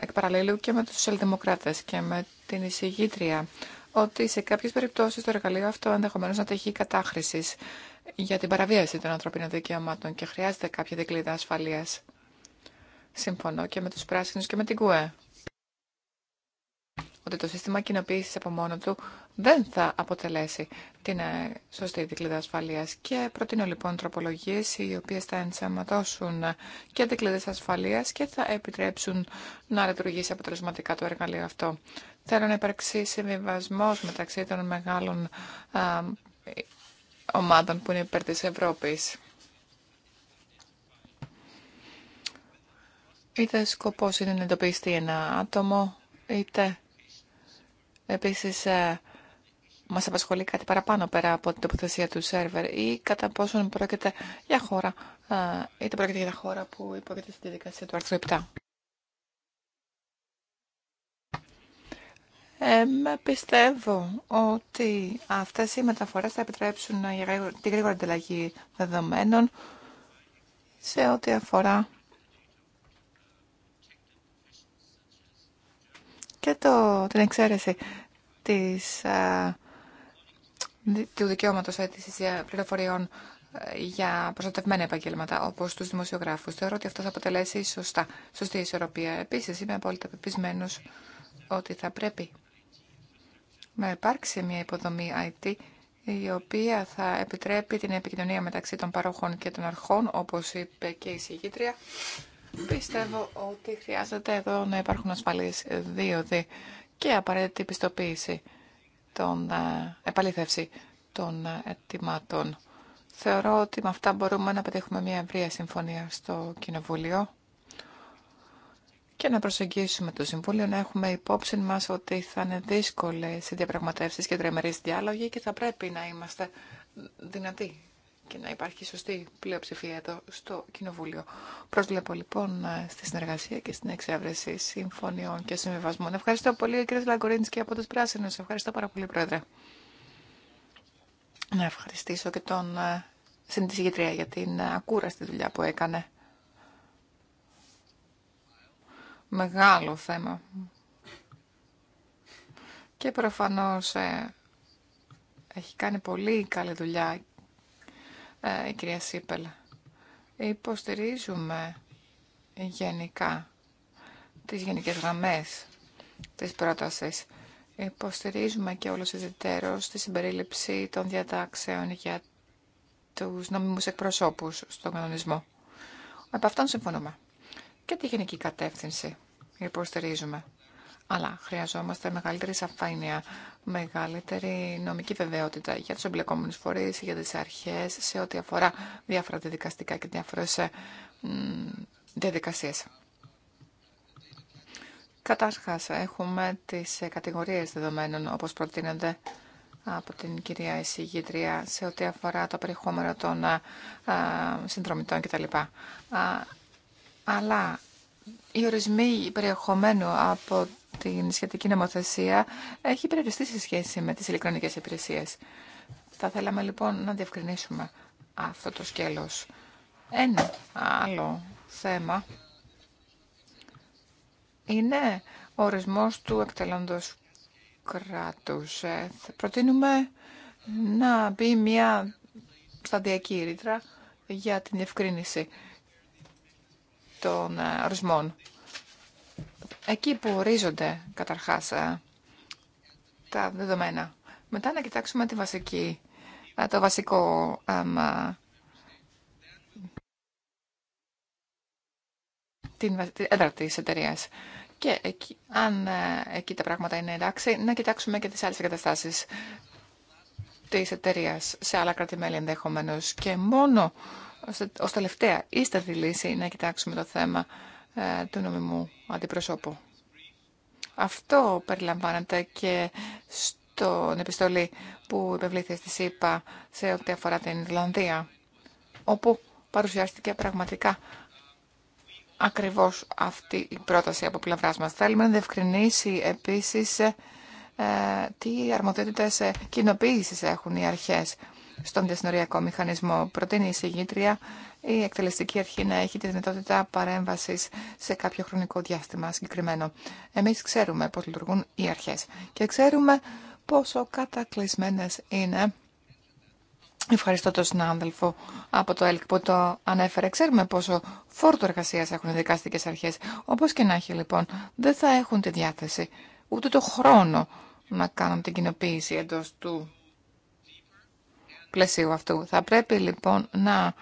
εκ παραλλήλου και με του σοσιαλδημοκράτε και με την εισηγήτρια ότι σε κάποιε περιπτώσει το εργαλείο αυτό ενδεχομένω να τέχει κατάχρηση για την παραβίαση των ανθρωπίνων δικαιωμάτων και χρειάζεται κάποια δικλίδα ασφαλεία. Συμφωνώ και με του πράσινου και με την ΚΟΕ ότι το σύστημα κοινοποίηση από μόνο του δεν θα αποτελέσει την ε, σωστή δικλίδα ασφαλεία. Και προτείνω λοιπόν τροπολογίε οι οποίε θα ενσαματώσουν ε, και δικλίδε ασφαλεία και θα επιτρέψουν να λειτουργήσει αποτελεσματικά το εργαλείο αυτό. Θέλω να υπάρξει συμβιβασμό μεταξύ των μεγάλων ε, ομάδων που είναι υπέρ τη Ευρώπη. Είτε σκοπός είναι να εντοπιστεί ένα άτομο, είτε επίσης Μα απασχολεί κάτι παραπάνω πέρα από την τοποθεσία του σερβερ ή κατά πόσον πρόκειται για χώρα, ε, είτε πρόκειται για τα χώρα που υπόκειται στη διαδικασία του άρθρου 7. Ε, πιστεύω ότι αυτές οι μεταφορές θα επιτρέψουν τη γρήγορη ανταλλαγή δεδομένων σε ό,τι αφορά και το, την εξαίρεση της ε, του δικαιώματο αίτηση ε, πληροφοριών ε, για προστατευμένα επαγγέλματα, όπω του δημοσιογράφου. Θεωρώ ότι αυτό θα αποτελέσει σωστά, σωστή ισορροπία. Επίση, είμαι απόλυτα πεπισμένο ότι θα πρέπει να υπάρξει μια υποδομή IT η οποία θα επιτρέπει την επικοινωνία μεταξύ των παρόχων και των αρχών, όπως είπε και η συγκήτρια. Πιστεύω ότι χρειάζεται εδώ να υπάρχουν ασφαλείς δίωδοι και απαραίτητη πιστοποίηση τον ε, επαλήθευση των ε, ετοιμάτων. Θεωρώ ότι με αυτά μπορούμε να πετύχουμε μια ευρεία συμφωνία στο Κοινοβούλιο και να προσεγγίσουμε το Συμβούλιο, να έχουμε υπόψη μας ότι θα είναι δύσκολες οι διαπραγματεύσεις και τρεμερείς διάλογοι και θα πρέπει να είμαστε δυνατοί και να υπάρχει σωστή πλειοψηφία εδώ στο Κοινοβούλιο. Προσβλέπω λοιπόν ε, στη συνεργασία και στην εξέβρεση συμφωνιών και συμβιβασμών. Ευχαριστώ πολύ κύριε Λαγκορίνης και από τους Πράσινους. Ευχαριστώ πάρα πολύ Πρόεδρε. Να ευχαριστήσω και τον ε, συνεισηγητρία για την ε, ακούραστη δουλειά που έκανε. Μεγάλο θέμα. Και προφανώς έχει κάνει πολύ καλή δουλειά ε, η κυρία Σίπελ. Υποστηρίζουμε γενικά τις γενικές γραμμές της πρότασης. Υποστηρίζουμε και όλος ιδιαίτερος τη συμπερίληψη των διατάξεων για τους νομιμούς εκπροσώπους στον κανονισμό. Από αυτόν συμφωνούμε. Και τη γενική κατεύθυνση υποστηρίζουμε. Αλλά χρειαζόμαστε μεγαλύτερη σαφάνεια μεγαλύτερη νομική βεβαιότητα για τους εμπλεκόμενους φορείς, για τις αρχές, σε ό,τι αφορά διάφορα διαδικαστικά και διάφορες ε, διαδικασίες. Κατάσχασα, έχουμε τις ε, κατηγορίες δεδομένων, όπως προτείνονται από την κυρία εισηγήτρια, σε ό,τι αφορά το περιεχόμενο των ε, συνδρομητών κτλ. Αλλά οι ορισμοί περιεχομένου από την σχετική νομοθεσία έχει περιοριστεί σε σχέση με τις ηλεκτρονικές υπηρεσίες. Θα θέλαμε λοιπόν να διευκρινίσουμε αυτό το σκέλος. Ένα άλλο θέμα είναι ο ορισμός του εκτελόντος κράτους. Ε, προτείνουμε να μπει μια σταδιακή ρήτρα για την ευκρίνηση των ε, ορισμών εκεί που ορίζονται καταρχάς ε, τα δεδομένα. Μετά να κοιτάξουμε τη βασική, ε, το βασικό ε, την έδρα τη εταιρεία. Και εκεί, αν εκεί τα πράγματα είναι εντάξει, να κοιτάξουμε και τις άλλες εγκαταστάσεις της εταιρεία σε άλλα κράτη-μέλη ενδεχομένω. Και μόνο ως τελευταία ίστατη λύση να κοιτάξουμε το θέμα ε, του νομιμού αντιπροσώπου. Αυτό περιλαμβάνεται και στον επιστολή που υπευλήθηκε στη ΣΥΠΑ σε ό,τι αφορά την Ιρλανδία, όπου παρουσιάστηκε πραγματικά ακριβώς αυτή η πρόταση από πλευρά μας. Θέλουμε να διευκρινίσει επίσης ε, τι αρμοδιότητες ε, κοινοποίησης έχουν οι αρχές στον διασυνοριακό μηχανισμό. Προτείνει η συγγήτρια η εκτελεστική αρχή να έχει τη δυνατότητα παρέμβαση σε κάποιο χρονικό διάστημα συγκεκριμένο. Εμεί ξέρουμε πώ λειτουργούν οι αρχέ και ξέρουμε πόσο κατακλυσμένε είναι. Ευχαριστώ τον συνάδελφο από το ΕΛΚ που το ανέφερε. Ξέρουμε πόσο φόρτο εργασία έχουν οι δικαστικέ αρχέ. Όπω και να έχει λοιπόν, δεν θα έχουν τη διάθεση ούτε το χρόνο να κάνουν την κοινοποίηση εντό του πλαισίου αυτού. Θα πρέπει λοιπόν να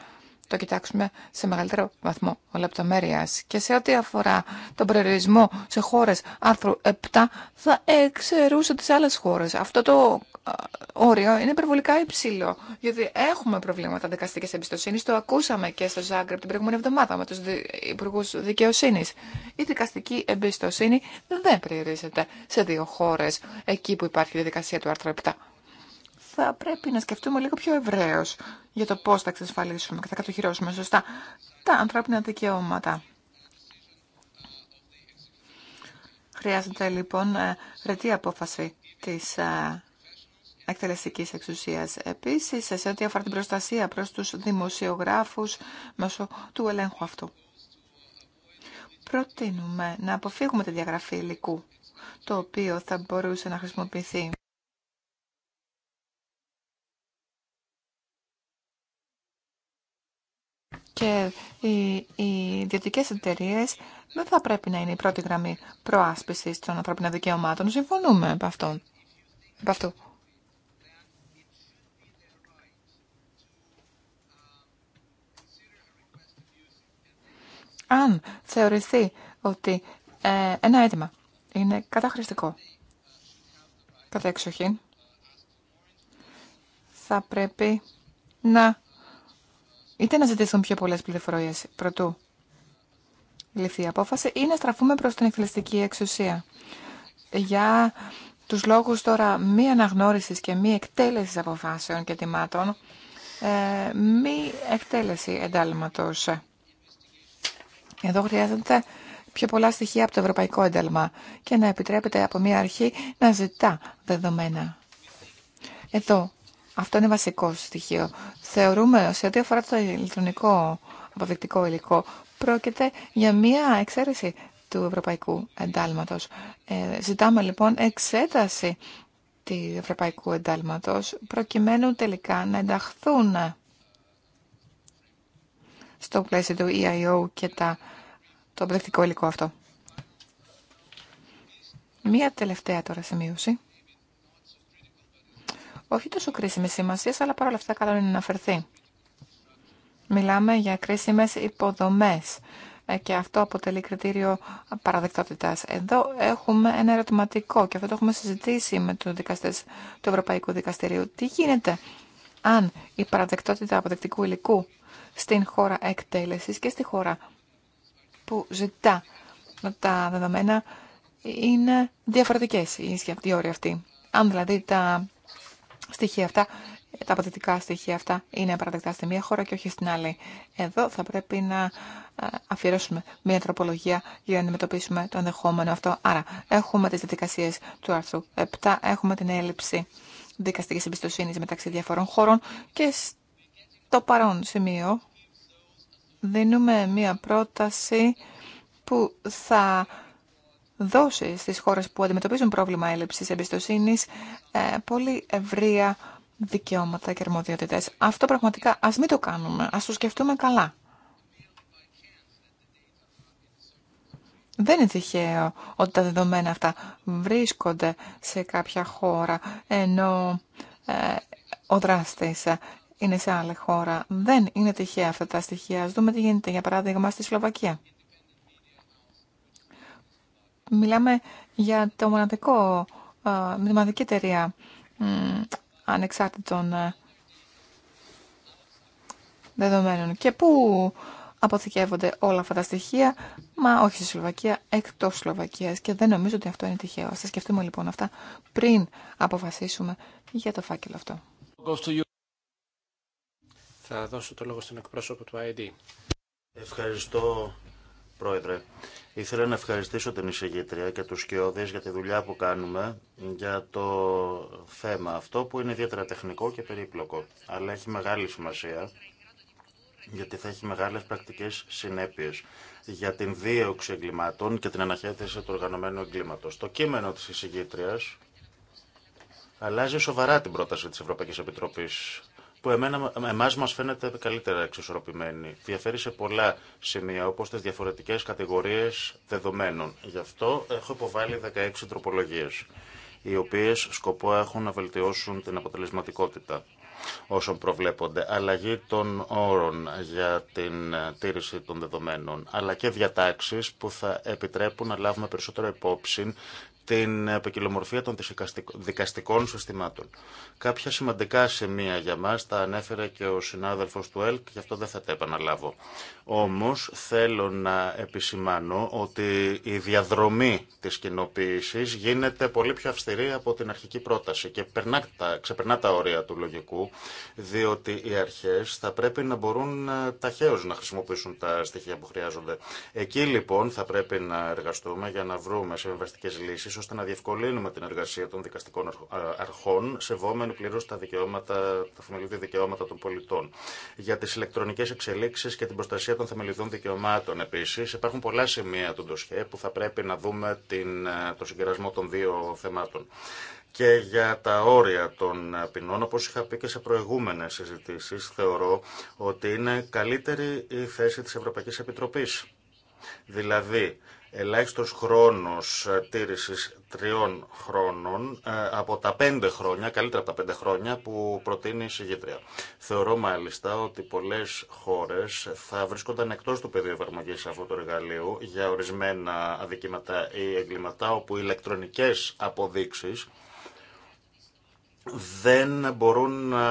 το κοιτάξουμε σε μεγαλύτερο βαθμό λεπτομέρεια. Και σε ό,τι αφορά τον προορισμό σε χώρε άρθρου 7, θα εξαιρούσε τι άλλε χώρε. Αυτό το όριο είναι υπερβολικά υψηλό, γιατί έχουμε προβλήματα δικαστική εμπιστοσύνη. Το ακούσαμε και στο Ζάγκρεπ την προηγούμενη εβδομάδα με του υπουργού δικαιοσύνη. Η δικαστική εμπιστοσύνη δεν περιορίζεται σε δύο χώρε εκεί που υπάρχει η διαδικασία του άρθρου 7 θα πρέπει να σκεφτούμε λίγο πιο ευρέω για το πώ θα εξασφαλίσουμε και θα κατοχυρώσουμε σωστά τα ανθρώπινα δικαιώματα. Χρειάζεται λοιπόν ε, ρετή απόφαση της ε, εκτελεστικής εξουσίας. Επίσης, σε ό,τι αφορά την προστασία προς τους δημοσιογράφους μέσω του ελέγχου αυτού. Προτείνουμε να αποφύγουμε τη διαγραφή υλικού, το οποίο θα μπορούσε να χρησιμοποιηθεί και οι, οι εταιρείε δεν θα πρέπει να είναι η πρώτη γραμμή προάσπιση των ανθρώπινων δικαιωμάτων. Συμφωνούμε από, αυτό, Αν θεωρηθεί ότι ε, ένα αίτημα είναι καταχρηστικό, κατά εξοχήν, θα πρέπει να είτε να ζητήσουν πιο πολλέ πληροφορίε πρωτού ληφθεί η απόφαση ή να στραφούμε προς την εκτελεστική εξουσία. Για τους λόγους τώρα μη αναγνώριση και μη εκτέλεση αποφάσεων και τιμάτων, ε, μη εκτέλεση εντάλματο. Εδώ χρειάζεται πιο πολλά στοιχεία από το ευρωπαϊκό ένταλμα και να επιτρέπεται από μια αρχή να ζητά δεδομένα. Εδώ αυτό είναι βασικό στοιχείο. Θεωρούμε σε ό,τι αφορά το ηλεκτρονικό αποδεικτικό υλικό, πρόκειται για μία εξαίρεση του ευρωπαϊκού εντάλματος. Ε, ζητάμε λοιπόν εξέταση του ευρωπαϊκού εντάλματος, προκειμένου τελικά να ενταχθούν στο πλαίσιο του EIO και τα, το αποδεκτικό υλικό αυτό. Μία τελευταία τώρα σημείωση όχι τόσο κρίσιμη σημασία, αλλά παρόλα αυτά καλό είναι να αναφερθεί. Μιλάμε για κρίσιμε υποδομές ε, και αυτό αποτελεί κριτήριο παραδεκτότητας. Εδώ έχουμε ένα ερωτηματικό και αυτό το έχουμε συζητήσει με του δικαστέ του Ευρωπαϊκού Δικαστηρίου. Τι γίνεται αν η παραδεκτότητα αποδεκτικού υλικού στην χώρα εκτέλεσης και στη χώρα που ζητά τα δεδομένα είναι διαφορετικέ οι όροι αυτοί. Αν δηλαδή τα στοιχεία αυτά, ε, τα απαιτητικά στοιχεία αυτά είναι παραδεκτά στη μία χώρα και όχι στην άλλη. Εδώ θα πρέπει να ε, αφιερώσουμε μία τροπολογία για να αντιμετωπίσουμε το ενδεχόμενο αυτό. Άρα, έχουμε τι διαδικασίε του άρθρου 7, έχουμε την έλλειψη δικαστική εμπιστοσύνη μεταξύ διαφορών χώρων και στο παρόν σημείο δίνουμε μία πρόταση που θα δώσει στις χώρες που αντιμετωπίζουν πρόβλημα έλλειψης εμπιστοσύνης ε, πολύ ευρεία δικαιώματα και αρμοδιότητες. Αυτό πραγματικά ας μην το κάνουμε, ας το σκεφτούμε καλά. Δεν είναι τυχαίο ότι τα δεδομένα αυτά βρίσκονται σε κάποια χώρα, ενώ ε, ο δράστης είναι σε άλλη χώρα. Δεν είναι τυχαία αυτά τα στοιχεία. Ας δούμε τι γίνεται, για παράδειγμα, στη Σλοβακία. Μιλάμε για το μοναδικό, ε, τη μοναδική εταιρεία ανεξάρτητων ε, δεδομένων. Και πού αποθηκεύονται όλα αυτά τα στοιχεία, μα όχι στη Σλοβακία, εκτός Σλοβακίας. Και δεν νομίζω ότι αυτό είναι τυχαίο. Ας σκεφτούμε λοιπόν αυτά πριν αποφασίσουμε για το φάκελο αυτό. Θα δώσω το λόγο στον εκπρόσωπο του ID. Ευχαριστώ Πρόεδρε. Ήθελα να ευχαριστήσω την εισηγήτρια και τους σκιώδες για τη δουλειά που κάνουμε για το θέμα αυτό που είναι ιδιαίτερα τεχνικό και περίπλοκο, αλλά έχει μεγάλη σημασία γιατί θα έχει μεγάλες πρακτικές συνέπειες για την δίωξη εγκλημάτων και την αναχέτηση του οργανωμένου εγκλήματος. Το κείμενο της εισηγήτριας αλλάζει σοβαρά την πρόταση της Ευρωπαϊκής Επιτροπής που εμένα, εμάς μας φαίνεται καλύτερα εξισορροπημένη. Διαφέρει σε πολλά σημεία, όπως τις διαφορετικές κατηγορίες δεδομένων. Γι' αυτό έχω υποβάλει 16 τροπολογίες, οι οποίες σκοπό έχουν να βελτιώσουν την αποτελεσματικότητα όσων προβλέπονται, αλλαγή των όρων για την τήρηση των δεδομένων, αλλά και διατάξεις που θα επιτρέπουν να λάβουμε περισσότερο υπόψη την ποικιλομορφία των δικαστικών συστημάτων. Κάποια σημαντικά σημεία για μας τα ανέφερε και ο συνάδελφος του ΕΛΚ, γι' αυτό δεν θα τα επαναλάβω. Όμως θέλω να επισημάνω ότι η διαδρομή της κοινοποίηση γίνεται πολύ πιο αυστηρή από την αρχική πρόταση και περνά τα, ξεπερνά τα όρια του λογικού, διότι οι αρχές θα πρέπει να μπορούν ε, ταχαίως να χρησιμοποιήσουν τα στοιχεία που χρειάζονται. Εκεί λοιπόν θα πρέπει να εργαστούμε για να βρούμε συμβαστικέ λύσεις ώστε να διευκολύνουμε την εργασία των δικαστικών ε, αρχών σεβόμενοι πλήρω τα, δικαιώματα, τα δικαιώματα των πολιτών. Για τις ηλεκτρονικές εξελίξεις και την προστασία των θεμελιδών δικαιωμάτων επίση. Υπάρχουν πολλά σημεία του ντοσχέ που θα πρέπει να δούμε την, το συγκερασμό των δύο θεμάτων. Και για τα όρια των ποινών, όπως είχα πει και σε προηγούμενες συζητήσεις, θεωρώ ότι είναι καλύτερη η θέση της Ευρωπαϊκής Επιτροπής. Δηλαδή, ελάχιστος χρόνος ε, τήρησης τριών χρόνων ε, από τα πέντε χρόνια, καλύτερα από τα πέντε χρόνια που προτείνει η συγγήτρια. Θεωρώ μάλιστα ότι πολλές χώρες θα βρίσκονταν εκτός του πεδίου εφαρμογή αυτού του εργαλείου για ορισμένα αδικήματα ή εγκλήματα όπου οι ηλεκτρονικές αποδείξεις δεν μπορούν να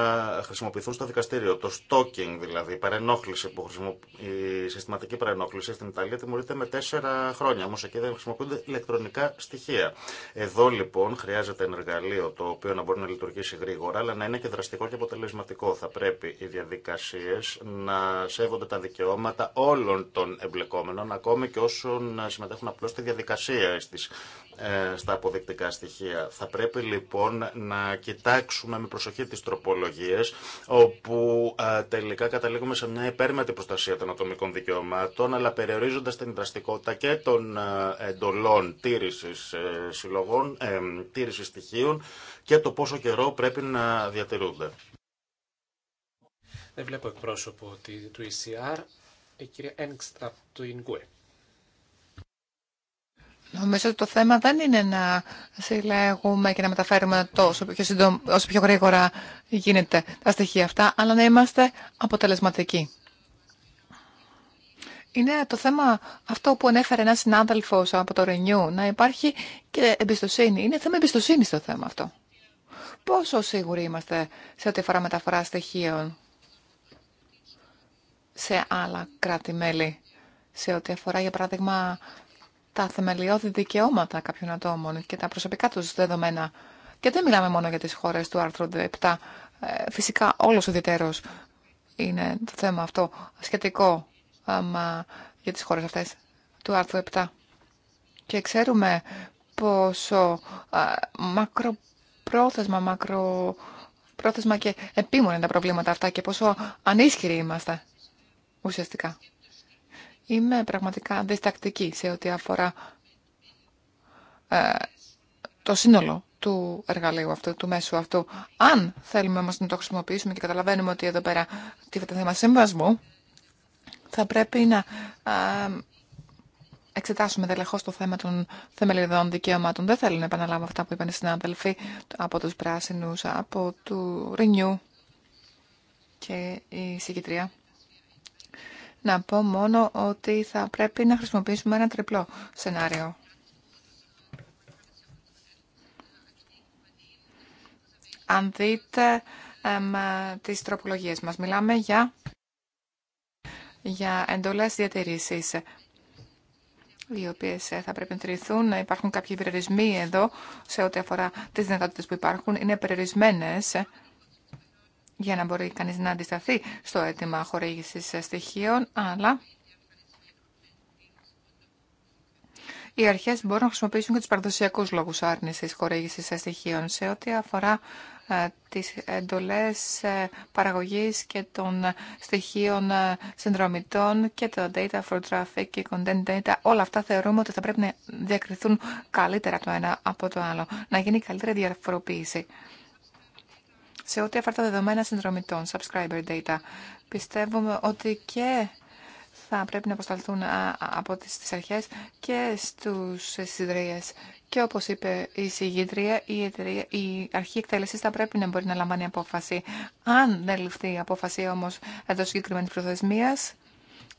χρησιμοποιηθούν στο δικαστήριο. Το stalking δηλαδή, η παρενόχληση που συστηματική παρενόχληση στην Ιταλία τιμωρείται με τέσσερα χρόνια, Όμω εκεί δεν χρησιμοποιούνται ηλεκτρονικά στοιχεία. Εδώ λοιπόν χρειάζεται ένα εργαλείο το οποίο να μπορεί να λειτουργήσει γρήγορα, αλλά να είναι και δραστικό και αποτελεσματικό. Θα πρέπει οι διαδικασίε να σέβονται τα δικαιώματα όλων των εμπλεκόμενων, ακόμη και όσων συμμετέχουν απλώ στη διαδικασία, τη. Ε, στα αποδεικτικά στοιχεία. Θα πρέπει λοιπόν να κοιτάξουμε με προσοχή τις τροπολογίες όπου ε, τελικά καταλήγουμε σε μια υπέρμετη προστασία των ατομικών δικαιωμάτων αλλά περιορίζοντας την δραστικότητα και των ε, εντολών τήρησης, συλλογών, τήρησης στοιχείων και το πόσο καιρό πρέπει να διατηρούνται. Δεν βλέπω εκπρόσωπο του ECR. Η κυρία Έγκστρα του Ινγκουε. Νομίζω ότι το θέμα δεν είναι να συλλέγουμε και να μεταφέρουμε τόσο πιο, όσο πιο γρήγορα γίνεται τα στοιχεία αυτά, αλλά να είμαστε αποτελεσματικοί. Είναι το θέμα αυτό που ανέφερε ένας συνάδελφος από το Renew, να υπάρχει και εμπιστοσύνη. Είναι θέμα εμπιστοσύνη το θέμα αυτό. Πόσο σίγουροι είμαστε σε ό,τι αφορά μεταφορά στοιχείων σε άλλα κράτη-μέλη, σε ό,τι αφορά για παράδειγμα τα θεμελιώδη δικαιώματα κάποιων ατόμων και τα προσωπικά τους δεδομένα. Και δεν μιλάμε μόνο για τις χώρες του άρθρου 7. Ε, φυσικά όλος ο είναι το θέμα αυτό σχετικό για τις χώρες αυτές του άρθρου 7. Και ξέρουμε πόσο ε, μακροπρόθεσμα, μακροπρόθεσμα και επίμονα τα προβλήματα αυτά και πόσο ανίσχυροι είμαστε ουσιαστικά. Είμαι πραγματικά διστακτική σε ό,τι αφορά ε, το σύνολο του εργαλείου αυτού, του μέσου αυτού. Αν θέλουμε όμως να το χρησιμοποιήσουμε και καταλαβαίνουμε ότι εδώ πέρα τίθεται θέμα συμβασμού, θα πρέπει να ε, εξετάσουμε δελεχώς το θέμα των θεμελιδών δικαιωμάτων. Δεν θέλω να επαναλάβω αυτά που είπαν οι συνάδελφοι από τους πράσινους, από του Renew και η συγκητρία να πω μόνο ότι θα πρέπει να χρησιμοποιήσουμε ένα τριπλό σενάριο. Αν δείτε εμ, τις τροπολογίες μας, μιλάμε για, για εντολές διατηρήσεις οι οποίε ε, θα πρέπει να τηρηθούν. Υπάρχουν κάποιοι περιορισμοί εδώ σε ό,τι αφορά τις δυνατότητες που υπάρχουν. Είναι περιορισμένε ε, για να μπορεί κανείς να αντισταθεί στο αίτημα χορήγησης στοιχείων, αλλά οι αρχές μπορούν να χρησιμοποιήσουν και τους παραδοσιακούς λόγους άρνησης χορήγησης στοιχείων σε ό,τι αφορά ε, τις εντολές ε, παραγωγής και των ε, στοιχείων συνδρομητών και το data for traffic και content data. Όλα αυτά θεωρούμε ότι θα πρέπει να διακριθούν καλύτερα το ένα από το άλλο, να γίνει καλύτερη διαφοροποίηση σε ό,τι αφορά τα δεδομένα συνδρομητών, subscriber data. Πιστεύουμε ότι και θα πρέπει να αποσταλθούν από τις αρχές και στους συνδρίες. Και όπως είπε η συγγήτρια, η, η αρχή εκτέλεση θα πρέπει να μπορεί να λαμβάνει απόφαση. Αν δεν ληφθεί η απόφαση όμως εντός συγκεκριμένη προθεσμίας,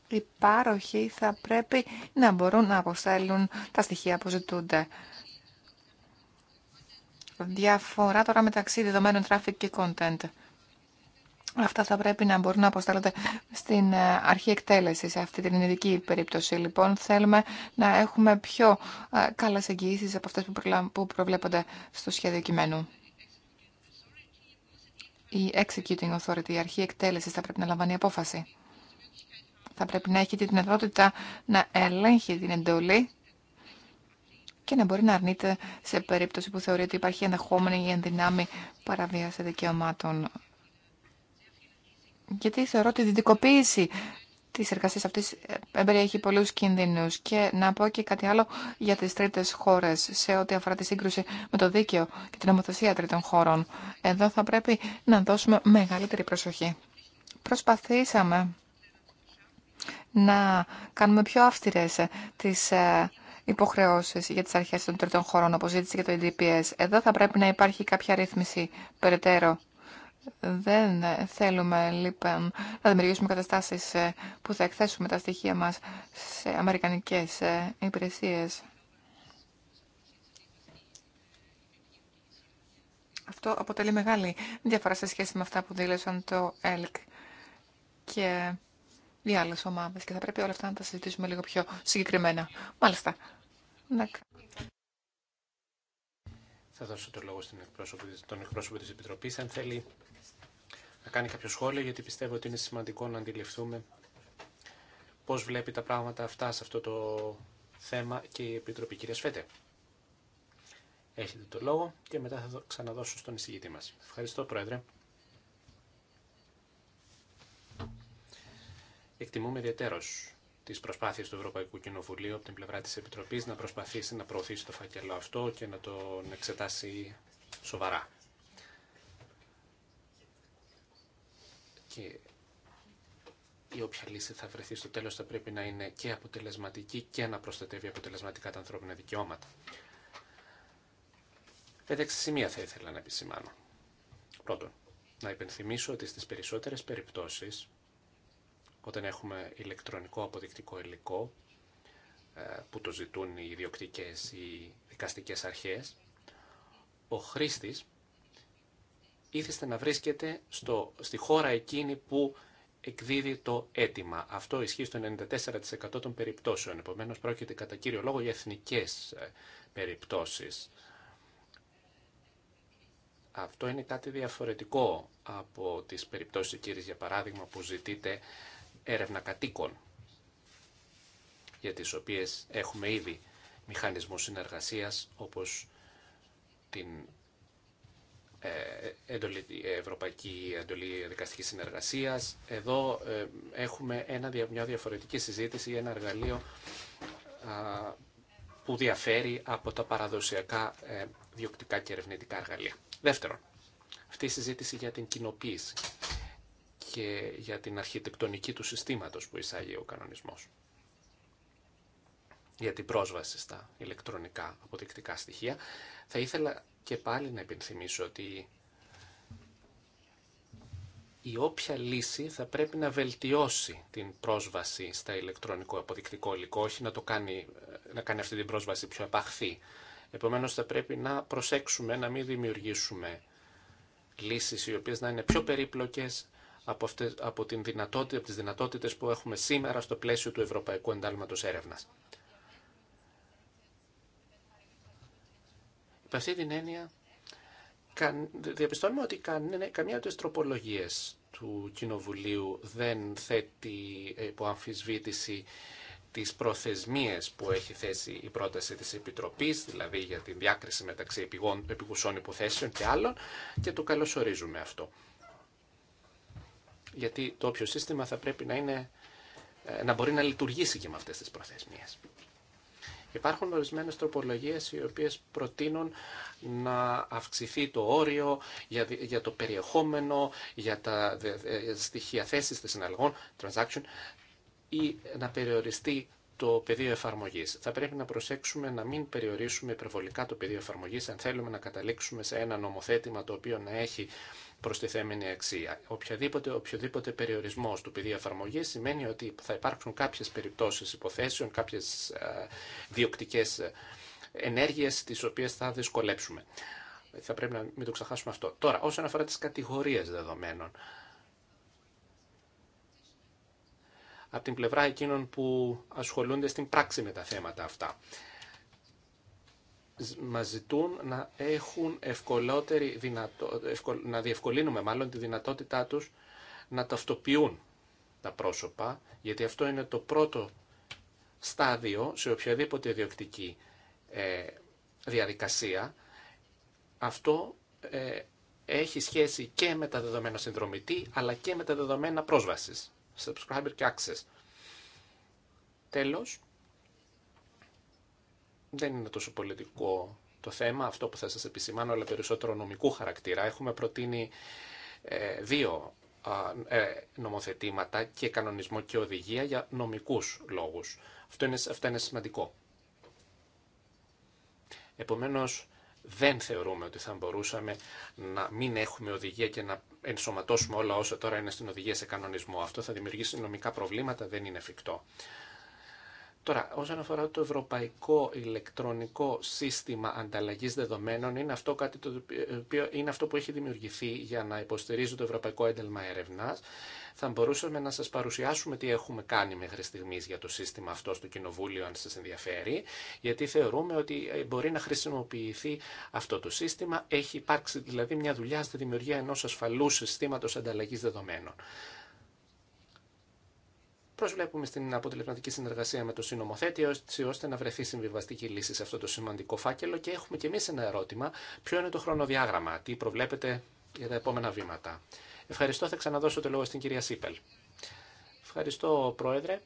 οι πάροχοι θα πρέπει να μπορούν να αποστέλουν τα στοιχεία που ζητούνται διαφορά τώρα μεταξύ δεδομένων traffic και content. Αυτά θα πρέπει να μπορούν να αποστέλλονται στην ε, αρχή εκτέλεση. Σε αυτή την ειδική περίπτωση, λοιπόν, θέλουμε να έχουμε πιο ε, καλέ εγγυήσει από αυτέ που προβλέπονται στο σχέδιο κειμένου. Η executing authority, η αρχή εκτέλεση, θα πρέπει να λαμβάνει απόφαση. Θα πρέπει να έχει τη δυνατότητα να ελέγχει την εντολή και να μπορεί να αρνείται σε περίπτωση που θεωρεί ότι υπάρχει ενδεχόμενη ή ενδυνάμει παραβίαση δικαιωμάτων. Γιατί θεωρώ ότι η ενδυναμει παραβιαση δικαιωματων γιατι θεωρω οτι η διδικοποιηση τη εργασία αυτή περιέχει πολλού κινδύνου. Και να πω και κάτι άλλο για τι τρίτε χώρε σε ό,τι αφορά τη σύγκρουση με το δίκαιο και την νομοθεσία τρίτων χώρων. Εδώ θα πρέπει να δώσουμε μεγαλύτερη προσοχή. Προσπαθήσαμε να κάνουμε πιο αυστηρές ε, τις ε, υποχρεώσει για τι αρχέ των τρίτων χωρών, όπω ζήτησε και το EDPS. Εδώ θα πρέπει να υπάρχει κάποια ρύθμιση περαιτέρω. Δεν θέλουμε λοιπόν να δημιουργήσουμε καταστάσει ε, που θα εκθέσουμε τα στοιχεία μα σε αμερικανικέ ε, υπηρεσίε. Αυτό αποτελεί μεγάλη διαφορά σε σχέση με αυτά που δήλωσαν το ΕΛΚ και για άλλε ομάδε και θα πρέπει όλα αυτά να τα συζητήσουμε λίγο πιο συγκεκριμένα. Μάλιστα. Ναι. Θα δώσω το λόγο στον εκπρόσωπο, τον εκπρόσωπο της Επιτροπής, αν θέλει να κάνει κάποιο σχόλιο, γιατί πιστεύω ότι είναι σημαντικό να αντιληφθούμε πώς βλέπει τα πράγματα αυτά σε αυτό το θέμα και η Επιτροπή. Κυρία Σφέτε, έχετε το λόγο και μετά θα ξαναδώσω στον εισηγητή μας. Ευχαριστώ, Πρόεδρε. Εκτιμούμε ιδιαίτερω τι προσπάθειε του Ευρωπαϊκού Κοινοβουλίου από την πλευρά τη Επιτροπή να προσπαθήσει να προωθήσει το φάκελο αυτό και να τον εξετάσει σοβαρά. Και η όποια λύση θα βρεθεί στο τέλος θα πρέπει να είναι και αποτελεσματική και να προστατεύει αποτελεσματικά τα ανθρώπινα δικαιώματα. Πέντε σημεία θα ήθελα να επισημάνω. Πρώτον, να υπενθυμίσω ότι στις περισσότερες περιπτώσεις όταν έχουμε ηλεκτρονικό αποδεικτικό υλικό ε, που το ζητούν οι ιδιοκτικές ή δικαστικές αρχές, ο χρήστης ήθεστε να βρίσκεται στο, στη χώρα εκείνη που εκδίδει το αίτημα. Αυτό ισχύει στο 94% των περιπτώσεων. Επομένως, πρόκειται κατά κύριο λόγο για εθνικές ε, περιπτώσεις. Αυτό είναι κάτι διαφορετικό από τις περιπτώσεις, κύριε, για παράδειγμα, που ζητείτε έρευνα κατοίκων, για τις οποίες έχουμε ήδη μηχανισμούς συνεργασίας, όπως την ε, Ευρωπαϊκή Εντολή Δικαστικής Συνεργασίας. Εδώ ε, έχουμε ένα, μια διαφορετική συζήτηση ένα εργαλείο που διαφέρει από τα παραδοσιακά ε, διοκτικά και ερευνητικά εργαλεία. Δεύτερον, αυτή η συζήτηση για την κοινοποίηση και για την αρχιτεκτονική του συστήματος που εισάγει ο κανονισμός για την πρόσβαση στα ηλεκτρονικά αποδεικτικά στοιχεία. Θα ήθελα και πάλι να επιθυμίσω ότι η όποια λύση θα πρέπει να βελτιώσει την πρόσβαση στα ηλεκτρονικό αποδεικτικό υλικό, όχι να, το κάνει, να κάνει αυτή την πρόσβαση πιο επαχθή. Επομένως θα πρέπει να προσέξουμε να μην δημιουργήσουμε λύσεις οι οποίες να είναι πιο περίπλοκες από, αυτές, από, την δυνατότητα, από τις δυνατότητες που έχουμε σήμερα στο πλαίσιο του Ευρωπαϊκού Εντάλματος Έρευνας. Υπ' αυτή την έννοια, διαπιστώνουμε ότι ναι, καμία από τις τροπολογίες του Κοινοβουλίου δεν θέτει υπό αμφισβήτηση τις προθεσμίες που έχει θέσει η πρόταση της Επιτροπής, δηλαδή για την διάκριση μεταξύ επιγουσών υποθέσεων και άλλων, και το καλωσορίζουμε αυτό γιατί το όποιο σύστημα θα πρέπει να, είναι, ε, να μπορεί να λειτουργήσει και με αυτές τις προθεσμίες. Υπάρχουν ορισμένες τροπολογίες οι οποίες προτείνουν να αυξηθεί το όριο για, το περιεχόμενο, για τα ε, στοιχεία θέσης των συναλλαγών, transaction, ή να περιοριστεί το πεδίο εφαρμογής. Θα πρέπει να προσέξουμε να μην περιορίσουμε υπερβολικά το πεδίο εφαρμογής αν θέλουμε να καταλήξουμε σε ένα νομοθέτημα το οποίο να έχει προστιθέμενη αξία. Οποιοδήποτε, οποιοδήποτε περιορισμός του πεδίου εφαρμογή σημαίνει ότι θα υπάρξουν κάποιες περιπτώσεις υποθέσεων, κάποιες ε, διοκτικέ ε, ενέργειες τις οποίες θα δυσκολέψουμε. Θα πρέπει να μην το ξεχάσουμε αυτό. Τώρα, όσον αφορά τι κατηγορίες δεδομένων, από την πλευρά εκείνων που ασχολούνται στην πράξη με τα θέματα αυτά μας ζητούν να έχουν ευκολότερη δυνατό, να διευκολύνουμε μάλλον τη δυνατότητά τους να ταυτοποιούν τα πρόσωπα, γιατί αυτό είναι το πρώτο στάδιο σε οποιαδήποτε ιδιοκτική ε, διαδικασία. Αυτό ε, έχει σχέση και με τα δεδομένα συνδρομητή, αλλά και με τα δεδομένα πρόσβασης, subscriber και access. Τέλος, δεν είναι τόσο πολιτικό το θέμα, αυτό που θα σας επισημάνω, αλλά περισσότερο νομικού χαρακτήρα. Έχουμε προτείνει ε, δύο ε, νομοθετήματα και κανονισμό και οδηγία για νομικούς λόγους. Αυτό είναι, αυτό είναι σημαντικό. Επομένως, δεν θεωρούμε ότι θα μπορούσαμε να μην έχουμε οδηγία και να ενσωματώσουμε όλα όσα τώρα είναι στην οδηγία σε κανονισμό. Αυτό θα δημιουργήσει νομικά προβλήματα, δεν είναι εφικτό. Τώρα, όσον αφορά το ευρωπαϊκό ηλεκτρονικό σύστημα ανταλλαγή δεδομένων, είναι αυτό, κάτι το είναι αυτό που έχει δημιουργηθεί για να υποστηρίζει το ευρωπαϊκό ένταλμα ερευνά. Θα μπορούσαμε να σα παρουσιάσουμε τι έχουμε κάνει μέχρι στιγμή για το σύστημα αυτό στο Κοινοβούλιο, αν σα ενδιαφέρει, γιατί θεωρούμε ότι ε, μπορεί να χρησιμοποιηθεί αυτό το σύστημα. Έχει υπάρξει δηλαδή μια δουλειά στη δημιουργία ενό ασφαλού συστήματο ανταλλαγή δεδομένων. Προσβλέπουμε στην αποτελεσματική συνεργασία με το συνομοθέτη ώστε να βρεθεί συμβιβαστική λύση σε αυτό το σημαντικό φάκελο και έχουμε και εμεί ένα ερώτημα. Ποιο είναι το χρονοδιάγραμμα, τι προβλέπετε για τα επόμενα βήματα. Ευχαριστώ, θα ξαναδώσω το λόγο στην κυρία Σίπελ. Ευχαριστώ, Πρόεδρε.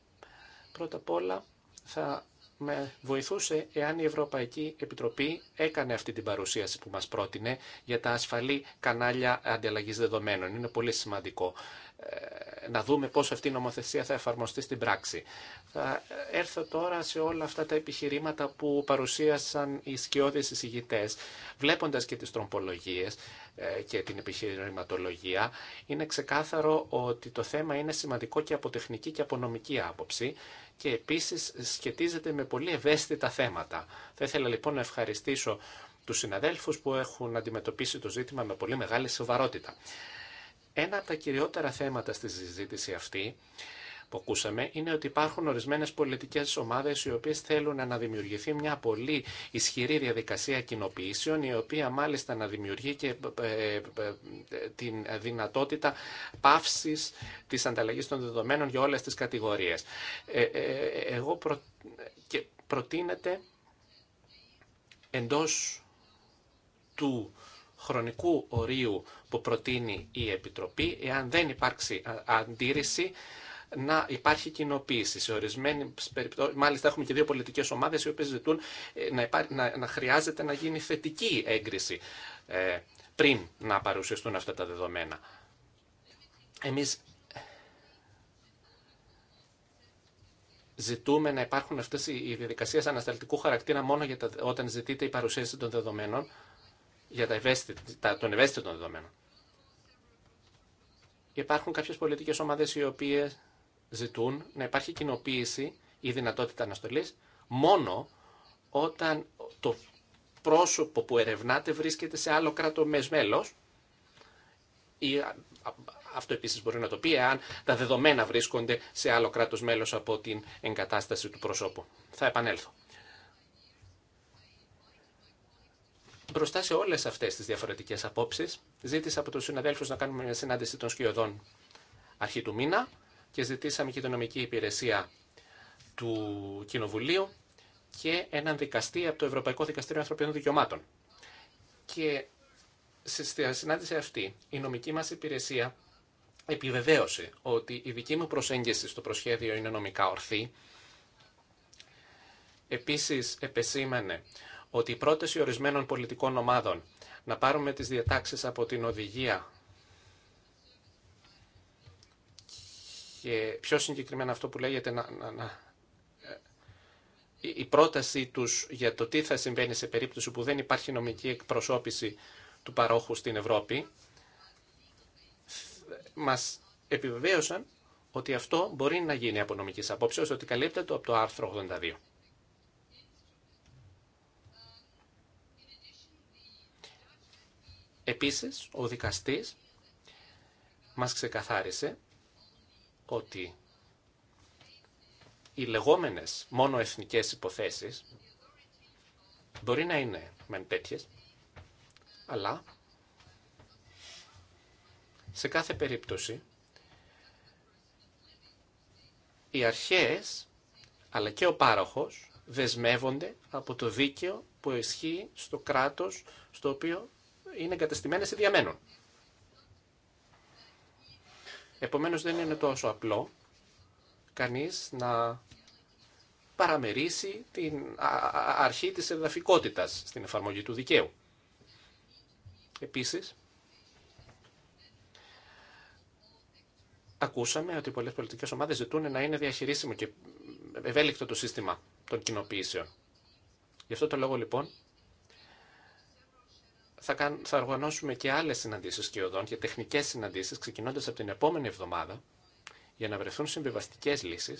Πρώτα απ' όλα θα με βοηθούσε εάν η Ευρωπαϊκή Επιτροπή έκανε αυτή την παρουσίαση που μας πρότεινε για τα ασφαλή κανάλια ανταλλαγής δεδομένων. Είναι πολύ σημαντικό. Ε, να δούμε πώς αυτή η νομοθεσία θα εφαρμοστεί στην πράξη. Θα έρθω τώρα σε όλα αυτά τα επιχειρήματα που παρουσίασαν οι σκιώδεις εισηγητές. Βλέποντας και τις τρομπολογίες ε, και την επιχειρηματολογία, είναι ξεκάθαρο ότι το θέμα είναι σημαντικό και από τεχνική και από νομική άποψη και επίσης σχετίζεται με πολύ ευαίσθητα θέματα. Θα ήθελα λοιπόν να ευχαριστήσω τους συναδέλφους που έχουν αντιμετωπίσει το ζήτημα με πολύ μεγάλη σοβαρότητα. Ένα από τα κυριότερα θέματα στη συζήτηση αυτή που ακούσαμε είναι ότι υπάρχουν ορισμένε πολιτικέ ομάδε οι οποίε θέλουν να δημιουργηθεί μια πολύ ισχυρή διαδικασία κοινοποιήσεων, η οποία μάλιστα να δημιουργεί και ε, ε, ε, την δυνατότητα παύση τη ανταλλαγή των δεδομένων για όλε τι κατηγορίε. Εγώ προ... και προτείνεται εντός του χρονικού ορίου που προτείνει η Επιτροπή, εάν δεν υπάρξει αντίρρηση, να υπάρχει κοινοποίηση. Σε ορισμένη περιπτώ... μάλιστα έχουμε και δύο πολιτικέ ομάδε οι οποίε ζητούν ε, να, να... να χρειάζεται να γίνει θετική έγκριση ε, πριν να παρουσιαστούν αυτά τα δεδομένα. Εμείς ζητούμε να υπάρχουν αυτές οι διαδικασίες ανασταλτικού χαρακτήρα μόνο για τα... όταν ζητείται η παρουσίαση των δεδομένων για τα ευαίσθητα, των δεδομένων. Υπάρχουν κάποιε πολιτικέ ομάδε οι οποίε ζητούν να υπάρχει κοινοποίηση ή δυνατότητα αναστολή μόνο όταν το πρόσωπο που ερευνάται βρίσκεται σε άλλο κράτο μέλο. Ή, αυτό επίση μπορεί να το πει εάν τα δεδομένα βρίσκονται σε άλλο κράτο μέλο από την εγκατάσταση του προσώπου. Θα επανέλθω. Μπροστά σε όλε αυτέ τι διαφορετικέ απόψει, ζήτησα από του συναδέλφου να κάνουμε μια συνάντηση των σκιωδών αρχή του μήνα και ζητήσαμε και την νομική υπηρεσία του Κοινοβουλίου και έναν δικαστή από το Ευρωπαϊκό Δικαστήριο Ανθρωπίνων Δικαιωμάτων. Και στη συνάντηση αυτή η νομική μας υπηρεσία επιβεβαίωσε ότι η δική μου προσέγγιση στο προσχέδιο είναι νομικά ορθή. Επίσης επεσήμανε ότι η πρόταση ορισμένων πολιτικών ομάδων να πάρουμε τις διατάξεις από την οδηγία και πιο συγκεκριμένα αυτό που λέγεται να, ε, η πρόταση τους για το τι θα συμβαίνει σε περίπτωση που δεν υπάρχει νομική εκπροσώπηση του παρόχου στην Ευρώπη μας επιβεβαίωσαν ότι αυτό μπορεί να γίνει από νομικής απόψεως, ότι καλύπτεται από το άρθρο 82. Επίσης, ο δικαστής μας ξεκαθάρισε ότι οι λεγόμενες μόνο εθνικές υποθέσεις μπορεί να είναι μεν τέτοιες, αλλά σε κάθε περίπτωση οι αρχές αλλά και ο πάροχος δεσμεύονται από το δίκαιο που ισχύει στο κράτος στο οποίο είναι εγκατεστημένε ή διαμένουν. Επομένως δεν είναι τόσο απλό κανείς να παραμερίσει την αρχή της εδαφικότητας στην εφαρμογή του δικαίου. Επίσης, ακούσαμε ότι πολλές πολιτικές ομάδες ζητούν να είναι διαχειρίσιμο και ευέλικτο το σύστημα των κοινοποιήσεων. Γι' αυτό το λόγο λοιπόν θα, κάν, θα οργανώσουμε και άλλες συναντήσεις σκιωδών και τεχνικέ συναντήσει, ξεκινώντα από την επόμενη εβδομάδα, για να βρεθούν συμβιβαστικέ λύσει,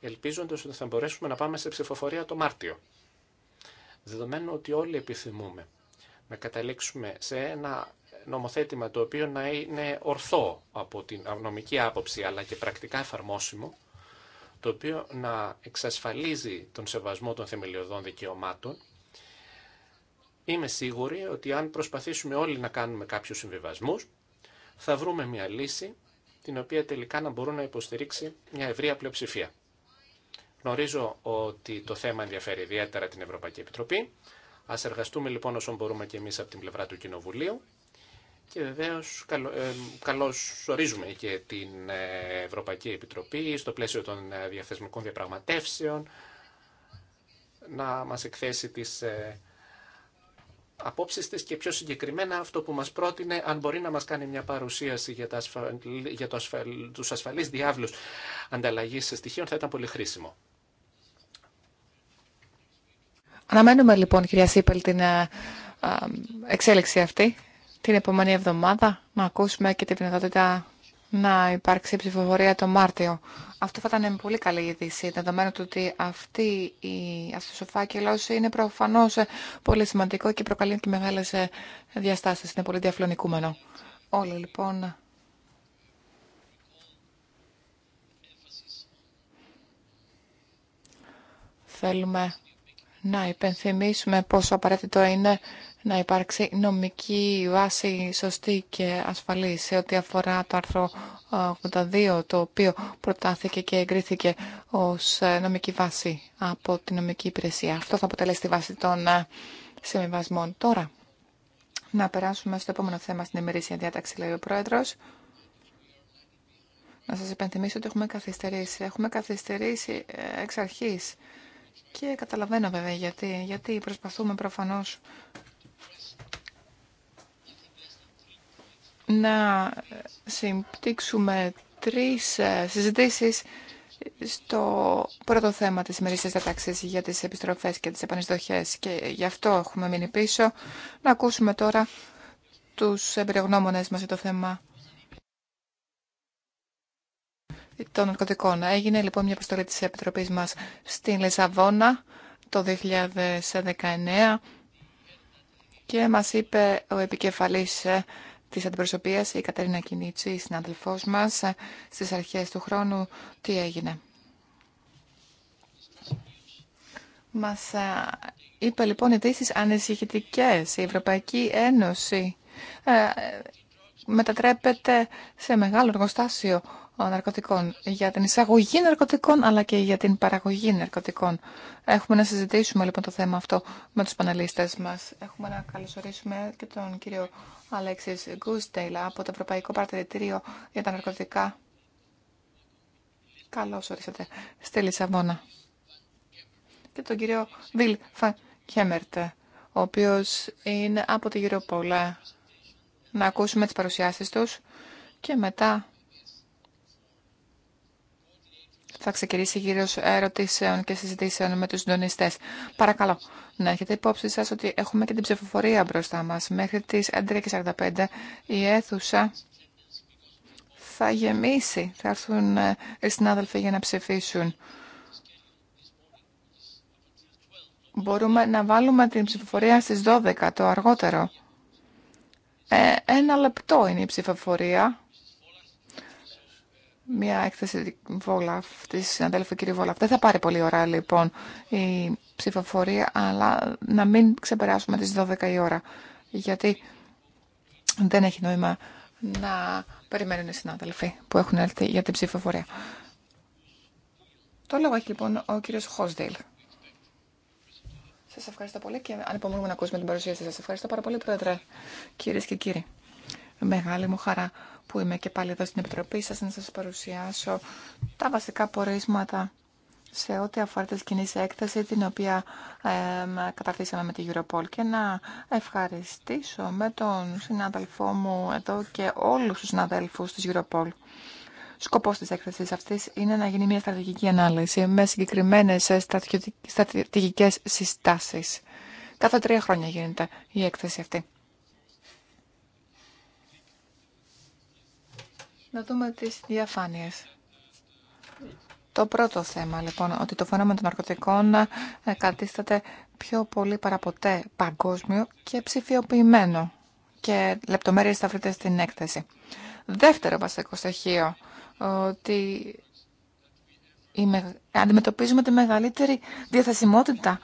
ελπίζοντα ότι θα μπορέσουμε να πάμε σε ψηφοφορία το Μάρτιο. Δεδομένου ότι όλοι επιθυμούμε να καταλήξουμε σε ένα νομοθέτημα το οποίο να είναι ορθό από την νομική άποψη αλλά και πρακτικά εφαρμόσιμο, το οποίο να εξασφαλίζει τον σεβασμό των θεμελιωδών δικαιωμάτων Είμαι σίγουρη ότι αν προσπαθήσουμε όλοι να κάνουμε κάποιους συμβιβασμούς, θα βρούμε μια λύση την οποία τελικά να μπορούν να υποστηρίξει μια ευρεία πλειοψηφία. Γνωρίζω ότι το θέμα ενδιαφέρει ιδιαίτερα την Ευρωπαϊκή Επιτροπή. Ας εργαστούμε λοιπόν όσο μπορούμε και εμείς από την πλευρά του Κοινοβουλίου και βεβαίω ε, καλώς ορίζουμε και την ε, Ευρωπαϊκή Επιτροπή στο πλαίσιο των ε, διαθεσμικών διαπραγματεύσεων να μας εκθέσει τις απόψεις τη και πιο συγκεκριμένα αυτό που μας πρότεινε αν μπορεί να μας κάνει μια παρουσίαση για, τα για το τους ασφαλείς διάβλους ανταλλαγής στοιχείων θα ήταν πολύ χρήσιμο. Αναμένουμε λοιπόν κυρία Σίπελ την ε, ε, εξέλιξη αυτή την επόμενη εβδομάδα να ακούσουμε και τη δυνατότητα να υπάρξει ψηφοφορία το Μάρτιο. Αυτό θα ήταν πολύ καλή είδηση, δεδομένου του ότι αυτή η, αυτός ο είναι προφανώς πολύ σημαντικό και προκαλεί και μεγάλες διαστάσεις. Είναι πολύ διαφλονικούμενο. Όλοι λοιπόν... Θέλουμε να υπενθυμίσουμε πόσο απαραίτητο είναι να υπάρξει νομική βάση σωστή και ασφαλή σε ό,τι αφορά το άρθρο 82, ε, το οποίο προτάθηκε και εγκρίθηκε ως ε, νομική βάση από την νομική υπηρεσία. Αυτό θα αποτελέσει τη βάση των ε, συμβιβασμών. Τώρα, να περάσουμε στο επόμενο θέμα στην ημερήσια διάταξη, λέει ο Πρόεδρος. Να σας υπενθυμίσω ότι έχουμε καθυστερήσει. Έχουμε καθυστερήσει εξ αρχής. Και καταλαβαίνω βέβαια γιατί. Γιατί προσπαθούμε προφανώς να συμπτύξουμε τρεις ε, συζητήσεις στο πρώτο θέμα της ημερήσιας διατάξης για τις επιστροφές και τις επανεισδοχές και γι' αυτό έχουμε μείνει πίσω. Να ακούσουμε τώρα τους εμπειρογνώμονες μας για το θέμα των ναρκωτικών. Έγινε λοιπόν μια αποστολή της Επιτροπής μας στην Λισαβόνα το 2019 και μας είπε ο επικεφαλής ε, της αντιπροσωπείας, η Κατερίνα Κινίτσι, η συνάδελφός μας, ε, στις αρχές του χρόνου, τι έγινε. Μας ε, είπε λοιπόν ειδήσει ανησυχητικές. Η Ευρωπαϊκή Ένωση ε, μετατρέπεται σε μεγάλο εργοστάσιο ναρκωτικών, για την εισαγωγή ναρκωτικών αλλά και για την παραγωγή ναρκωτικών. Έχουμε να συζητήσουμε λοιπόν το θέμα αυτό με τους πανελίστες μας. Έχουμε να καλωσορίσουμε και τον κύριο Αλέξης Γκουστέιλα από το Ευρωπαϊκό Παρατηρητήριο για τα Ναρκωτικά. Καλώς ορίσατε στη Λισαβόνα. Και τον κύριο Βιλ Φαν ο οποίος είναι από τη Γυροπόλα. Να ακούσουμε τις παρουσιάσεις τους και μετά θα ξεκινήσει γύρω ερωτήσεων και συζητήσεων με τους συντονιστέ. Παρακαλώ να έχετε υπόψη σας ότι έχουμε και την ψηφοφορία μπροστά μας. Μέχρι τις 11.45 η αίθουσα θα γεμίσει. Θα έρθουν ε, οι συνάδελφοι για να ψηφίσουν. Μπορούμε να βάλουμε την ψηφοφορία στις 12 το αργότερο. Ε, ένα λεπτό είναι η ψηφοφορία μια έκθεση Βόλαφ, τη συναδέλφου κ. Βόλαφ. Δεν θα πάρει πολύ ώρα λοιπόν η ψηφοφορία, αλλά να μην ξεπεράσουμε τις 12 η ώρα, γιατί δεν έχει νόημα να περιμένουν οι συνάδελφοι που έχουν έρθει για την ψηφοφορία. Το λόγο έχει λοιπόν ο κύριος Χόσδελ. Σας ευχαριστώ πολύ και ανυπομονούμε να ακούσουμε την παρουσία σας. Σας ευχαριστώ πάρα πολύ, Πρόεδρε, κύριε και κύριοι. Μεγάλη μου χαρά που είμαι και πάλι εδώ στην Επιτροπή σας να σας παρουσιάσω τα βασικά πορίσματα σε ό,τι αφορά τη σκηνή έκθεση την οποία ε, με τη Europol και να ευχαριστήσω με τον συνάδελφό μου εδώ και όλους τους συναδέλφους της Europol. Σκοπός της έκθεσης αυτής είναι να γίνει μια στρατηγική ανάλυση με συγκεκριμένες στρατηγικές συστάσεις. Κάθε τρία χρόνια γίνεται η έκθεση αυτή. να δούμε τις διαφάνειες. Το πρώτο θέμα, λοιπόν, ότι το φαινόμενο των ναρκωτικών ε, κατίσταται πιο πολύ παραποτέ παγκόσμιο και ψηφιοποιημένο. Και λεπτομέρειες θα βρείτε στην έκθεση. Δεύτερο βασικό στοιχείο, ότι αντιμετωπίζουμε τη μεγαλύτερη διαθεσιμότητα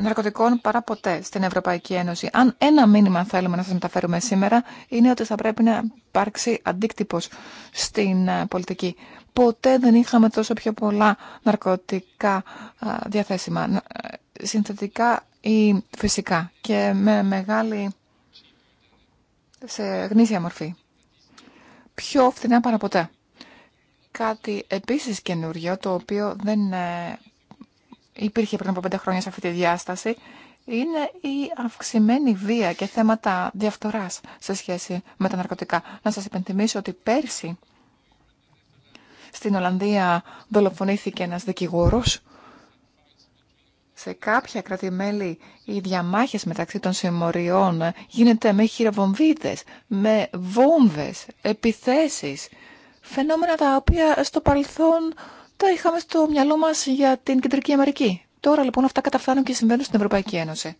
ναρκωτικών παρά ποτέ στην Ευρωπαϊκή Ένωση. Αν ένα μήνυμα θέλουμε να σας μεταφέρουμε σήμερα είναι ότι θα πρέπει να υπάρξει αντίκτυπος στην ε, πολιτική. Ποτέ δεν είχαμε τόσο πιο πολλά ναρκωτικά ε, διαθέσιμα, ε, συνθετικά ή φυσικά και με μεγάλη σε γνήσια μορφή. Πιο φθηνά παρά ποτέ κάτι επίσης καινούριο, το οποίο δεν ε, υπήρχε πριν από πέντε χρόνια σε αυτή τη διάσταση, είναι η αυξημένη βία και θέματα διαφθοράς σε σχέση με τα ναρκωτικά. Να σας υπενθυμίσω ότι πέρσι στην Ολλανδία δολοφονήθηκε ένας δικηγόρος. Σε κάποια κρατημέλη οι διαμάχες μεταξύ των συμμοριών γίνεται με χειροβομβίτες, με βόμβες, επιθέσεις φαινόμενα τα οποία στο παρελθόν τα είχαμε στο μυαλό μας για την Κεντρική Αμερική. Τώρα λοιπόν αυτά καταφθάνουν και συμβαίνουν στην Ευρωπαϊκή Ένωση.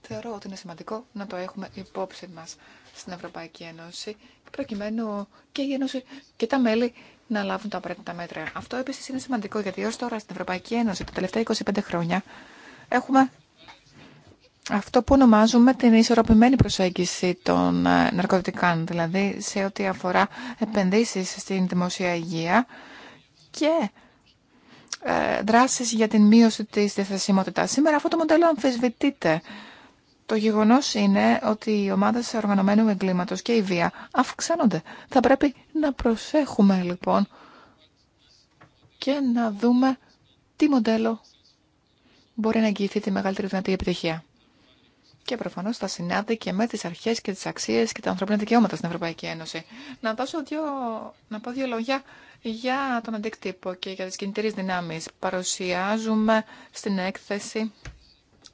Θεωρώ ότι είναι σημαντικό να το έχουμε υπόψη μας στην Ευρωπαϊκή Ένωση, προκειμένου και η Ένωση και τα μέλη να λάβουν τα απαραίτητα μέτρα. Αυτό επίσης είναι σημαντικό, γιατί ω τώρα στην Ευρωπαϊκή Ένωση τα τελευταία 25 χρόνια έχουμε αυτό που ονομάζουμε την ισορροπημένη προσέγγιση των ε, ναρκωτικών, δηλαδή σε ό,τι αφορά επενδύσεις στην δημόσια υγεία και ε, δράσεις για την μείωση της διαθεσιμότητας. Σήμερα αυτό το μοντέλο αμφισβητείται. Το γεγονός είναι ότι οι ομάδες οργανωμένου εγκλήματος και η βία αυξάνονται. Θα πρέπει να προσέχουμε λοιπόν και να δούμε τι μοντέλο μπορεί να εγγυηθεί τη μεγαλύτερη δυνατή επιτυχία και προφανώ θα συνάδει και με τι αρχέ και τι αξίε και τα ανθρώπινα δικαιώματα στην Ευρωπαϊκή Ένωση. Να, δώσω δύο, να πω δύο λόγια για τον αντίκτυπο και για τι κινητήριε δυνάμει. Παρουσιάζουμε στην έκθεση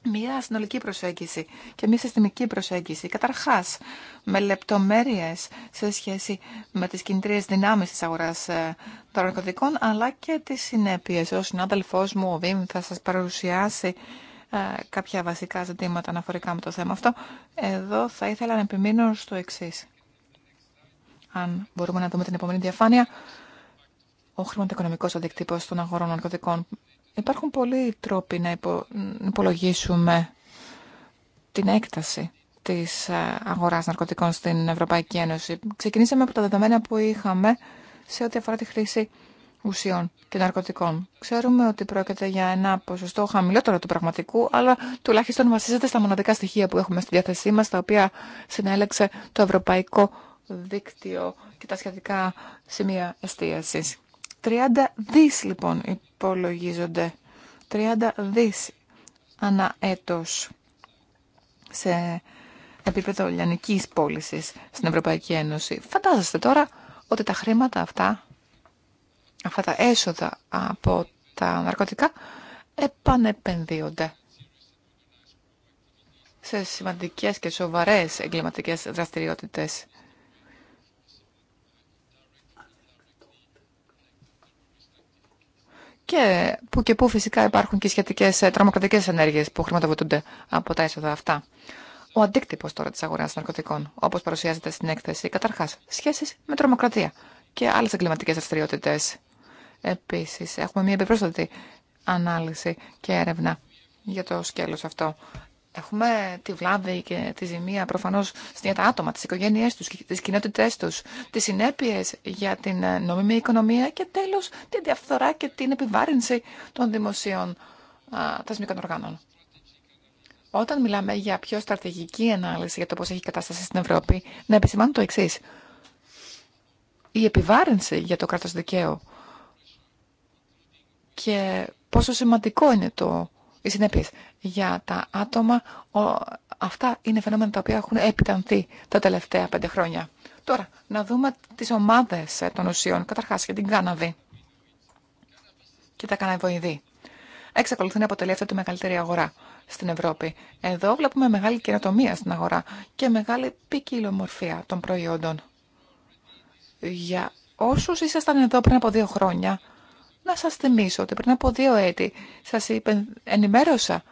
μια συνολική προσέγγιση και μια συστημική προσέγγιση. Καταρχά, με λεπτομέρειε σε σχέση με τι κινητήριε δυνάμει τη αγορά ε, των ναρκωτικών, αλλά και τι συνέπειε. Ο συνάδελφό μου, ο Βίμ, θα σα παρουσιάσει ε, κάποια βασικά ζητήματα αναφορικά με το θέμα αυτό. Εδώ θα ήθελα να επιμείνω στο εξή. Αν μπορούμε να δούμε την επόμενη διαφάνεια, ο χρηματοοικονομικό αντικτύπο των αγορών ναρκωτικών. Υπάρχουν πολλοί τρόποι να υπολογίσουμε την έκταση της ε, αγοράς ναρκωτικών στην Ευρωπαϊκή Ένωση. Ξεκινήσαμε από τα δεδομένα που είχαμε σε ό,τι αφορά τη χρήση ουσιών και ναρκωτικών. Ξέρουμε ότι πρόκειται για ένα ποσοστό χαμηλότερο του πραγματικού, αλλά τουλάχιστον βασίζεται στα μοναδικά στοιχεία που έχουμε στη διάθεσή μας, τα οποία συνέλεξε το Ευρωπαϊκό Δίκτυο και τα σχετικά σημεία εστίασης. 30 δις λοιπόν υπολογίζονται. 30 δις ανά έτος σε επίπεδο λιανικής πώληση στην Ευρωπαϊκή Ένωση. Φαντάζεστε τώρα ότι τα χρήματα αυτά αυτά τα έσοδα από τα ναρκωτικά επανεπενδύονται σε σημαντικές και σοβαρές εγκληματικές δραστηριότητες. Και που και που φυσικά υπάρχουν και σχετικές ε, τρομοκρατικές ενέργειες που χρηματοδοτούνται από τα έσοδα αυτά. Ο αντίκτυπο τώρα τη αγορά ναρκωτικών, όπω παρουσιάζεται στην έκθεση, καταρχά σχέσει με τρομοκρατία και άλλε εγκληματικέ δραστηριότητε. Επίσης, έχουμε μια επιπρόσθετη ανάλυση και έρευνα για το σκέλος αυτό. Έχουμε τη βλάβη και τη ζημία προφανώς για τα άτομα, τις οικογένειές τους, τις κοινότητές τους, τις συνέπειες για την νόμιμη οικονομία και τέλος την διαφθορά και την επιβάρυνση των δημοσίων α, θεσμικών οργάνων. Όταν μιλάμε για πιο στρατηγική ανάλυση για το πώς έχει κατάσταση στην Ευρώπη, να επισημάνω το εξή. Η επιβάρυνση για το κράτος δικαίου και πόσο σημαντικό είναι το, η συνέπειε για τα άτομα. Ο, αυτά είναι φαινόμενα τα οποία έχουν επιτανθεί τα τελευταία πέντε χρόνια. Τώρα, να δούμε τις ομάδες των ουσιών, καταρχάς για την κάναβη και τα καναβοειδή. Εξακολουθεί να αποτελεί αυτή τη μεγαλύτερη αγορά στην Ευρώπη. Εδώ βλέπουμε μεγάλη καινοτομία στην αγορά και μεγάλη ποικιλομορφία των προϊόντων. Για όσους ήσασταν εδώ πριν από δύο χρόνια, να σας θυμίσω ότι πριν από δύο έτη σας ενημέρωσα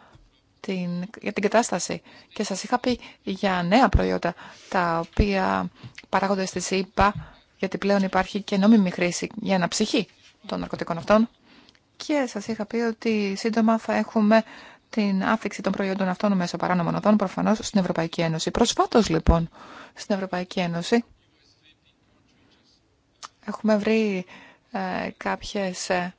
την, για την κατάσταση και σας είχα πει για νέα προϊόντα τα οποία παράγονται στη ΣΥΠΑ γιατί πλέον υπάρχει και νόμιμη χρήση για αναψυχή των ναρκωτικών αυτών και σας είχα πει ότι σύντομα θα έχουμε την άφηξη των προϊόντων αυτών μέσω παράνομων οδών προφανώς στην Ευρωπαϊκή Ένωση. Προσφάτως λοιπόν στην Ευρωπαϊκή Ένωση έχουμε βρει ε, κάποιες ε,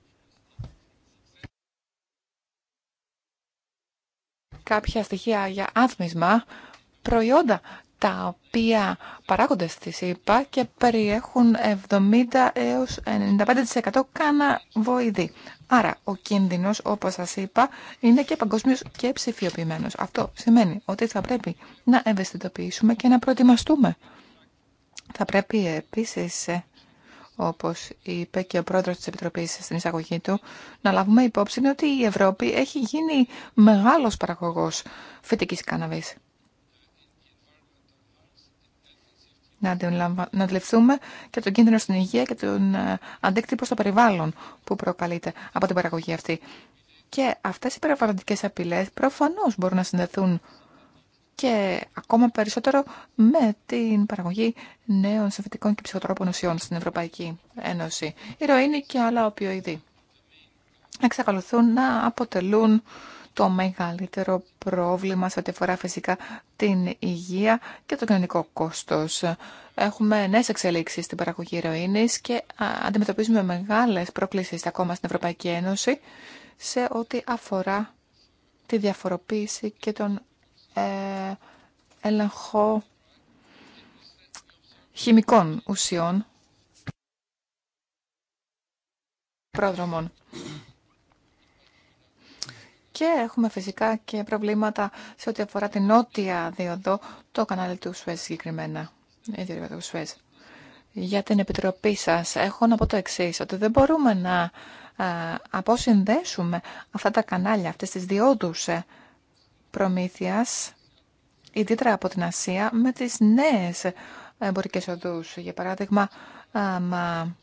κάποια στοιχεία για άθμισμα προϊόντα τα οποία παράγονται στη ΣΥΠΑ και περιέχουν 70 έως 95% κάνα Άρα ο κίνδυνος, όπως σας είπα, είναι και παγκόσμιος και ψηφιοποιημένος. Αυτό σημαίνει ότι θα πρέπει να ευαισθητοποιήσουμε και να προετοιμαστούμε. Θα πρέπει επίσης ε, όπως είπε και ο πρόεδρος της Επιτροπής στην εισαγωγή του, να λάβουμε υπόψη ότι η Ευρώπη έχει γίνει μεγάλος παραγωγός φυτικής κάναβης. Να αντιληφθούμε και τον κίνδυνο στην υγεία και τον ε, αντίκτυπο στο περιβάλλον που προκαλείται από την παραγωγή αυτή. Και αυτές οι περιβαλλοντικές απειλές προφανώς μπορούν να συνδεθούν και ακόμα περισσότερο με την παραγωγή νέων συμφετικών και ψυχοτρόπων ουσιών στην Ευρωπαϊκή Ένωση. Η Ηρωίνη και άλλα οπιοειδή εξακολουθούν να αποτελούν το μεγαλύτερο πρόβλημα σε ό,τι αφορά φυσικά την υγεία και το κοινωνικό κόστος. Έχουμε νέες εξελίξεις στην παραγωγή ροήνης και αντιμετωπίζουμε μεγάλες προκλήσεις ακόμα στην Ευρωπαϊκή Ένωση σε ό,τι αφορά τη διαφοροποίηση και τον ε, έλεγχο χημικών ουσιών πρόδρομων. Και έχουμε φυσικά και προβλήματα σε ό,τι αφορά την νότια διοδό, το κανάλι του ΣΟΕΣ συγκεκριμένα, του Για την επιτροπή σας έχω να πω το εξή ότι δεν μπορούμε να ε, αποσυνδέσουμε αυτά τα κανάλια, αυτές τις διόδους ε, προμήθειας, ιδιαίτερα από την Ασία, με τις νέες εμπορικές οδούς. Για παράδειγμα, μα,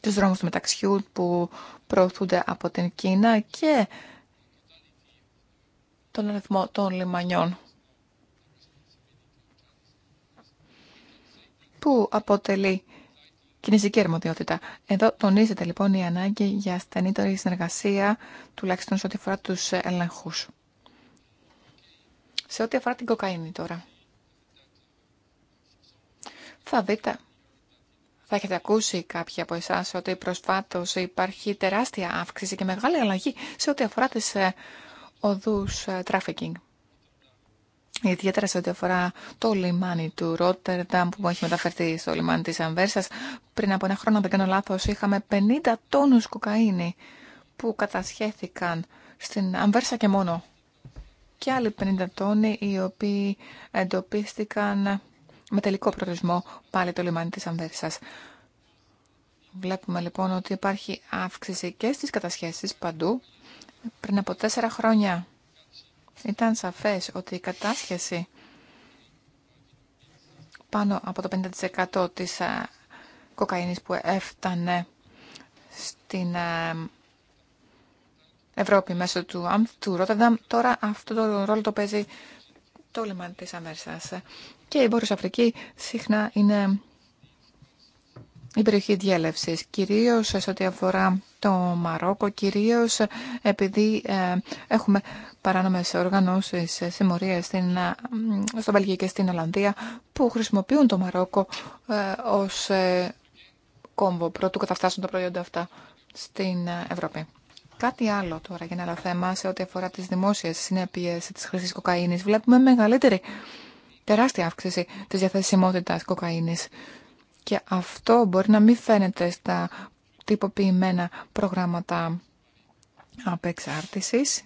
τους δρόμους του μεταξιού που προωθούνται από την Κίνα και τον αριθμό των λιμανιών. Που αποτελεί κινέζικη αρμοδιότητα. Εδώ τονίζεται λοιπόν η ανάγκη για στενήτερη συνεργασία, τουλάχιστον σε ό,τι αφορά του ελεγχού. Σε ό,τι αφορά την κοκαίνη τώρα. Θα δείτε, θα έχετε ακούσει κάποιοι από εσά ότι προσφάτω υπάρχει τεράστια αύξηση και μεγάλη αλλαγή σε ό,τι αφορά τι οδού τράφικινγκ ιδιαίτερα σε ό,τι αφορά το λιμάνι του Ρότερνταμ που έχει μεταφερθεί στο λιμάνι της Αμβέρσας. Πριν από ένα χρόνο, δεν κάνω λάθος, είχαμε 50 τόνους κοκαίνη που κατασχέθηκαν στην Αμβέρσα και μόνο. Και άλλοι 50 τόνοι οι οποίοι εντοπίστηκαν με τελικό προορισμό πάλι το λιμάνι της Αμβέρσας. Βλέπουμε λοιπόν ότι υπάρχει αύξηση και στις κατασχέσεις παντού. Πριν από τέσσερα χρόνια ήταν σαφές ότι η κατάσχεση πάνω από το 50% της ε, κοκαίνης που έφτανε στην ε, Ευρώπη μέσω του ΑΜΦ του τώρα αυτό το ρόλο το παίζει το λιμάνι της Αμέρσας. Και η Βόρειος Αφρική συχνά είναι η περιοχή διέλευσης, κυρίως σε ό,τι αφορά το Μαρόκο, κυρίως επειδή ε, έχουμε παράνομες οργανώσεις, ε, συμμορίες στην, ε, στο Βελγίο και στην Ολλανδία που χρησιμοποιούν το Μαρόκο ε, ως κόμβο πρωτού καταφτάσουν τα προϊόντα αυτά στην Ευρώπη. Κάτι άλλο τώρα για ένα άλλο θέμα σε ό,τι αφορά τις δημόσιες συνέπειες της χρήσης κοκαίνης. Βλέπουμε μεγαλύτερη, τεράστια αύξηση της διαθεσιμότητας κοκαίνης. Και αυτό μπορεί να μην φαίνεται στα τυποποιημένα προγράμματα απεξάρτησης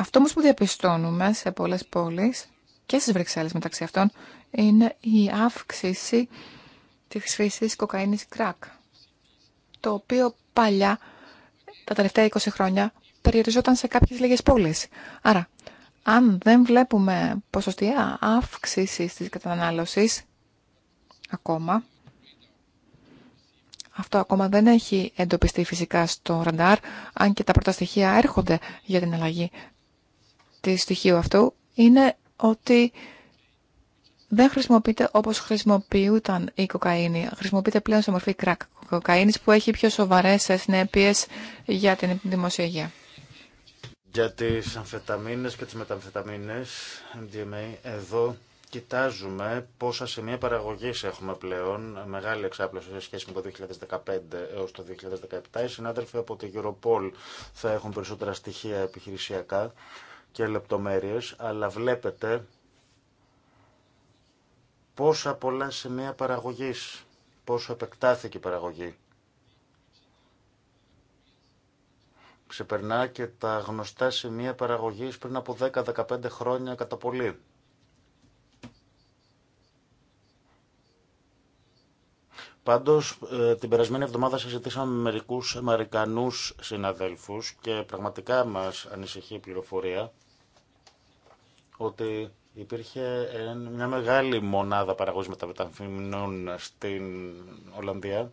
αυτό όμω που διαπιστώνουμε σε πολλέ πόλεις και στι Βρυξέλλες μεταξύ αυτών είναι η αύξηση τη χρήση κοκαίνης κράκ, το οποίο παλιά τα τελευταία 20 χρόνια περιοριζόταν σε κάποιες λίγε πόλεις. Άρα, αν δεν βλέπουμε ποσοστιαία αύξηση της κατανάλωση ακόμα, αυτό ακόμα δεν έχει εντοπιστεί φυσικά στο ραντάρ, αν και τα πρώτα στοιχεία έρχονται για την αλλαγή Τη στοιχείου αυτού είναι ότι δεν χρησιμοποιείται όπως χρησιμοποιούταν η κοκαίνη. Χρησιμοποιείται πλέον σε μορφή κρακ κοκαίνης που έχει πιο σοβαρές συνέπειες για την δημόσια υγεία. Για τις αμφεταμίνες και τις μεταμφεταμίνες, MDMA, εδώ κοιτάζουμε πόσα σημεία παραγωγής έχουμε πλέον, μεγάλη εξάπλωση σε σχέση με το 2015 έως το 2017. Οι συνάδελφοι από την Europol θα έχουν περισσότερα στοιχεία επιχειρησιακά και λεπτομέρειες, αλλά βλέπετε πόσα πολλά σημεία παραγωγής, πόσο επεκτάθηκε η παραγωγή. Ξεπερνά και τα γνωστά σημεία παραγωγής πριν από 10-15 χρόνια κατά πολύ. Πάντω ε, την περασμένη εβδομάδα συζητήσαμε με μερικού Αμερικανούς συναδέλφου και πραγματικά μας ανησυχεί η πληροφορία ότι υπήρχε μια μεγάλη μονάδα παραγωγής μεταμφιμινών στην Ολλανδία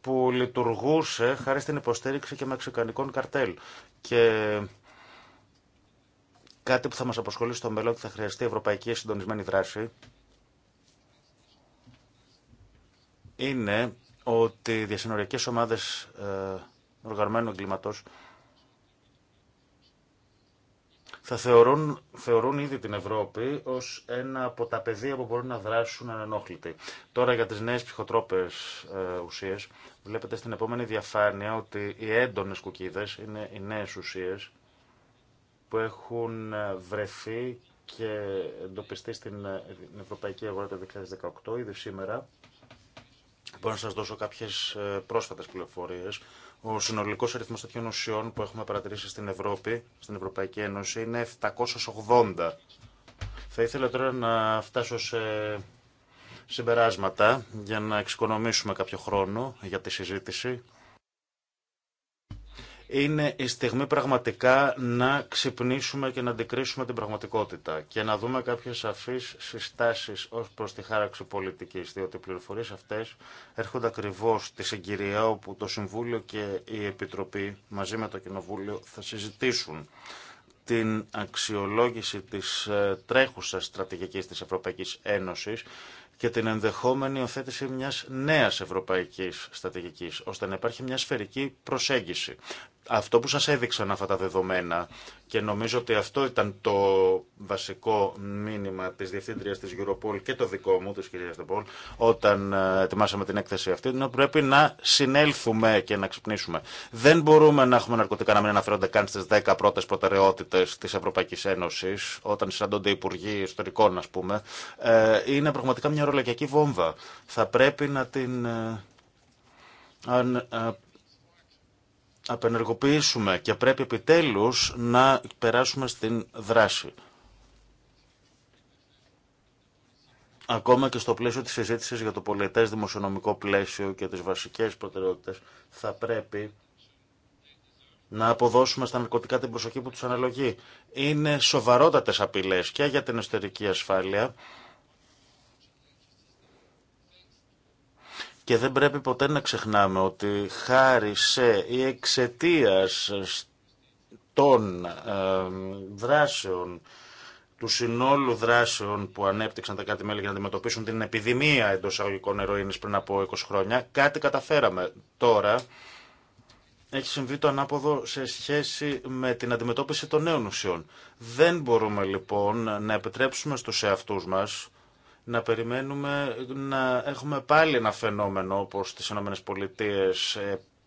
που λειτουργούσε χάρη στην υποστήριξη και μεξικανικών καρτέλ. Και κάτι που θα μας αποσχολήσει στο μέλλον και θα χρειαστεί ευρωπαϊκή συντονισμένη δράση είναι ότι οι διασυνοριακές ομάδες ε, οργανωμένου εγκλήματος θα θεωρούν, θεωρούν ήδη την Ευρώπη ως ένα από τα πεδία που μπορούν να δράσουν ανενόχλητοι. Τώρα για τις νέες ψυχοτρόπες ε, ουσίες, βλέπετε στην επόμενη διαφάνεια ότι οι έντονες κουκίδες είναι οι νέες ουσίες που έχουν ε, βρεθεί και εντοπιστεί στην ε, Ευρωπαϊκή Αγορά το 2018, ήδη σήμερα, Μπορώ να σα δώσω κάποιε πρόσφατε πληροφορίε. Ο συνολικό αριθμό τέτοιων ουσιών που έχουμε παρατηρήσει στην Ευρώπη, στην Ευρωπαϊκή Ένωση, είναι 780. Θα ήθελα τώρα να φτάσω σε συμπεράσματα για να εξοικονομήσουμε κάποιο χρόνο για τη συζήτηση είναι η στιγμή πραγματικά να ξυπνήσουμε και να αντικρίσουμε την πραγματικότητα και να δούμε κάποιες σαφείς συστάσεις ως προς τη χάραξη πολιτικής, διότι οι πληροφορίες αυτές έρχονται ακριβώς τη συγκυρία όπου το Συμβούλιο και η Επιτροπή μαζί με το Κοινοβούλιο θα συζητήσουν την αξιολόγηση της ε, τρέχουσας στρατηγικής της Ευρωπαϊκής Ένωσης και την ενδεχόμενη οθέτηση μια νέα ευρωπαϊκή στρατηγικής, ώστε να υπάρχει μια σφαιρική προσέγγιση. Αυτό που σα έδειξαν αυτά τα δεδομένα και νομίζω ότι αυτό ήταν το βασικό μήνυμα τη διευθύντρια τη Europol και το δικό μου, τη κυρία Δεμπολ, όταν ε, ετοιμάσαμε την έκθεση αυτή, είναι ότι πρέπει να συνέλθουμε και να ξυπνήσουμε. Δεν μπορούμε να έχουμε ναρκωτικά να μην αναφέρονται καν στις 10 πρώτε προτεραιότητε τη Ευρωπαϊκή Ένωση, όταν συναντώνται Υπουργοί Ιστορικών, α πούμε. Ε, είναι πραγματικά μια πυρολογιακή βόμβα. Θα πρέπει να την ε, απενεργοποιήσουμε και πρέπει επιτέλους να περάσουμε στην δράση. Ακόμα και στο πλαίσιο της συζήτηση για το πολιτές δημοσιονομικό πλαίσιο και τις βασικές προτεραιότητες θα πρέπει να αποδώσουμε στα ναρκωτικά την προσοχή που τους αναλογεί. Είναι σοβαρότατες απειλές και για την εσωτερική ασφάλεια Και δεν πρέπει ποτέ να ξεχνάμε ότι χάρη σε ή εξαιτία των δράσεων του συνόλου δράσεων που ανέπτυξαν τα κάτι μέλη για να αντιμετωπίσουν την επιδημία εντό αγωγικών ερωίνης πριν από 20 χρόνια, κάτι καταφέραμε. Τώρα έχει συμβεί το ανάποδο σε σχέση με την αντιμετώπιση των νέων ουσιών. Δεν μπορούμε λοιπόν να επιτρέψουμε στους εαυτούς μας να περιμένουμε να έχουμε πάλι ένα φαινόμενο όπως στις ΗΠΑ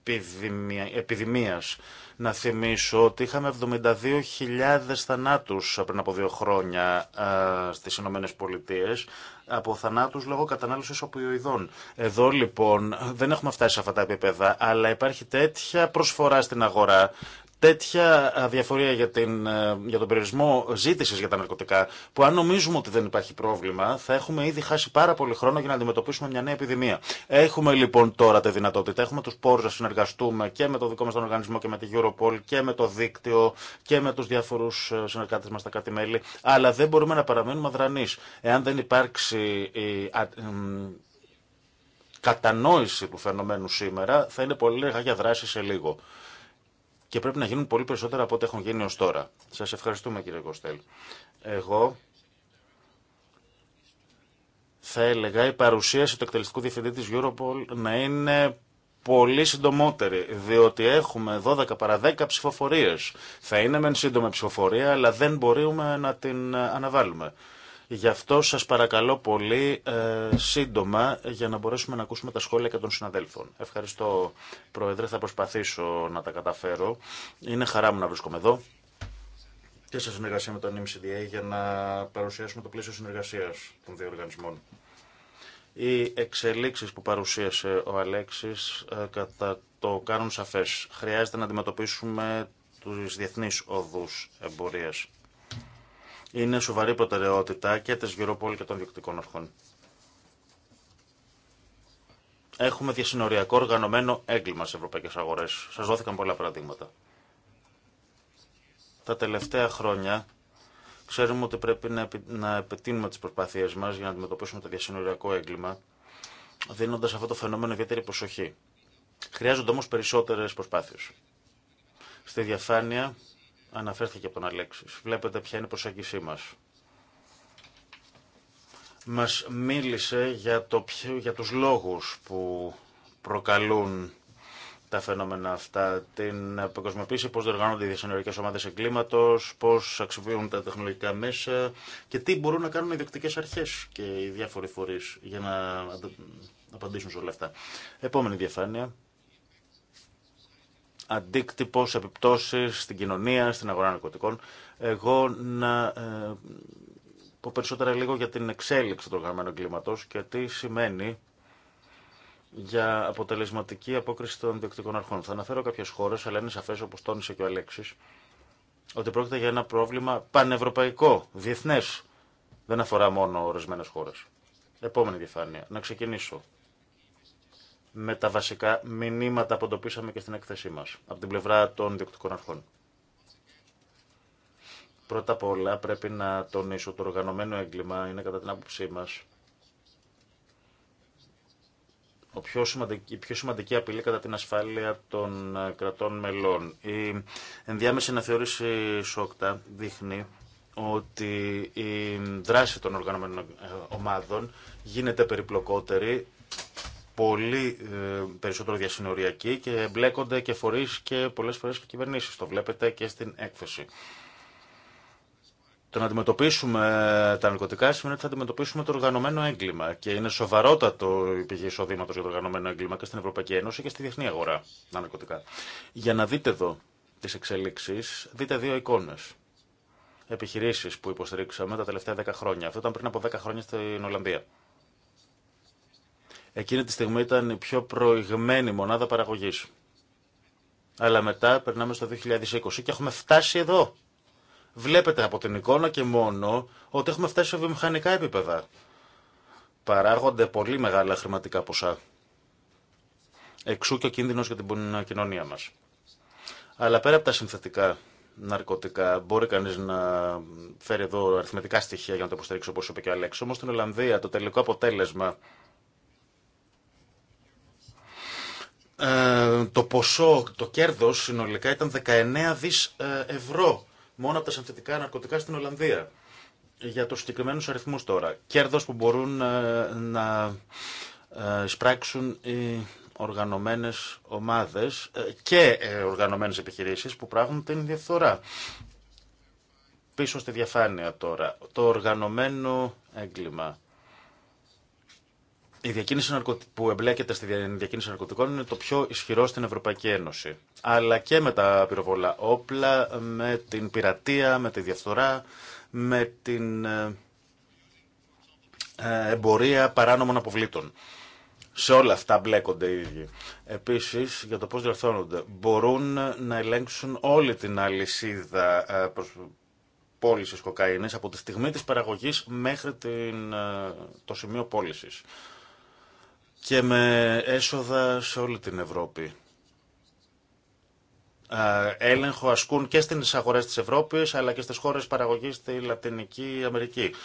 επιδημία, επιδημίας. Να θυμίσω ότι είχαμε 72.000 θανάτους πριν από δύο χρόνια ε, στις Ηνωμένε Πολιτείες από θανάτου λόγω κατανάλωσης οπιοειδών. Εδώ λοιπόν δεν έχουμε φτάσει σε αυτά τα επίπεδα, αλλά υπάρχει τέτοια προσφορά στην αγορά, τέτοια διαφορία για, την, ε, για τον περιορισμό ζήτηση για τα ναρκωτικά, που αν νομίζουμε ότι δεν υπάρχει πρόβλημα, θα έχουμε ήδη χάσει πάρα πολύ χρόνο για να αντιμετωπίσουμε μια νέα επιδημία. Έχουμε λοιπόν τώρα τη δυνατότητα, έχουμε του πόρου να συνεργαστούμε και με το δικό μα τον οργανισμό και με τη Europol και με το δίκτυο και με του διαφορού ε, συνεργάτε μα στα κράτη-μέλη, αλλά δεν μπορούμε να παραμένουμε αδρανεί. Εάν δεν υπάρξει η κατανόηση του φαινομένου σήμερα, θα είναι πολύ λίγα για δράση σε λίγο. Και πρέπει να γίνουν πολύ περισσότερα από ό,τι έχουν γίνει ως τώρα. Σας ευχαριστούμε κύριε Κοστέλ. Εγώ θα έλεγα η παρουσίαση του εκτελεστικού διευθυντή της Europol να είναι πολύ συντομότερη, διότι έχουμε 12 παρα 10 ψηφοφορίες. Θα είναι μεν σύντομη ψηφοφορία, αλλά δεν μπορούμε να την αναβάλουμε. Γι' αυτό σας παρακαλώ πολύ ε, σύντομα για να μπορέσουμε να ακούσουμε τα σχόλια και των συναδέλφων. Ευχαριστώ Πρόεδρε, θα προσπαθήσω να τα καταφέρω. Είναι χαρά μου να βρίσκομαι εδώ και σε συνεργασία με τον MCDA για να παρουσιάσουμε το πλαίσιο συνεργασία των δύο οργανισμών. Οι εξελίξεις που παρουσίασε ο Αλέξη ε, κατά το κάνουν σαφέ. Χρειάζεται να αντιμετωπίσουμε τους διεθνεί οδούς εμπορία είναι σοβαρή προτεραιότητα και της Europol και των διοκτικών αρχών. Έχουμε διασυνοριακό οργανωμένο έγκλημα σε ευρωπαϊκές αγορές. Σας δόθηκαν πολλά παραδείγματα. Τα τελευταία χρόνια ξέρουμε ότι πρέπει να επιτείνουμε τις προσπάθειές μας για να αντιμετωπίσουμε το διασυνοριακό έγκλημα, δίνοντας αυτό το φαινόμενο ιδιαίτερη προσοχή. Χρειάζονται όμως περισσότερες προσπάθειες. Στη διαφάνεια αναφέρθηκε από τον Αλέξη. Βλέπετε ποια είναι η προσέγγισή μας. Μα μίλησε για, το για τους λόγους που προκαλούν τα φαινόμενα αυτά, την αποκοσμοποίηση, πώ διοργανώνται οι διασυνορικές ομάδε εγκλήματο, πώς αξιοποιούν τα τεχνολογικά μέσα και τι μπορούν να κάνουν οι διοκτικές αρχές και οι διάφοροι φορείς για να απαντήσουν σε όλα αυτά. Επόμενη διαφάνεια αντίκτυπος, επιπτώσεις στην κοινωνία, στην αγορά ναρκωτικών. Εγώ να ε, πω περισσότερα λίγο για την εξέλιξη του οργανωμένου κλίματος και τι σημαίνει για αποτελεσματική απόκριση των διοκτικών αρχών. Θα αναφέρω κάποιες χώρες, αλλά είναι σαφές όπως τόνισε και ο Αλέξης, ότι πρόκειται για ένα πρόβλημα πανευρωπαϊκό, διεθνές. Δεν αφορά μόνο ορισμένε χώρες. Επόμενη διαφάνεια. Να ξεκινήσω με τα βασικά μηνύματα που εντοπίσαμε και στην έκθεσή μας από την πλευρά των διοκτικών αρχών. Πρώτα απ' όλα πρέπει να τονίσω το οργανωμένο έγκλημα είναι κατά την άποψή μας ο πιο η πιο σημαντική απειλή κατά την ασφάλεια των ε, κρατών μελών. Η ενδιάμεση αναθεώρηση ΣΟΚΤΑ δείχνει ότι η δράση των οργανωμένων ε, ομάδων γίνεται περιπλοκότερη πολύ ε, περισσότερο διασυνοριακή και εμπλέκονται και φορεί και πολλέ φορέ και κυβερνήσεις. Το βλέπετε και στην έκθεση. Το να αντιμετωπίσουμε τα νοικοτικά σημαίνει ότι θα αντιμετωπίσουμε το οργανωμένο έγκλημα και είναι σοβαρότατο η πηγή εισοδήματο για το οργανωμένο έγκλημα και στην Ευρωπαϊκή Ένωση και στη διεθνή αγορά τα νοικοτικά. Για να δείτε εδώ τι εξελίξει, δείτε δύο εικόνε επιχειρήσει που υποστηρίξαμε τα τελευταία 10 χρόνια. Αυτό ήταν πριν από 10 χρόνια στην Ολλανδία. Εκείνη τη στιγμή ήταν η πιο προηγμένη μονάδα παραγωγής. Αλλά μετά περνάμε στο 2020 και έχουμε φτάσει εδώ. Βλέπετε από την εικόνα και μόνο ότι έχουμε φτάσει σε βιομηχανικά επίπεδα. Παράγονται πολύ μεγάλα χρηματικά ποσά. Εξού και ο κίνδυνος για την κοινωνία μας. Αλλά πέρα από τα συνθετικά ναρκωτικά, μπορεί κανείς να φέρει εδώ αριθμητικά στοιχεία για να το υποστηρίξει όπω είπε και ο Αλέξ. Όμω στην Ολλανδία το τελικό αποτέλεσμα Ε, το ποσό, το κέρδος συνολικά ήταν 19 δις ε, ευρώ μόνο από τα συνθετικά ναρκωτικά στην Ολλανδία. Για τους συγκεκριμένους αριθμούς τώρα. Κέρδος που μπορούν ε, να εισπράξουν οι οργανωμένες ομάδες και οργανωμένες επιχειρήσεις που πράγουν την διαφθορά. Πίσω στη διαφάνεια τώρα. Το οργανωμένο έγκλημα η διακίνηση που εμπλέκεται στη διακίνηση ναρκωτικών είναι το πιο ισχυρό στην Ευρωπαϊκή Ένωση. Αλλά και με τα πυροβόλα όπλα, με την πειρατεία, με τη διαφθορά, με την ε, ε, εμπορία παράνομων αποβλήτων. Σε όλα αυτά μπλέκονται οι ίδιοι. Επίση, για το πώ διορθώνονται, μπορούν να ελέγξουν όλη την αλυσίδα ε, πώληση κοκαίνης από τη στιγμή της παραγωγής μέχρι την, το σημείο πώληση και με έσοδα σε όλη την Ευρώπη. Έλεγχο ασκούν και στις αγορές της Ευρώπης αλλά και στις χώρες παραγωγής στη Λατινική Αμερική.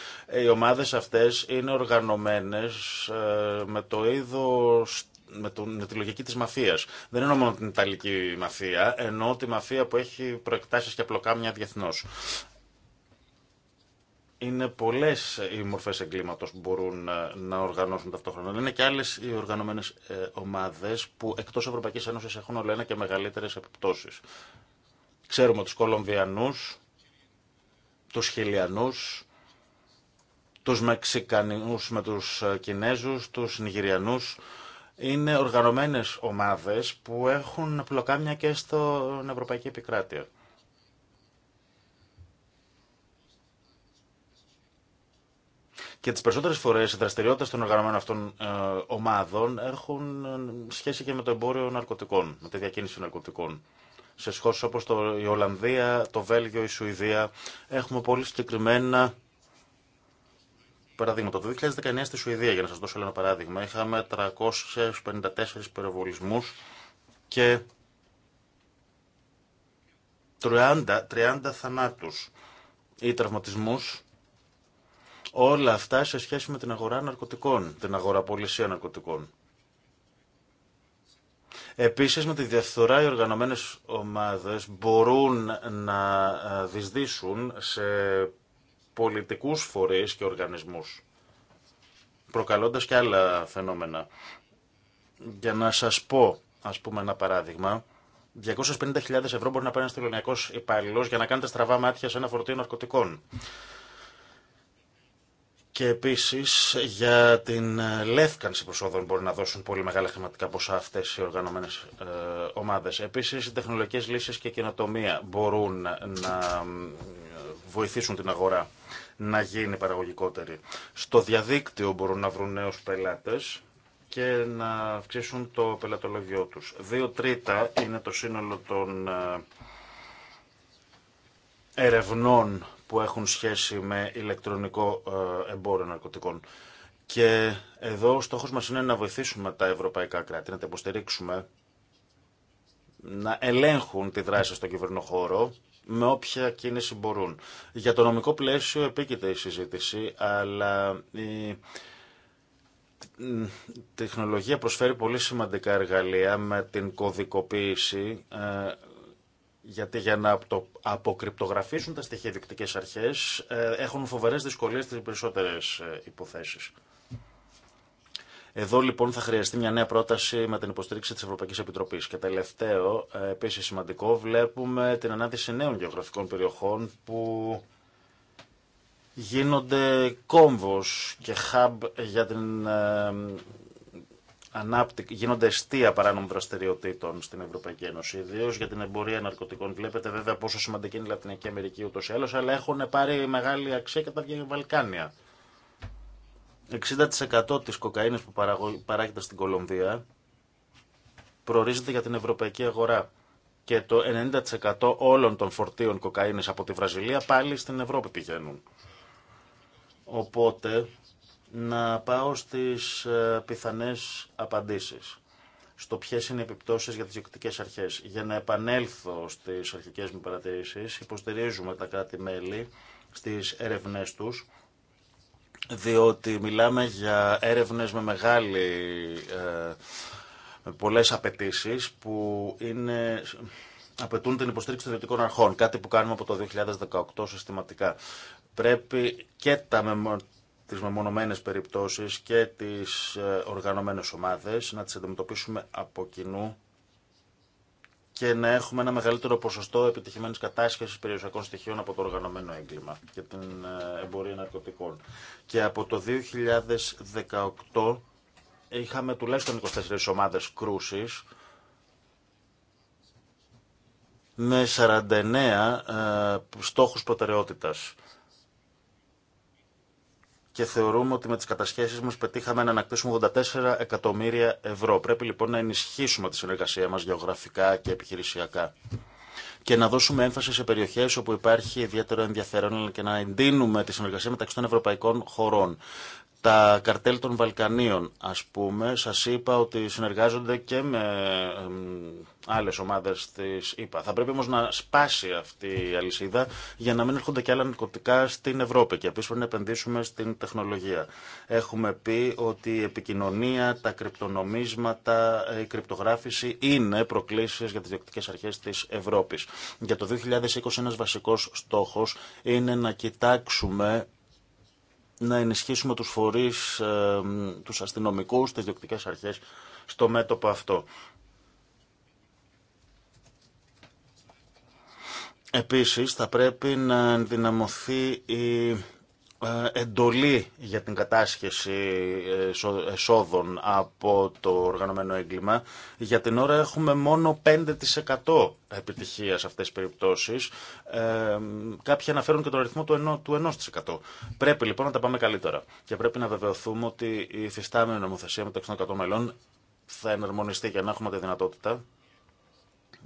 Οι ομάδες αυτές είναι οργανωμένες ε, με το είδος με, το, με τη λογική της μαφίας. Δεν είναι μόνο την Ιταλική μαφία, ενώ τη μαφία που έχει προεκτάσεις και απλοκάμια διεθνώς είναι πολλέ οι μορφέ εγκλήματο που μπορούν ε, να οργανώσουν ταυτόχρονα. Είναι και άλλε οι οργανωμένε ε, ομάδε που εκτό Ευρωπαϊκή Ένωση έχουν όλο ένα και μεγαλύτερε επιπτώσει. Ξέρουμε του Κολομβιανού, του Χιλιανού, του Μεξικανού με του ε, Κινέζου, του Νιγηριανού. Είναι οργανωμένε ομάδε που έχουν πλοκάμια και στην Ευρωπαϊκή Επικράτεια. Και τι περισσότερε φορέ οι δραστηριότητε των οργανωμένων αυτών ε, ομάδων έχουν ε, σχέση και με το εμπόριο ναρκωτικών, με τη διακίνηση ναρκωτικών. Σε σχόλια όπω η Ολλανδία, το Βέλγιο, η Σουηδία, έχουμε πολύ συγκεκριμένα παραδείγματα. Το 2019 στη Σουηδία, για να σα δώσω ένα παράδειγμα, είχαμε 354 περιβολισμού και 30, 30 θανάτους ή τραυματισμούς Όλα αυτά σε σχέση με την αγορά ναρκωτικών, την αγοραπολισία ναρκωτικών. Επίσης με τη διαφθορά οι οργανωμένες ομάδες μπορούν να ε, δυσδύσουν σε πολιτικούς φορείς και οργανισμούς, προκαλώντας και άλλα φαινόμενα. Για να σας πω, ας πούμε ένα παράδειγμα, 250.000 ευρώ μπορεί να πάρει ένας τελωνιακό υπάλληλο για να κάνετε στραβά μάτια σε ένα φορτίο ναρκωτικών και επίσης για την ε, λεύκανση προσόδων μπορεί να δώσουν πολύ μεγάλα χρηματικά ποσά αυτές οι οργανωμένες ε, ομάδες. Επίσης οι τεχνολογικέ λύσεις και καινοτομία μπορούν να βοηθήσουν την αγορά να γίνει παραγωγικότερη. Στο διαδίκτυο μπορούν να βρουν νέου πελάτες και να αυξήσουν το πελατολογιό τους. Δύο τρίτα είναι το σύνολο των ε, ερευνών που έχουν σχέση με ηλεκτρονικό ε, εμπόριο ναρκωτικών. Και εδώ ο στόχος μας είναι να βοηθήσουμε τα ευρωπαϊκά κράτη, να τα υποστηρίξουμε, να ελέγχουν τη δράση στον κυβερνοχώρο με όποια κίνηση μπορούν. Για το νομικό πλαίσιο επίκειται η συζήτηση, αλλά η τεχνολογία προσφέρει πολύ σημαντικά εργαλεία με την κωδικοποίηση ε, γιατί για να αποκρυπτογραφήσουν τα στοιχεία αρχές ε, έχουν φοβερέ δυσκολίες στις περισσότερες ε, υποθέσεις. Εδώ λοιπόν θα χρειαστεί μια νέα πρόταση με την υποστήριξη τη Ευρωπαϊκή Επιτροπή. Και τελευταίο, ε, επίση σημαντικό, βλέπουμε την ανάδυση νέων γεωγραφικών περιοχών που γίνονται κόμβος και hub για την ανάπτυξη, γίνονται αιστεία παράνομων δραστηριοτήτων στην Ευρωπαϊκή Ένωση, ιδίω για την εμπορία ναρκωτικών. Βλέπετε βέβαια πόσο σημαντική είναι η Λατινική Αμερική ούτω ή άλλω, αλλά έχουν πάρει μεγάλη αξία και τα Βαλκάνια. 60% τη κοκαίνης που παράγεται στην Κολομβία προορίζεται για την ευρωπαϊκή αγορά και το 90% όλων των φορτίων κοκαίνης από τη Βραζιλία πάλι στην Ευρώπη πηγαίνουν. Οπότε να πάω στις ε, πιθανές απαντήσεις στο ποιε είναι οι επιπτώσεις για τις διοικητικές αρχές. Για να επανέλθω στις αρχικές μου παρατηρήσεις, υποστηρίζουμε τα κράτη-μέλη στις έρευνές τους, διότι μιλάμε για έρευνες με μεγάλη, ε, με πολλές απαιτήσει που είναι απαιτούν την υποστήριξη των ιδιωτικών αρχών, κάτι που κάνουμε από το 2018 συστηματικά. Πρέπει και τα, τις μεμονωμένες περιπτώσεις και τις ε, οργανωμένες ομάδες, να τις αντιμετωπίσουμε από κοινού και να έχουμε ένα μεγαλύτερο ποσοστό επιτυχημένη κατάσχεση περιουσιακών στοιχείων από το οργανωμένο έγκλημα και την ε, εμπορία ναρκωτικών. Και από το 2018 είχαμε τουλάχιστον 24 ομάδες κρούσης με 49 ε, στόχους προτεραιότητας και θεωρούμε ότι με τις κατασχέσεις μας πετύχαμε να ανακτήσουμε 84 εκατομμύρια ευρώ. Πρέπει λοιπόν να ενισχύσουμε τη συνεργασία μας γεωγραφικά και επιχειρησιακά και να δώσουμε έμφαση σε περιοχέ όπου υπάρχει ιδιαίτερο ενδιαφέρον αλλά και να εντείνουμε τη συνεργασία μεταξύ των ευρωπαϊκών χωρών τα καρτέλ των Βαλκανίων, ας πούμε, σας είπα ότι συνεργάζονται και με άλλες ομάδες της ΕΠΑ. Θα πρέπει όμως να σπάσει αυτή η αλυσίδα για να μην έρχονται και άλλα νοικοτικά στην Ευρώπη και επίσης πρέπει να επενδύσουμε στην τεχνολογία. Έχουμε πει ότι η επικοινωνία, τα κρυπτονομίσματα, η κρυπτογράφηση είναι προκλήσεις για τις διοκτικές αρχές της Ευρώπης. Για το 2020 ένας βασικός στόχος είναι να κοιτάξουμε να ενισχύσουμε τους φορείς, ε, τους αστυνομικούς, τις διοκτικές αρχές στο μέτωπο αυτό. Επίσης θα πρέπει να ενδυναμωθεί η ε, εντολή για την κατάσχεση ε, εσόδων από το οργανωμένο έγκλημα. Για την ώρα έχουμε μόνο 5% επιτυχία σε αυτές τις περιπτώσεις. Ε, κάποιοι αναφέρουν και τον αριθμό του, 1, του 1%. Πρέπει λοιπόν να τα πάμε καλύτερα και πρέπει να βεβαιωθούμε ότι η φυστάμενη νομοθεσία μεταξύ των 100 μελών θα ενερμονιστεί για να έχουμε τη δυνατότητα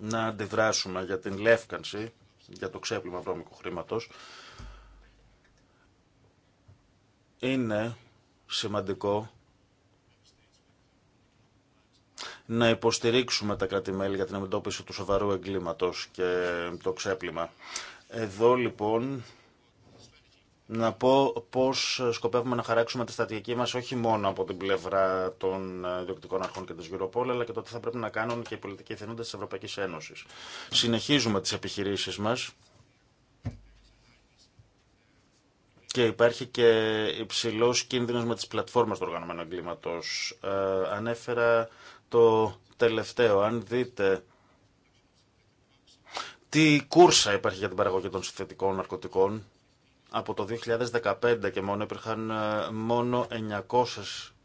να αντιδράσουμε για την λεύκανση, για το ξέπλυμα βρώμικου χρήματος είναι σημαντικό να υποστηρίξουμε τα κράτη-μέλη για την αντιμετώπιση του σοβαρού εγκλήματος και το ξέπλυμα. Εδώ λοιπόν να πω πώς σκοπεύουμε να χαράξουμε τη στρατηγική μας όχι μόνο από την πλευρά των διοκτικών αρχών και της Europol, αλλά και το τι θα πρέπει να κάνουν και οι πολιτικοί θενούντες της Ευρωπαϊκής Ένωσης. Συνεχίζουμε τις επιχειρήσεις μας Και υπάρχει και υψηλό κίνδυνο με τι πλατφόρμε του οργανωμένου εγκλήματο. Ε, ανέφερα το τελευταίο. Αν δείτε τι κούρσα υπάρχει για την παραγωγή των συνθετικών ναρκωτικών, από το 2015 και μόνο υπήρχαν ε, μόνο 900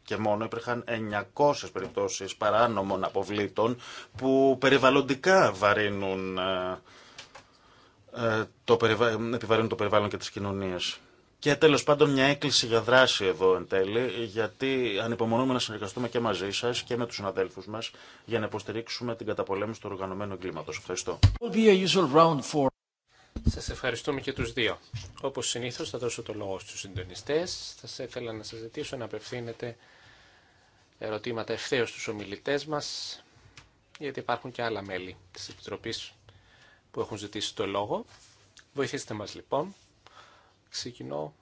και μόνο υπήρχαν 900 περιπτώσεις παράνομων αποβλήτων που περιβαλλοντικά βαρύνουν ε, το, επιβαρύνουν το περιβάλλον και τις κοινωνίες. Και τέλος πάντων μια έκκληση για δράση εδώ εν τέλει, γιατί ανυπομονούμε να συνεργαστούμε και μαζί σας και με τους συναδέλφους μας για να υποστηρίξουμε την καταπολέμηση του οργανωμένου εγκλήματος. Ευχαριστώ. Σας ευχαριστούμε και τους δύο. Όπως συνήθως θα δώσω το λόγο στους συντονιστές. Θα ήθελα να σας ζητήσω να απευθύνετε ερωτήματα ευθέως στους ομιλητές μας, γιατί υπάρχουν και άλλα μέλη της Επιτροπής που έχουν ζητήσει το λόγο. Βοηθήστε μας λοιπόν. Ξεκινώ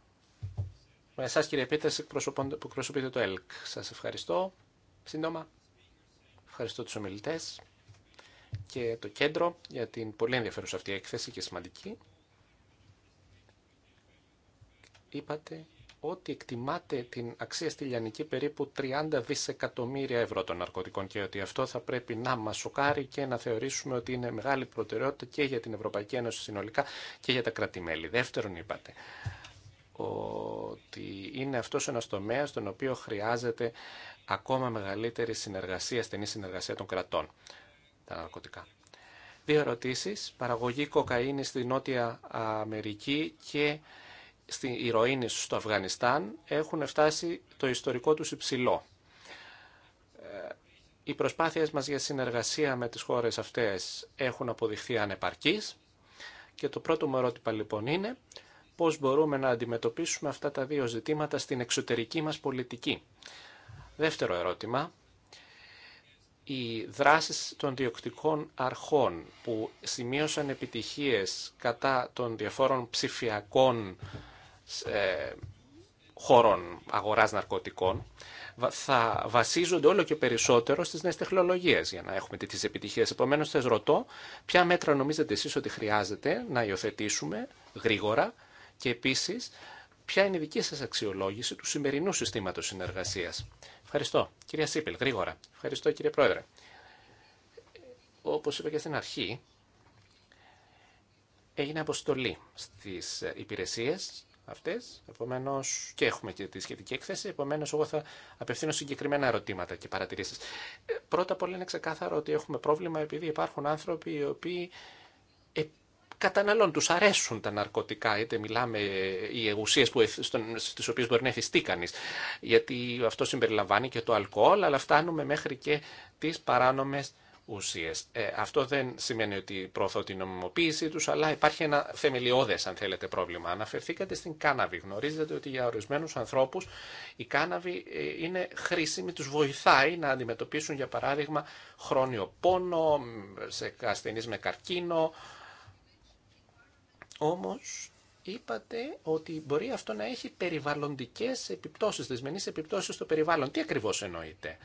με εσά κύριε Πίτερ, που εκπροσωπείτε το ΕΛΚ. Σα ευχαριστώ. Σύντομα, ευχαριστώ του ομιλητέ και το κέντρο για την πολύ ενδιαφέρουσα αυτή έκθεση και σημαντική. Είπατε ότι εκτιμάται την αξία στη Λιανική περίπου 30 δισεκατομμύρια ευρώ των ναρκωτικών και ότι αυτό θα πρέπει να μας σοκάρει και να θεωρήσουμε ότι είναι μεγάλη προτεραιότητα και για την Ευρωπαϊκή Ένωση συνολικά και για τα κρατημέλη. Δεύτερον είπατε ότι είναι αυτός ένας τομέας στον οποίο χρειάζεται ακόμα μεγαλύτερη συνεργασία, στενή συνεργασία των κρατών, τα ναρκωτικά. Δύο ερωτήσεις, παραγωγή κοκαίνης στη Νότια Αμερική και στην ηρωίνη στο Αφγανιστάν έχουν φτάσει το ιστορικό τους υψηλό. Ε, οι προσπάθειες μας για συνεργασία με τις χώρες αυτές έχουν αποδειχθεί ανεπαρκείς και το πρώτο μου ερώτημα λοιπόν είναι πώς μπορούμε να αντιμετωπίσουμε αυτά τα δύο ζητήματα στην εξωτερική μας πολιτική. Δεύτερο ερώτημα, οι δράσεις των διοκτικών αρχών που σημείωσαν επιτυχίες κατά των διαφόρων ψηφιακών ε, χώρων αγοράς ναρκωτικών θα βασίζονται όλο και περισσότερο στις νέες τεχνολογίες για να έχουμε τις επιτυχίες. Επομένως, σας ρωτώ ποια μέτρα νομίζετε εσείς ότι χρειάζεται να υιοθετήσουμε γρήγορα και επίσης ποια είναι η δική σας αξιολόγηση του σημερινού συστήματος συνεργασίας. Ευχαριστώ. Κυρία Σίπελ, γρήγορα. Ευχαριστώ κύριε Πρόεδρε. Όπως είπα και στην αρχή, έγινε αποστολή στις υπηρεσίες αυτές, επομένως, και έχουμε και τη σχετική έκθεση, επομένως εγώ θα απευθύνω συγκεκριμένα ερωτήματα και παρατηρήσεις. Ε, πρώτα απ' όλα είναι ξεκάθαρο ότι έχουμε πρόβλημα επειδή υπάρχουν άνθρωποι οι οποίοι ε, καταναλώνουν, τους αρέσουν τα ναρκωτικά, είτε μιλάμε ε, οι εγουσίες που, στις οποίες μπορεί να εφιστεί κανείς, γιατί αυτό συμπεριλαμβάνει και το αλκοόλ, αλλά φτάνουμε μέχρι και τις παράνομες ε, αυτό δεν σημαίνει ότι προωθώ την νομιμοποίησή τους, αλλά υπάρχει ένα θεμελιώδες, αν θέλετε, πρόβλημα. Αναφερθήκατε στην κάναβη. Γνωρίζετε ότι για ορισμένους ανθρώπους η κάναβη ε, είναι χρήσιμη, τους βοηθάει να αντιμετωπίσουν, για παράδειγμα, χρόνιο πόνο, σε ασθενείς με καρκίνο. Όμως, είπατε ότι μπορεί αυτό να έχει περιβαλλοντικές επιπτώσεις, δεσμενείς επιπτώσεις στο περιβάλλον. Τι ακριβώς εννοείτε.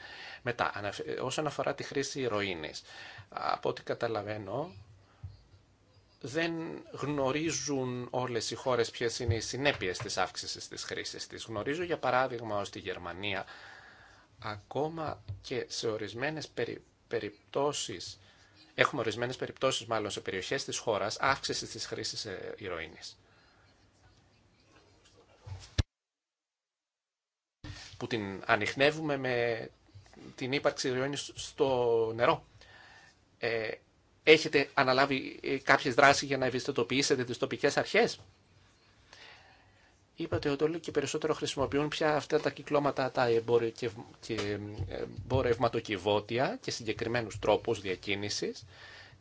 Μετά, όσον αφορά τη χρήση ηρωίνης, από ό,τι καταλαβαίνω, δεν γνωρίζουν όλες οι χώρες ποιες είναι οι συνέπειες της αύξησης της χρήσης της. Γνωρίζω για παράδειγμα ότι στη Γερμανία ακόμα και σε ορισμένες περι, περιπτώσεις, έχουμε ορισμένε περιπτώσει, μάλλον σε περιοχέ τη χώρα, αύξηση της χρήσης ε, ηρωίνης. που την ανοιχνεύουμε με την ύπαρξη ριών στο νερό. Ε, έχετε αναλάβει ε, κάποιες δράσεις για να ευαισθητοποιήσετε τις τοπικές αρχές. Είπατε ότι όλοι και περισσότερο χρησιμοποιούν πια αυτά τα κυκλώματα τα και ε, εμπορευματοκιβώτια και συγκεκριμένους τρόπους διακίνησης.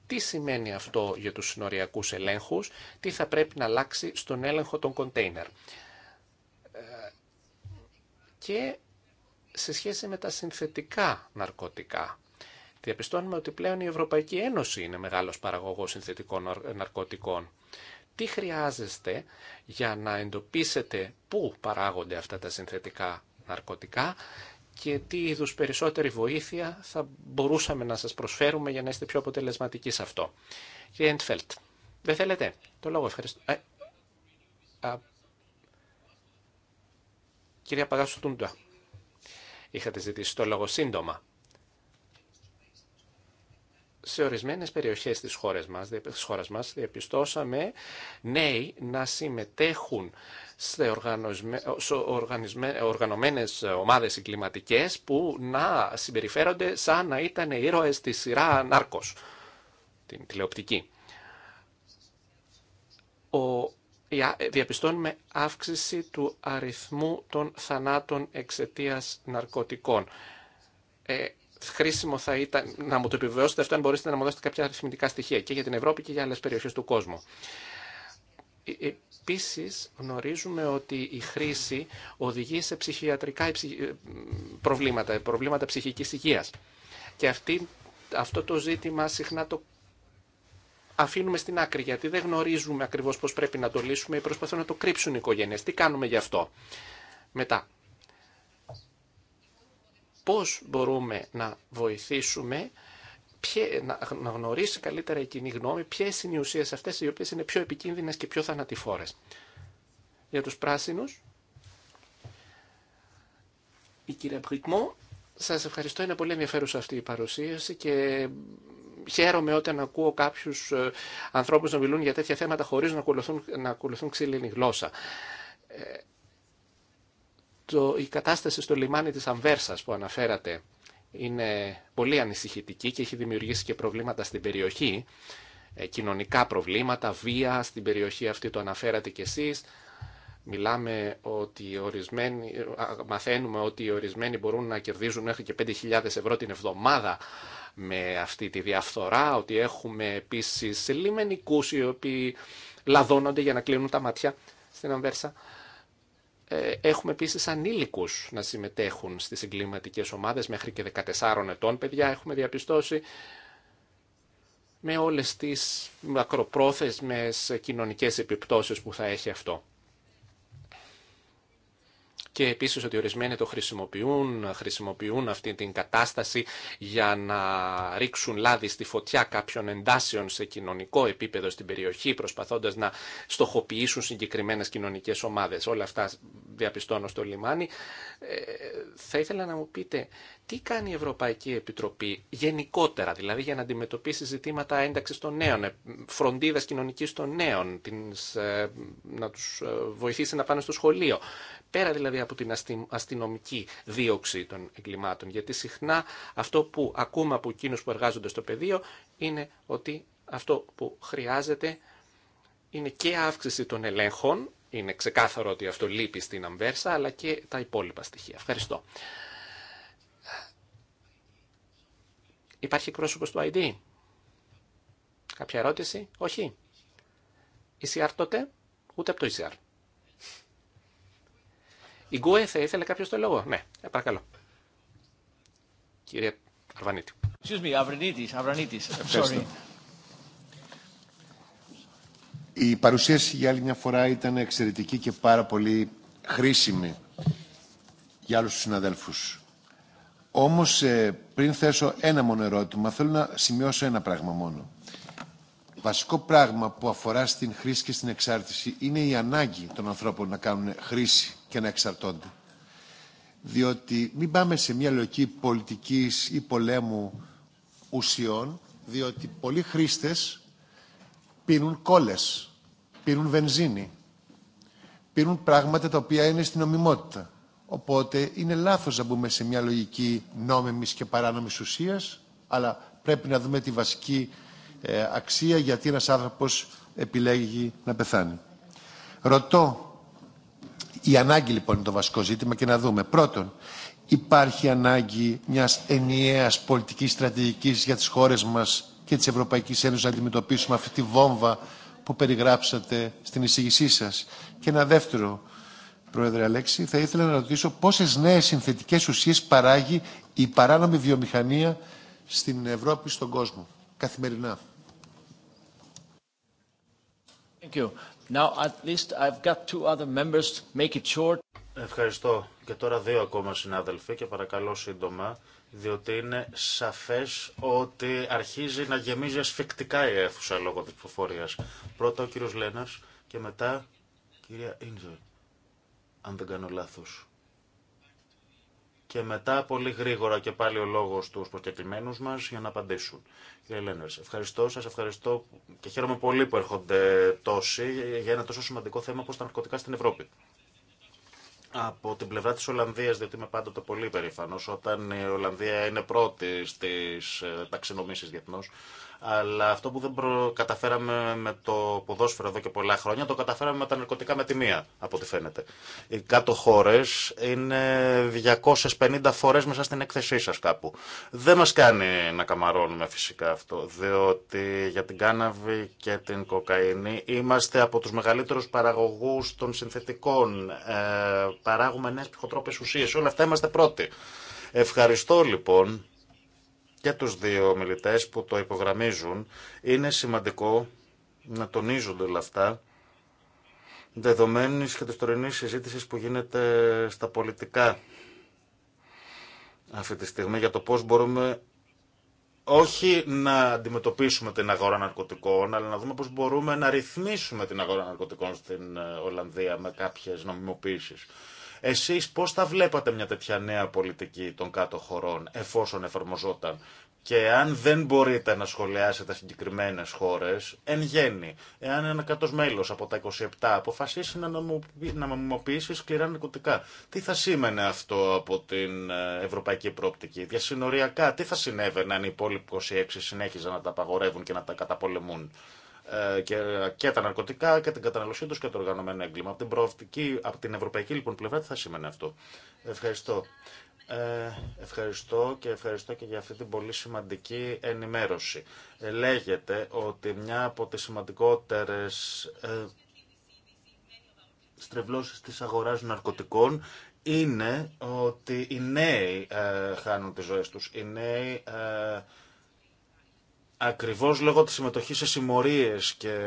Τι σημαίνει αυτό για τους συνοριακούς ελέγχους, τι θα πρέπει να αλλάξει στον έλεγχο των κοντέινερ και σε σχέση με τα συνθετικά ναρκωτικά. Διαπιστώνουμε ότι πλέον η Ευρωπαϊκή Ένωση είναι μεγάλος παραγωγός συνθετικών ναρκωτικών. Τι χρειάζεστε για να εντοπίσετε πού παράγονται αυτά τα συνθετικά ναρκωτικά και τι είδους περισσότερη βοήθεια θα μπορούσαμε να σας προσφέρουμε για να είστε πιο αποτελεσματικοί σε αυτό. Κύριε Εντφέλτ, δεν θέλετε. Το λόγο ευχαριστώ. Ε, Κυρία Παγασουτούντα, είχατε ζητήσει το λόγο σύντομα. Σε ορισμένες περιοχές της χώρας μας, της χώρας μας διαπιστώσαμε νέοι να συμμετέχουν σε οργανωμένες ομάδες εγκληματικές που να συμπεριφέρονται σαν να ήταν ήρωες της σειρά Νάρκος, την τηλεοπτική. Ο ε, διαπιστώνουμε αύξηση του αριθμού των θανάτων εξαιτίας ναρκωτικών. Ε, χρήσιμο θα ήταν να μου το επιβεβαιώσετε αυτό αν μπορείτε να μου δώσετε κάποια αριθμητικά στοιχεία και για την Ευρώπη και για άλλες περιοχές του κόσμου. Ε, επίσης γνωρίζουμε ότι η χρήση οδηγεί σε ψυχιατρικά ε, προβλήματα, προβλήματα ψυχικής υγείας. Και αυτή, αυτό το ζήτημα συχνά το αφήνουμε στην άκρη γιατί δεν γνωρίζουμε ακριβώς πώς πρέπει να το λύσουμε ή προσπαθούν να το κρύψουν οι οικογένειες. Τι κάνουμε γι' αυτό. Μετά, πώς μπορούμε να βοηθήσουμε να γνωρίσει καλύτερα η κοινή γνώμη ποιες είναι οι ουσίες αυτές οι οποίες είναι πιο επικίνδυνες και πιο θανατηφόρες. Για τους πράσινους, η κυρία Μπρικμό. σας ευχαριστώ, είναι πολύ ενδιαφέρουσα αυτή η παρουσίαση και χαίρομαι όταν ακούω κάποιου ε, ανθρώπου να μιλούν για τέτοια θέματα χωρί να ακολουθούν, να ακολουθούν ξύλινη γλώσσα. Ε, το, η κατάσταση στο λιμάνι της Αμβέρσας που αναφέρατε είναι πολύ ανησυχητική και έχει δημιουργήσει και προβλήματα στην περιοχή, ε, κοινωνικά προβλήματα, βία στην περιοχή αυτή, το αναφέρατε κι εσείς. Μιλάμε ότι ορισμένοι, μαθαίνουμε ότι ορισμένοι μπορούν να κερδίζουν μέχρι και 5.000 ευρώ την εβδομάδα με αυτή τη διαφθορά, ότι έχουμε επίσης λιμενικούς οι οποίοι λαδώνονται για να κλείνουν τα μάτια στην Αμβέρσα. Ε, έχουμε επίσης ανήλικους να συμμετέχουν στις εγκληματικέ ομάδες, μέχρι και 14 ετών παιδιά έχουμε διαπιστώσει, με όλες τις μακροπρόθεσμες κοινωνικές επιπτώσεις που θα έχει αυτό και επίσης ότι ορισμένοι το χρησιμοποιούν, χρησιμοποιούν αυτή την κατάσταση για να ρίξουν λάδι στη φωτιά κάποιων εντάσεων σε κοινωνικό επίπεδο στην περιοχή, προσπαθώντας να στοχοποιήσουν συγκεκριμένες κοινωνικές ομάδες. Όλα αυτά διαπιστώνω στο λιμάνι. Ε, θα ήθελα να μου πείτε τι κάνει η Ευρωπαϊκή Επιτροπή γενικότερα, δηλαδή για να αντιμετωπίσει ζητήματα ένταξη των νέων, ε, φροντίδα κοινωνική των νέων, τις, ε, να του ε, βοηθήσει να πάνε στο σχολείο, πέρα δηλαδή από την αστυνομική δίωξη των εγκλημάτων. Γιατί συχνά αυτό που ακούμε από εκείνου που εργάζονται στο πεδίο είναι ότι αυτό που χρειάζεται είναι και αύξηση των ελέγχων, είναι ξεκάθαρο ότι αυτό λείπει στην Αμβέρσα, αλλά και τα υπόλοιπα στοιχεία. Ευχαριστώ. Υπάρχει εκπρόσωπο του ID. Κάποια ερώτηση. Όχι. ECR τότε. Ούτε από το ECR. Η Γκουέ θα ήθελε κάποιο το λόγο. Ναι, ε, παρακαλώ. Κύριε Αρβανίτη. Excuse me, Αβρανίτης. Αβρανίτης. Η παρουσίαση για άλλη μια φορά ήταν εξαιρετική και πάρα πολύ χρήσιμη για άλλους συναδέλφους. Όμως ε, πριν θέσω ένα μόνο ερώτημα θέλω να σημειώσω ένα πράγμα μόνο. Βασικό πράγμα που αφορά στην χρήση και στην εξάρτηση είναι η ανάγκη των ανθρώπων να κάνουν χρήση και να εξαρτώνται. Διότι μην πάμε σε μια λογική πολιτικής ή πολέμου ουσιών, διότι πολλοί χρήστες πίνουν κόλες, πίνουν βενζίνη, πίνουν πράγματα τα οποία είναι στην ομιμότητα. Οπότε είναι λάθος να μπούμε σε μια λογική νόμιμης και παράνομης ουσίας, αλλά πρέπει να δούμε τη βασική ε, αξία γιατί ένας άνθρωπος επιλέγει να πεθάνει. Ρωτώ, η ανάγκη λοιπόν είναι το βασικό ζήτημα και να δούμε. Πρώτον, υπάρχει ανάγκη μιας ενιαίας πολιτικής στρατηγικής για τις χώρες μας και της Ευρωπαϊκής Ένωσης να αντιμετωπίσουμε αυτή τη βόμβα που περιγράψατε στην εισήγησή σας. Και ένα δεύτερο, Πρόεδρε Αλέξη, θα ήθελα να ρωτήσω πόσες νέες συνθετικές ουσίες παράγει η παράνομη βιομηχανία στην Ευρώπη, στον κόσμο, καθημερινά. Ευχαριστώ. Και τώρα δύο ακόμα συνάδελφοι και παρακαλώ σύντομα, διότι είναι σαφές ότι αρχίζει να γεμίζει ασφικτικά η αίθουσα λόγω της ψηφοφορίας. Πρώτα ο κύριος Λένας και μετά η κυρία Ίντζερ αν δεν κάνω λάθος. Και μετά πολύ γρήγορα και πάλι ο λόγος στους προσκεκλημένους μας για να απαντήσουν. Κύριε Λένερς, ευχαριστώ σας, ευχαριστώ και χαίρομαι πολύ που έρχονται τόσοι για ένα τόσο σημαντικό θέμα όπως τα ναρκωτικά στην Ευρώπη. Από την πλευρά της Ολλανδίας, διότι είμαι πάντοτε πολύ περήφανος, όταν η Ολλανδία είναι πρώτη στις ε, ταξινομήσεις διεθνώς, αλλά αυτό που δεν καταφέραμε με το ποδόσφαιρο εδώ και πολλά χρόνια, το καταφέραμε με τα ναρκωτικά με τη μία, από ό,τι φαίνεται. Οι κάτω χώρε είναι 250 φορέ μέσα στην έκθεσή σα κάπου. Δεν μα κάνει να καμαρώνουμε φυσικά αυτό, διότι για την κάναβη και την κοκαίνη είμαστε από του μεγαλύτερου παραγωγού των συνθετικών. Ε, παράγουμε νέε ψυχοτρόπε ουσίε. Όλα αυτά είμαστε πρώτοι. Ευχαριστώ λοιπόν και τους δύο μιλητές που το υπογραμμίζουν. Είναι σημαντικό να τονίζονται όλα αυτά δεδομένη και της τωρινής συζήτησης που γίνεται στα πολιτικά αυτή τη στιγμή για το πώς μπορούμε όχι να αντιμετωπίσουμε την αγορά ναρκωτικών, αλλά να δούμε πώς μπορούμε να ρυθμίσουμε την αγορά ναρκωτικών στην ε, Ολλανδία με κάποιες νομιμοποίησεις. Εσείς πώς θα βλέπατε μια τέτοια νέα πολιτική των κάτω χωρών εφόσον εφαρμοζόταν. Και αν δεν μπορείτε να σχολιάσετε συγκεκριμένε χώρε, εν γέννη, εάν ένα κάτω μέλο από τα 27 αποφασίσει να, να νομιμοποιήσει σκληρά νοικοτικά, τι θα σήμαινε αυτό από την ε, ευρωπαϊκή πρόπτικη, διασυνοριακά, τι θα συνέβαινε αν οι υπόλοιποι 26 συνέχιζαν να τα απαγορεύουν και να τα καταπολεμούν. Ε, και, τα ναρκωτικά και την καταναλωσή του και το οργανωμένο έγκλημα. Από την, από την ευρωπαϊκή λοιπόν πλευρά τι θα σημαίνει αυτό. Ευχαριστώ. Ε, ευχαριστώ και ευχαριστώ και για αυτή την πολύ σημαντική ενημέρωση. Ε, λέγεται ότι μια από τις σημαντικότερες ε, στρεβλώσεις της αγοράς ναρκωτικών είναι ότι οι νέοι ε, χάνουν τις ζωές τους. Οι νέοι ε, ακριβώς λόγω της συμμετοχή σε συμμορίες και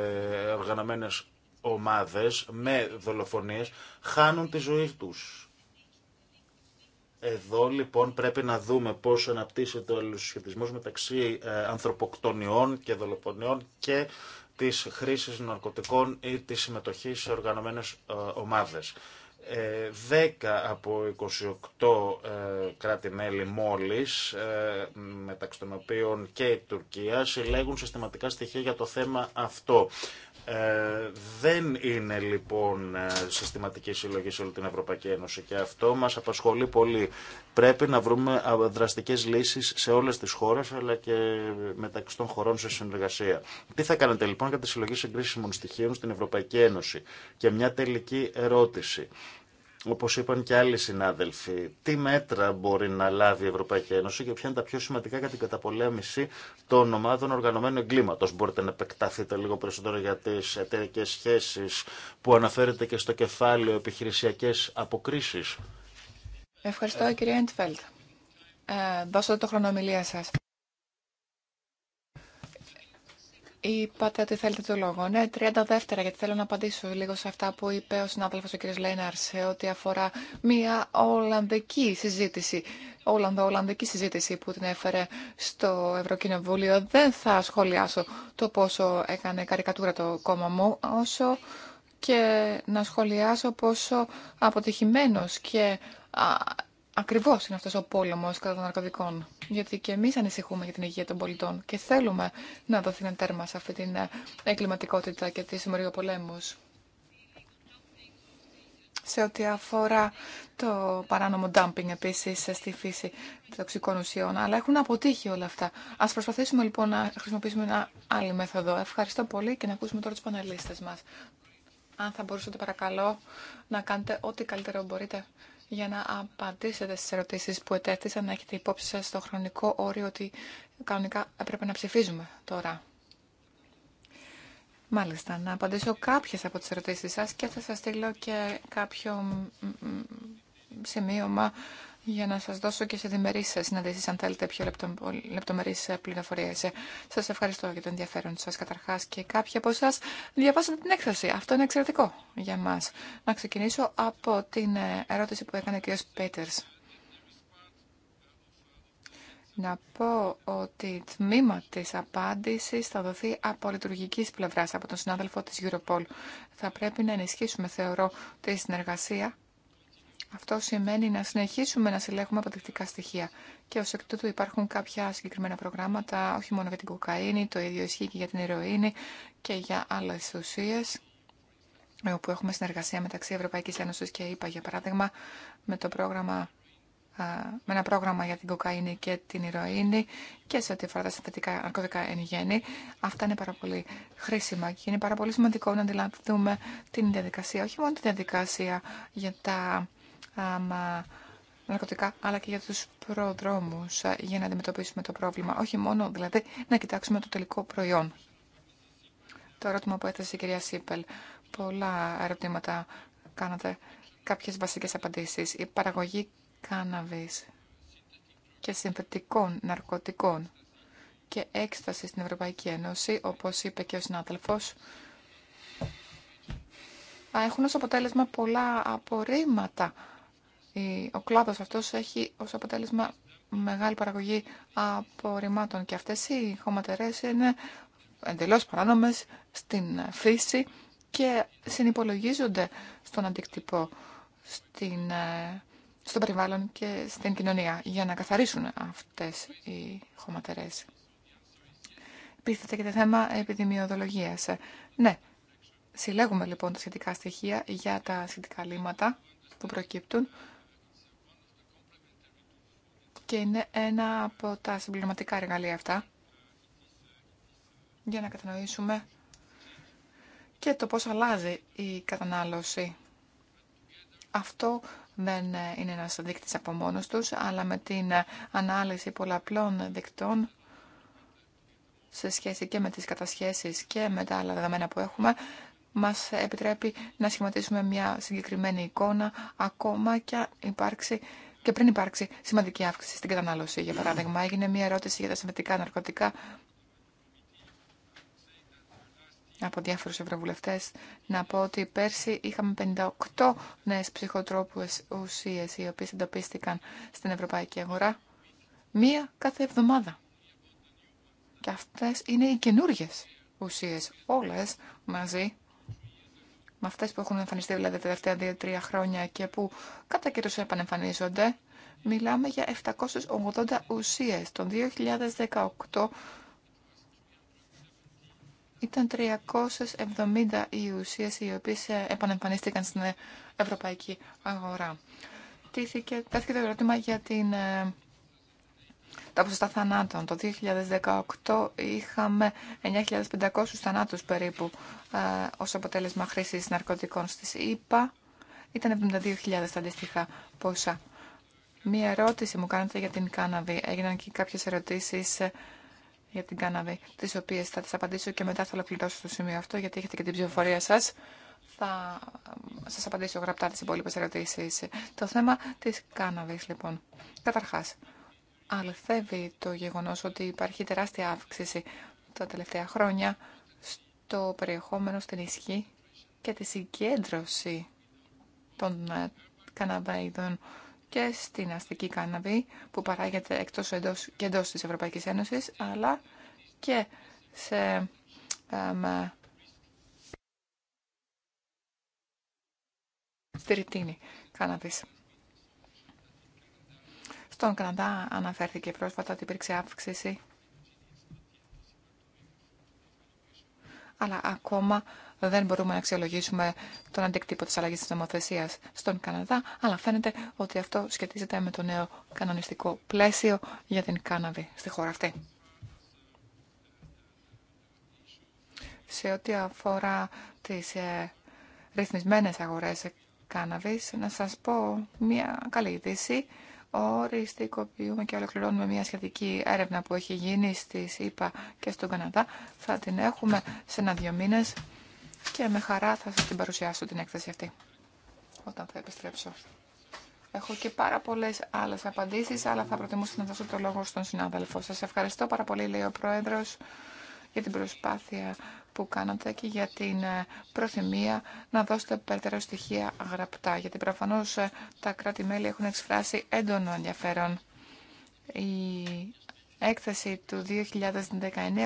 οργανωμένες ομάδες με δολοφονίες χάνουν τη ζωή τους. Εδώ λοιπόν πρέπει να δούμε πώς αναπτύσσεται ο αλληλοσχετισμός μεταξύ ε, ανθρωποκτονιών και δολοφονιών και της χρήσης ναρκωτικών ή της συμμετοχής σε οργανωμένες ε, ομάδες. 10 από 28 ε, κράτη-μέλη μόλις, ε, μεταξύ των οποίων και η Τουρκία, συλλέγουν συστηματικά στοιχεία για το θέμα αυτό. Ε, δεν είναι λοιπόν ε, συστηματική συλλογή σε όλη την Ευρωπαϊκή Ένωση και αυτό μας απασχολεί πολύ. Πρέπει να βρούμε δραστικές λύσεις σε όλες τις χώρες αλλά και μεταξύ των χωρών σε συνεργασία. Τι θα κάνετε λοιπόν για τη συλλογή συγκρίσιμων στοιχείων στην Ευρωπαϊκή Ένωση και μια τελική ερώτηση όπως είπαν και άλλοι συνάδελφοι, τι μέτρα μπορεί να λάβει η Ευρωπαϊκή Ένωση και ποια είναι τα πιο σημαντικά για την καταπολέμηση των ομάδων οργανωμένου εγκλήματος. Μπορείτε να επεκταθείτε λίγο περισσότερο για τις εταιρικές σχέσεις που αναφέρεται και στο κεφάλαιο επιχειρησιακές αποκρίσεις. Ευχαριστώ κύριε Έντφελτ. Ε, το χρονομιλία σας. Είπατε ότι θέλετε το λόγο. Ναι, 32 δεύτερα, γιατί θέλω να απαντήσω λίγο σε αυτά που είπε ο συνάδελφο ο κ. Λέιναρ σε ό,τι αφορά μια Ολλανδική συζήτηση. Ολλανδο-Ολλανδική συζήτηση που την έφερε στο Ευρωκοινοβούλιο. Δεν θα σχολιάσω το πόσο έκανε καρικατούρα το κόμμα μου, όσο και να σχολιάσω πόσο αποτυχημένος και Ακριβώ είναι αυτό ο πόλεμο κατά των ναρκωτικών. Γιατί και εμεί ανησυχούμε για την υγεία των πολιτών και θέλουμε να δοθεί ένα τέρμα σε αυτή την ε, εγκληματικότητα και τη συμμορία πολέμου. Σε ό,τι αφορά το παράνομο dumping επίση ε, στη φύση τοξικών ουσιών. Αλλά έχουν αποτύχει όλα αυτά. Α προσπαθήσουμε λοιπόν να χρησιμοποιήσουμε ένα άλλη μέθοδο. Ευχαριστώ πολύ και να ακούσουμε τώρα του πανελίστε μα. Αν θα μπορούσατε παρακαλώ να κάνετε ό,τι καλύτερο μπορείτε για να απαντήσετε στις ερωτήσεις που ετέθησαν, να έχετε υπόψη σας στο χρονικό όριο ότι κανονικά έπρεπε να ψηφίζουμε τώρα. Μάλιστα, να απαντήσω κάποιες από τις ερωτήσεις σας και θα σας στείλω και κάποιο σημείωμα για να σας δώσω και σε διμερείς συναντήσεις, αν θέλετε, πιο λεπτο, λεπτομερείς πληροφορίες. Σας ευχαριστώ για το ενδιαφέρον σας καταρχάς και κάποιοι από εσάς διαβάσατε την έκθεση. Αυτό είναι εξαιρετικό για μας. Να ξεκινήσω από την ε, ερώτηση που έκανε ο κ. Πέτερς. Να πω ότι τμήμα της απάντησης θα δοθεί από λειτουργικής πλευράς, από τον συνάδελφο της Europol. Θα πρέπει να ενισχύσουμε, θεωρώ, τη συνεργασία αυτό σημαίνει να συνεχίσουμε να συλλέγουμε αποδεικτικά στοιχεία. Και ω εκ τούτου υπάρχουν κάποια συγκεκριμένα προγράμματα, όχι μόνο για την κοκαίνη, το ίδιο ισχύει και για την ηρωίνη και για άλλε ουσίε, όπου έχουμε συνεργασία μεταξύ Ευρωπαϊκή Ένωση και είπα ΕΕ, για παράδειγμα, με, το πρόγραμμα, με ένα πρόγραμμα για την κοκαίνη και την ηρωίνη και σε ό,τι αφορά τα συνθετικά ναρκωτικά εν γέννη. Αυτά είναι πάρα πολύ χρήσιμα και είναι πάρα πολύ σημαντικό να αντιλαμβάνουμε την διαδικασία, όχι μόνο τη διαδικασία για τα αμα, ναρκωτικά, αλλά και για τους προδρόμους ε, για να αντιμετωπίσουμε το πρόβλημα. Όχι μόνο, δηλαδή, να κοιτάξουμε το τελικό προϊόν. Το ερώτημα που έθεσε η κυρία Σίπελ. Πολλά ερωτήματα κάνατε. Κάποιες βασικές απαντήσεις. Η παραγωγή κάναβης και συνθετικών ναρκωτικών και έκσταση στην Ευρωπαϊκή Ένωση, όπως είπε και ο συνάδελφος, έχουν ως αποτέλεσμα πολλά απορρίμματα ο κλάδος αυτός έχει ως αποτέλεσμα μεγάλη παραγωγή απορριμμάτων και αυτές οι χωματερές είναι εντελώς παράνομες στην φύση και συνυπολογίζονται στον αντικτύπο στην, ε, στο περιβάλλον και στην κοινωνία για να καθαρίσουν αυτές οι χωματερές. Πίστεται και το θέμα επιδημιοδολογίας. Ναι, συλλέγουμε λοιπόν τα σχετικά στοιχεία για τα σχετικά λύματα που προκύπτουν και είναι ένα από τα συμπληρωματικά εργαλεία αυτά για να κατανοήσουμε και το πώς αλλάζει η κατανάλωση. Αυτό δεν είναι ένας δείκτης από μόνος τους, αλλά με την ανάλυση πολλαπλών δεικτών σε σχέση και με τις κατασχέσεις και με τα άλλα δεδομένα που έχουμε, μας επιτρέπει να σχηματίσουμε μια συγκεκριμένη εικόνα ακόμα και υπάρξει και πριν υπάρξει σημαντική αύξηση στην κατανάλωση. Για παράδειγμα, έγινε μία ερώτηση για τα συμμετικά ναρκωτικά από διάφορους ευρωβουλευτές να πω ότι πέρσι είχαμε 58 νέες ψυχοτρόπους ουσίες οι οποίες εντοπίστηκαν στην ευρωπαϊκή αγορά μία κάθε εβδομάδα. Και αυτές είναι οι καινούργιες ουσίες όλες μαζί με αυτέ που έχουν εμφανιστεί δηλαδή τα τελευταία δύο-τρία χρόνια και που κατά καιρού επανεμφανίζονται, μιλάμε για 780 ουσίε. Το 2018 ήταν 370 οι ουσίε οι οποίε επανεμφανίστηκαν στην ευρωπαϊκή αγορά. Τέθηκε το ερώτημα για την ε, τα ποσοστά θανάτων. Το 2018 είχαμε 9.500 θανάτους περίπου ε, ως αποτέλεσμα χρήσης ναρκωτικών στις ΗΠΑ. Ήταν 72.000 αντίστοιχα ποσά. Μία ερώτηση μου κάνετε για την κάναβη. Έγιναν και κάποιες ερωτήσεις ε, για την κάναβη, τις οποίες θα τις απαντήσω και μετά θα ολοκληρώσω στο σημείο αυτό, γιατί έχετε και την ψηφοφορία σας. Θα ε, σας απαντήσω γραπτά τις υπόλοιπες ερωτήσεις. Το θέμα της κάναβης, λοιπόν. Καταρχά Αλθεύει το γεγονός ότι υπάρχει τεράστια αύξηση τα τελευταία χρόνια στο περιεχόμενο στην ισχύ και τη συγκέντρωση των ε, καναβαίδων και στην αστική κάναβη που παράγεται εκτός εντός και εντός της Ευρωπαϊκής Ένωσης αλλά και σε εμ, στη ε, κάναβης. Στον Καναδά αναφέρθηκε πρόσφατα ότι υπήρξε αύξηση. Αλλά ακόμα δεν μπορούμε να αξιολογήσουμε τον αντικτύπο της αλλαγής της νομοθεσίας στον Καναδά, αλλά φαίνεται ότι αυτό σχετίζεται με το νέο κανονιστικό πλαίσιο για την κάναβη στη χώρα αυτή. Σε ό,τι αφορά τις ε, ρυθμισμένες αγορές κάναβης, να σας πω μια καλή είδηση οριστικοποιούμε και ολοκληρώνουμε μια σχετική έρευνα που έχει γίνει στη ΣΥΠΑ και στον Καναδά. Θα την έχουμε σε ένα-δύο μήνες και με χαρά θα σα την παρουσιάσω την έκθεση αυτή όταν θα επιστρέψω. Έχω και πάρα πολλέ άλλε απαντήσει, αλλά θα προτιμούσα να δώσω το λόγο στον συνάδελφο. Σα ευχαριστώ πάρα πολύ, λέει ο Πρόεδρο, για την προσπάθεια που κάνατε και για την ε, προθυμία να δώσετε περαιτέρω στοιχεία γραπτά, γιατί προφανώ ε, τα κράτη-μέλη έχουν εξφράσει έντονο ενδιαφέρον. Η έκθεση του 2019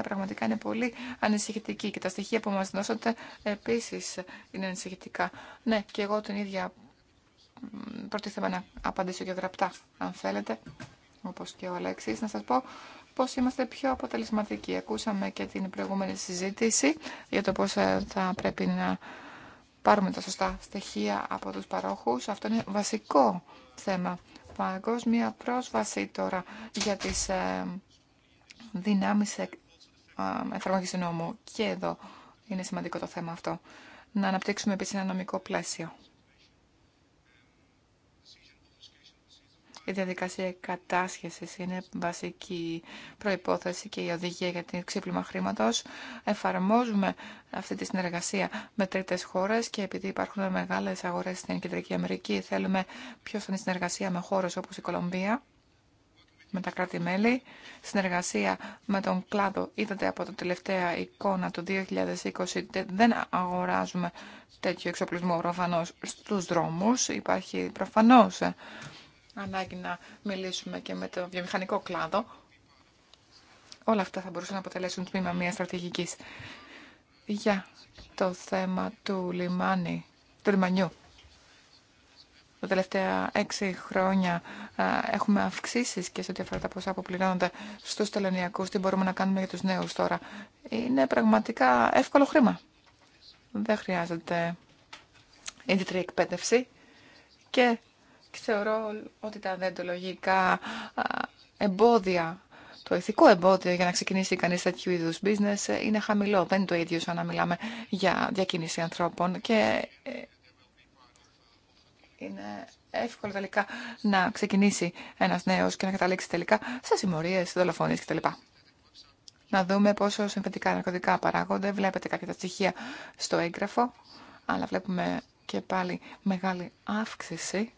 πραγματικά είναι πολύ ανησυχητική και τα στοιχεία που μας δώσατε επίσης είναι ανησυχητικά. Ναι, και εγώ την ίδια προτίθεμαι να απαντήσω και γραπτά, αν θέλετε, όπως και ο Αλέξης, να σας πω πώς είμαστε πιο αποτελεσματικοί. Ακούσαμε και την προηγούμενη συζήτηση για το πώς ε, θα πρέπει να πάρουμε τα σωστά στοιχεία από τους παρόχους. Αυτό είναι βασικό θέμα. Παγκόσμια πρόσβαση τώρα για τις ε, δυνάμεις ε, εφαρμογής του νόμου. Και εδώ είναι σημαντικό το θέμα αυτό. Να αναπτύξουμε επίσης ένα νομικό πλαίσιο Η διαδικασία κατάσχεση είναι βασική προπόθεση και η οδηγία για την ξύπλημα χρήματο. Εφαρμόζουμε αυτή τη συνεργασία με τρίτε χώρε και επειδή υπάρχουν μεγάλε αγορέ στην Κεντρική Αμερική θέλουμε πιο στενή συνεργασία με χώρε όπω η Κολομβία με τα κράτη-μέλη, συνεργασία με τον κλάδο. Είδατε από την τελευταία εικόνα του 2020 δεν αγοράζουμε τέτοιο εξοπλισμό προφανώ στους δρόμους. Υπάρχει προφανώς ανάγκη να μιλήσουμε και με το βιομηχανικό κλάδο. Όλα αυτά θα μπορούσαν να αποτελέσουν τμήμα μια στρατηγική για το θέμα του λιμάνι, του λιμανιού. Τα τελευταία έξι χρόνια έχουμε αυξήσει και σε ό,τι αφορά τα ποσά που πληρώνονται στου τελωνιακού, τι μπορούμε να κάνουμε για του νέου τώρα. Είναι πραγματικά εύκολο χρήμα. Δεν χρειάζεται ιδιαίτερη εκπαίδευση και θεωρώ ότι τα δεντολογικά εμπόδια, το ηθικό εμπόδιο για να ξεκινήσει κανείς τέτοιου είδου business ε, είναι χαμηλό. Δεν είναι το ίδιο σαν να μιλάμε για διακίνηση ανθρώπων και ε, είναι εύκολο τελικά να ξεκινήσει ένας νέος και να καταλήξει τελικά σε συμμορίες, δολοφονίες κτλ. Να δούμε πόσο συμφετικά ναρκωτικά παράγονται. Βλέπετε κάποια τα στοιχεία στο έγγραφο, αλλά βλέπουμε και πάλι μεγάλη αύξηση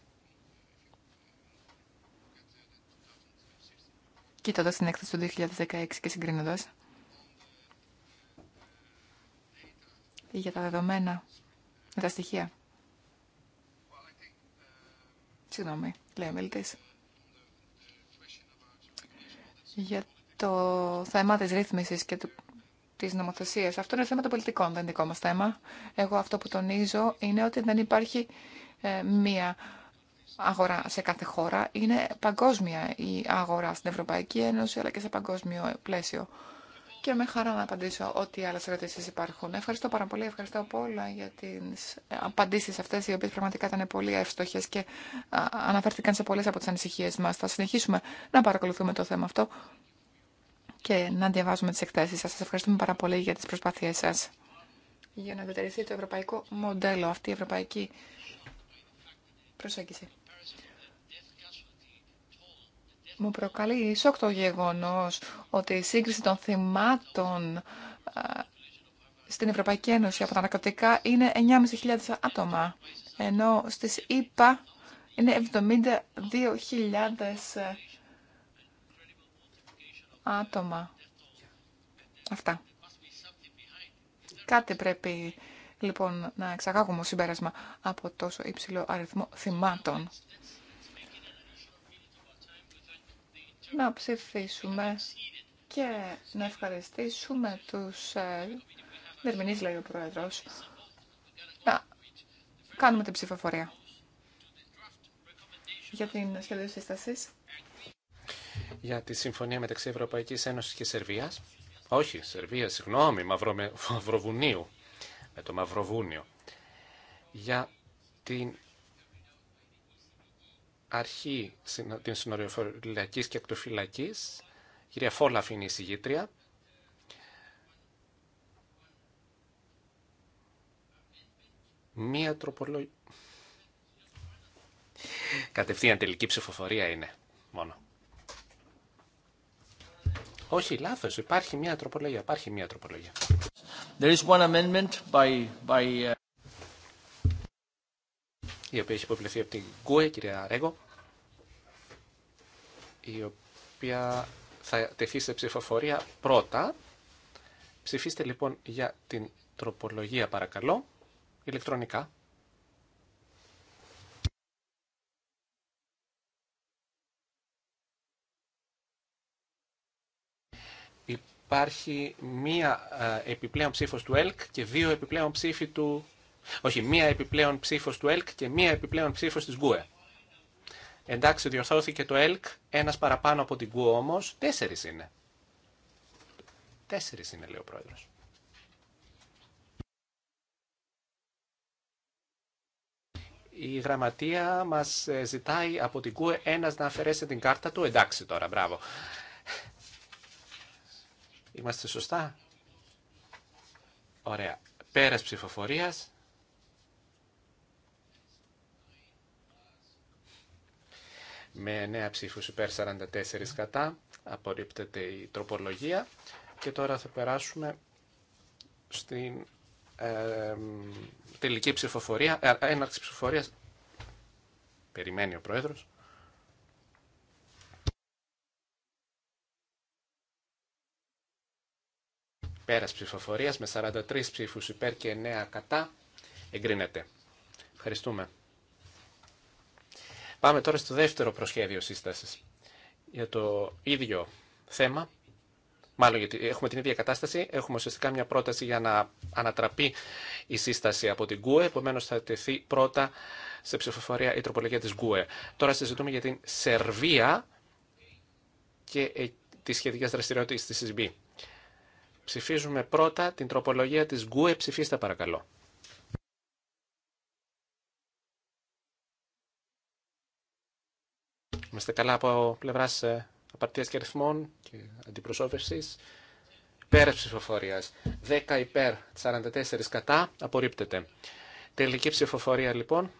κοιτώντας την έκθεση του 2016 και συγκρίνοντας, για τα δεδομένα, τα στοιχεία. Συγγνώμη, λέει ο μιλητής. Για το θέμα της ρύθμισης και του τη νομοθεσία. Αυτό είναι θέμα των πολιτικών, δεν δικό μα θέμα. Εγώ αυτό που τονίζω είναι ότι δεν υπάρχει ε, μία αγορά σε κάθε χώρα. Είναι παγκόσμια η αγορά στην Ευρωπαϊκή Ένωση αλλά και σε παγκόσμιο πλαίσιο. Και με χαρά να απαντήσω ό,τι άλλες ερωτήσει υπάρχουν. Ευχαριστώ πάρα πολύ, ευχαριστώ όλα για τις απαντήσεις αυτές οι οποίες πραγματικά ήταν πολύ εύστοχες και αναφέρθηκαν σε πολλές από τις ανησυχίες μας. Θα συνεχίσουμε να παρακολουθούμε το θέμα αυτό και να διαβάζουμε τις εκθέσει σα. Σας ευχαριστούμε πάρα πολύ για τις προσπάθειές σας για να διατηρηθεί το ευρωπαϊκό μοντέλο, αυτή η ευρωπαϊκή προσέγγιση. Μου προκαλεί σοκ το γεγονός ότι η σύγκριση των θυμάτων στην Ευρωπαϊκή Ένωση από τα ναρκωτικά είναι 9.500 άτομα, ενώ στις ΗΠΑ είναι 72.000 ε, άτομα. Αυτά. Κάτι πρέπει λοιπόν να εξαγάγουμε συμπέρασμα από τόσο υψηλό αριθμό θυμάτων. να ψηφίσουμε και να ευχαριστήσουμε τους ε, δερμηνείς, λέει ο Πρόεδρος, να κάνουμε την ψηφοφορία για την σχέδιο συστασής. Για τη συμφωνία μεταξύ Ευρωπαϊκής Ένωσης και Σερβίας. Όχι, Σερβία, συγγνώμη, Μαυροβουνίου. Με το Μαυροβούνιο. Για την αρχή την συνοριοφυλακής και ακτοφυλακής. Η κυρία Φόλαφ είναι η συγγήτρια. Μία τροπολογία... Κατευθείαν τελική ψηφοφορία είναι μόνο. Όχι, λάθος. Υπάρχει μία τροπολογία. Υπάρχει μία τροπολογία. Uh, η οποία έχει υποβληθεί από την ΚΟΕ, κυρία Ρέγκο, η οποία θα τεθεί σε ψηφοφορία πρώτα. Ψηφίστε λοιπόν για την τροπολογία παρακαλώ, ηλεκτρονικά. Υπάρχει μία ε, επιπλέον ψήφος του ΕΛΚ και δύο επιπλέον ψήφοι του όχι, μία επιπλέον ψήφος του ΕΛΚ και μία επιπλέον ψήφος της ΓΚΟΕ. Εντάξει, διορθώθηκε το ΕΛΚ, ένας παραπάνω από την ΓΚΟΕ όμως, τέσσερις είναι. Τέσσερις είναι, λέει ο πρόεδρος. Η γραμματεία μας ε, ζητάει από την ΚΟΕ ένας να αφαιρέσει την κάρτα του. Εντάξει τώρα, μπράβο. Είμαστε σωστά. Ωραία. Πέρας ψηφοφορίας. με 9 ψήφους υπέρ 44 κατά. Απορρίπτεται η τροπολογία. Και τώρα θα περάσουμε στην ε, τελική ψηφοφορία, ε, έναρξη ψηφοφορίας. Περιμένει ο Πρόεδρος. Πέρας ψηφοφορίας με 43 ψήφους υπέρ και 9 κατά εγκρίνεται. Ευχαριστούμε. Πάμε τώρα στο δεύτερο προσχέδιο σύστασης για το ίδιο θέμα. Μάλλον γιατί έχουμε την ίδια κατάσταση. Έχουμε ουσιαστικά μια πρόταση για να ανατραπεί η σύσταση από την ΚΟΕ. Επομένω θα τεθεί πρώτα σε ψηφοφορία η τροπολογία της ΚΟΕ. Τώρα συζητούμε για την Σερβία και ε, τις σχετικές δραστηριότητες της ΣΥΣΜΗ. Ψηφίζουμε πρώτα την τροπολογία της ΚΟΕ. Ψηφίστε παρακαλώ. Είμαστε καλά από πλευρά ε, απαρτία και αριθμών και αντιπροσώπευση. Πέρα ψηφοφορία. 10 υπέρ, 44 κατά. Απορρίπτεται. Τελική ψηφοφορία λοιπόν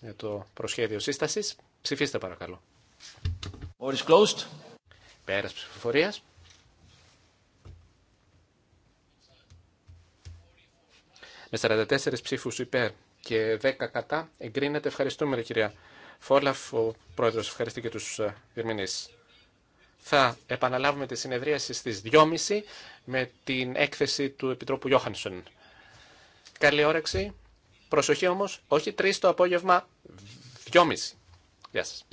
για το προσχέδιο σύσταση. Ψηφίστε παρακαλώ. is closed. Πέρα ψηφοφορία. 44 ψήφους υπέρ και 10 κατά εγκρίνεται. Ευχαριστούμε κυρία Φόλαφ, ο πρόεδρος, ευχαριστεί και τους ε, διερμηνείς. Θα επαναλάβουμε τη συνεδρίαση στις 2.30 με την έκθεση του Επιτρόπου Γιώχανσον. Καλή όρεξη. Προσοχή όμως, όχι 3 το απόγευμα, 2.30. Γεια σας.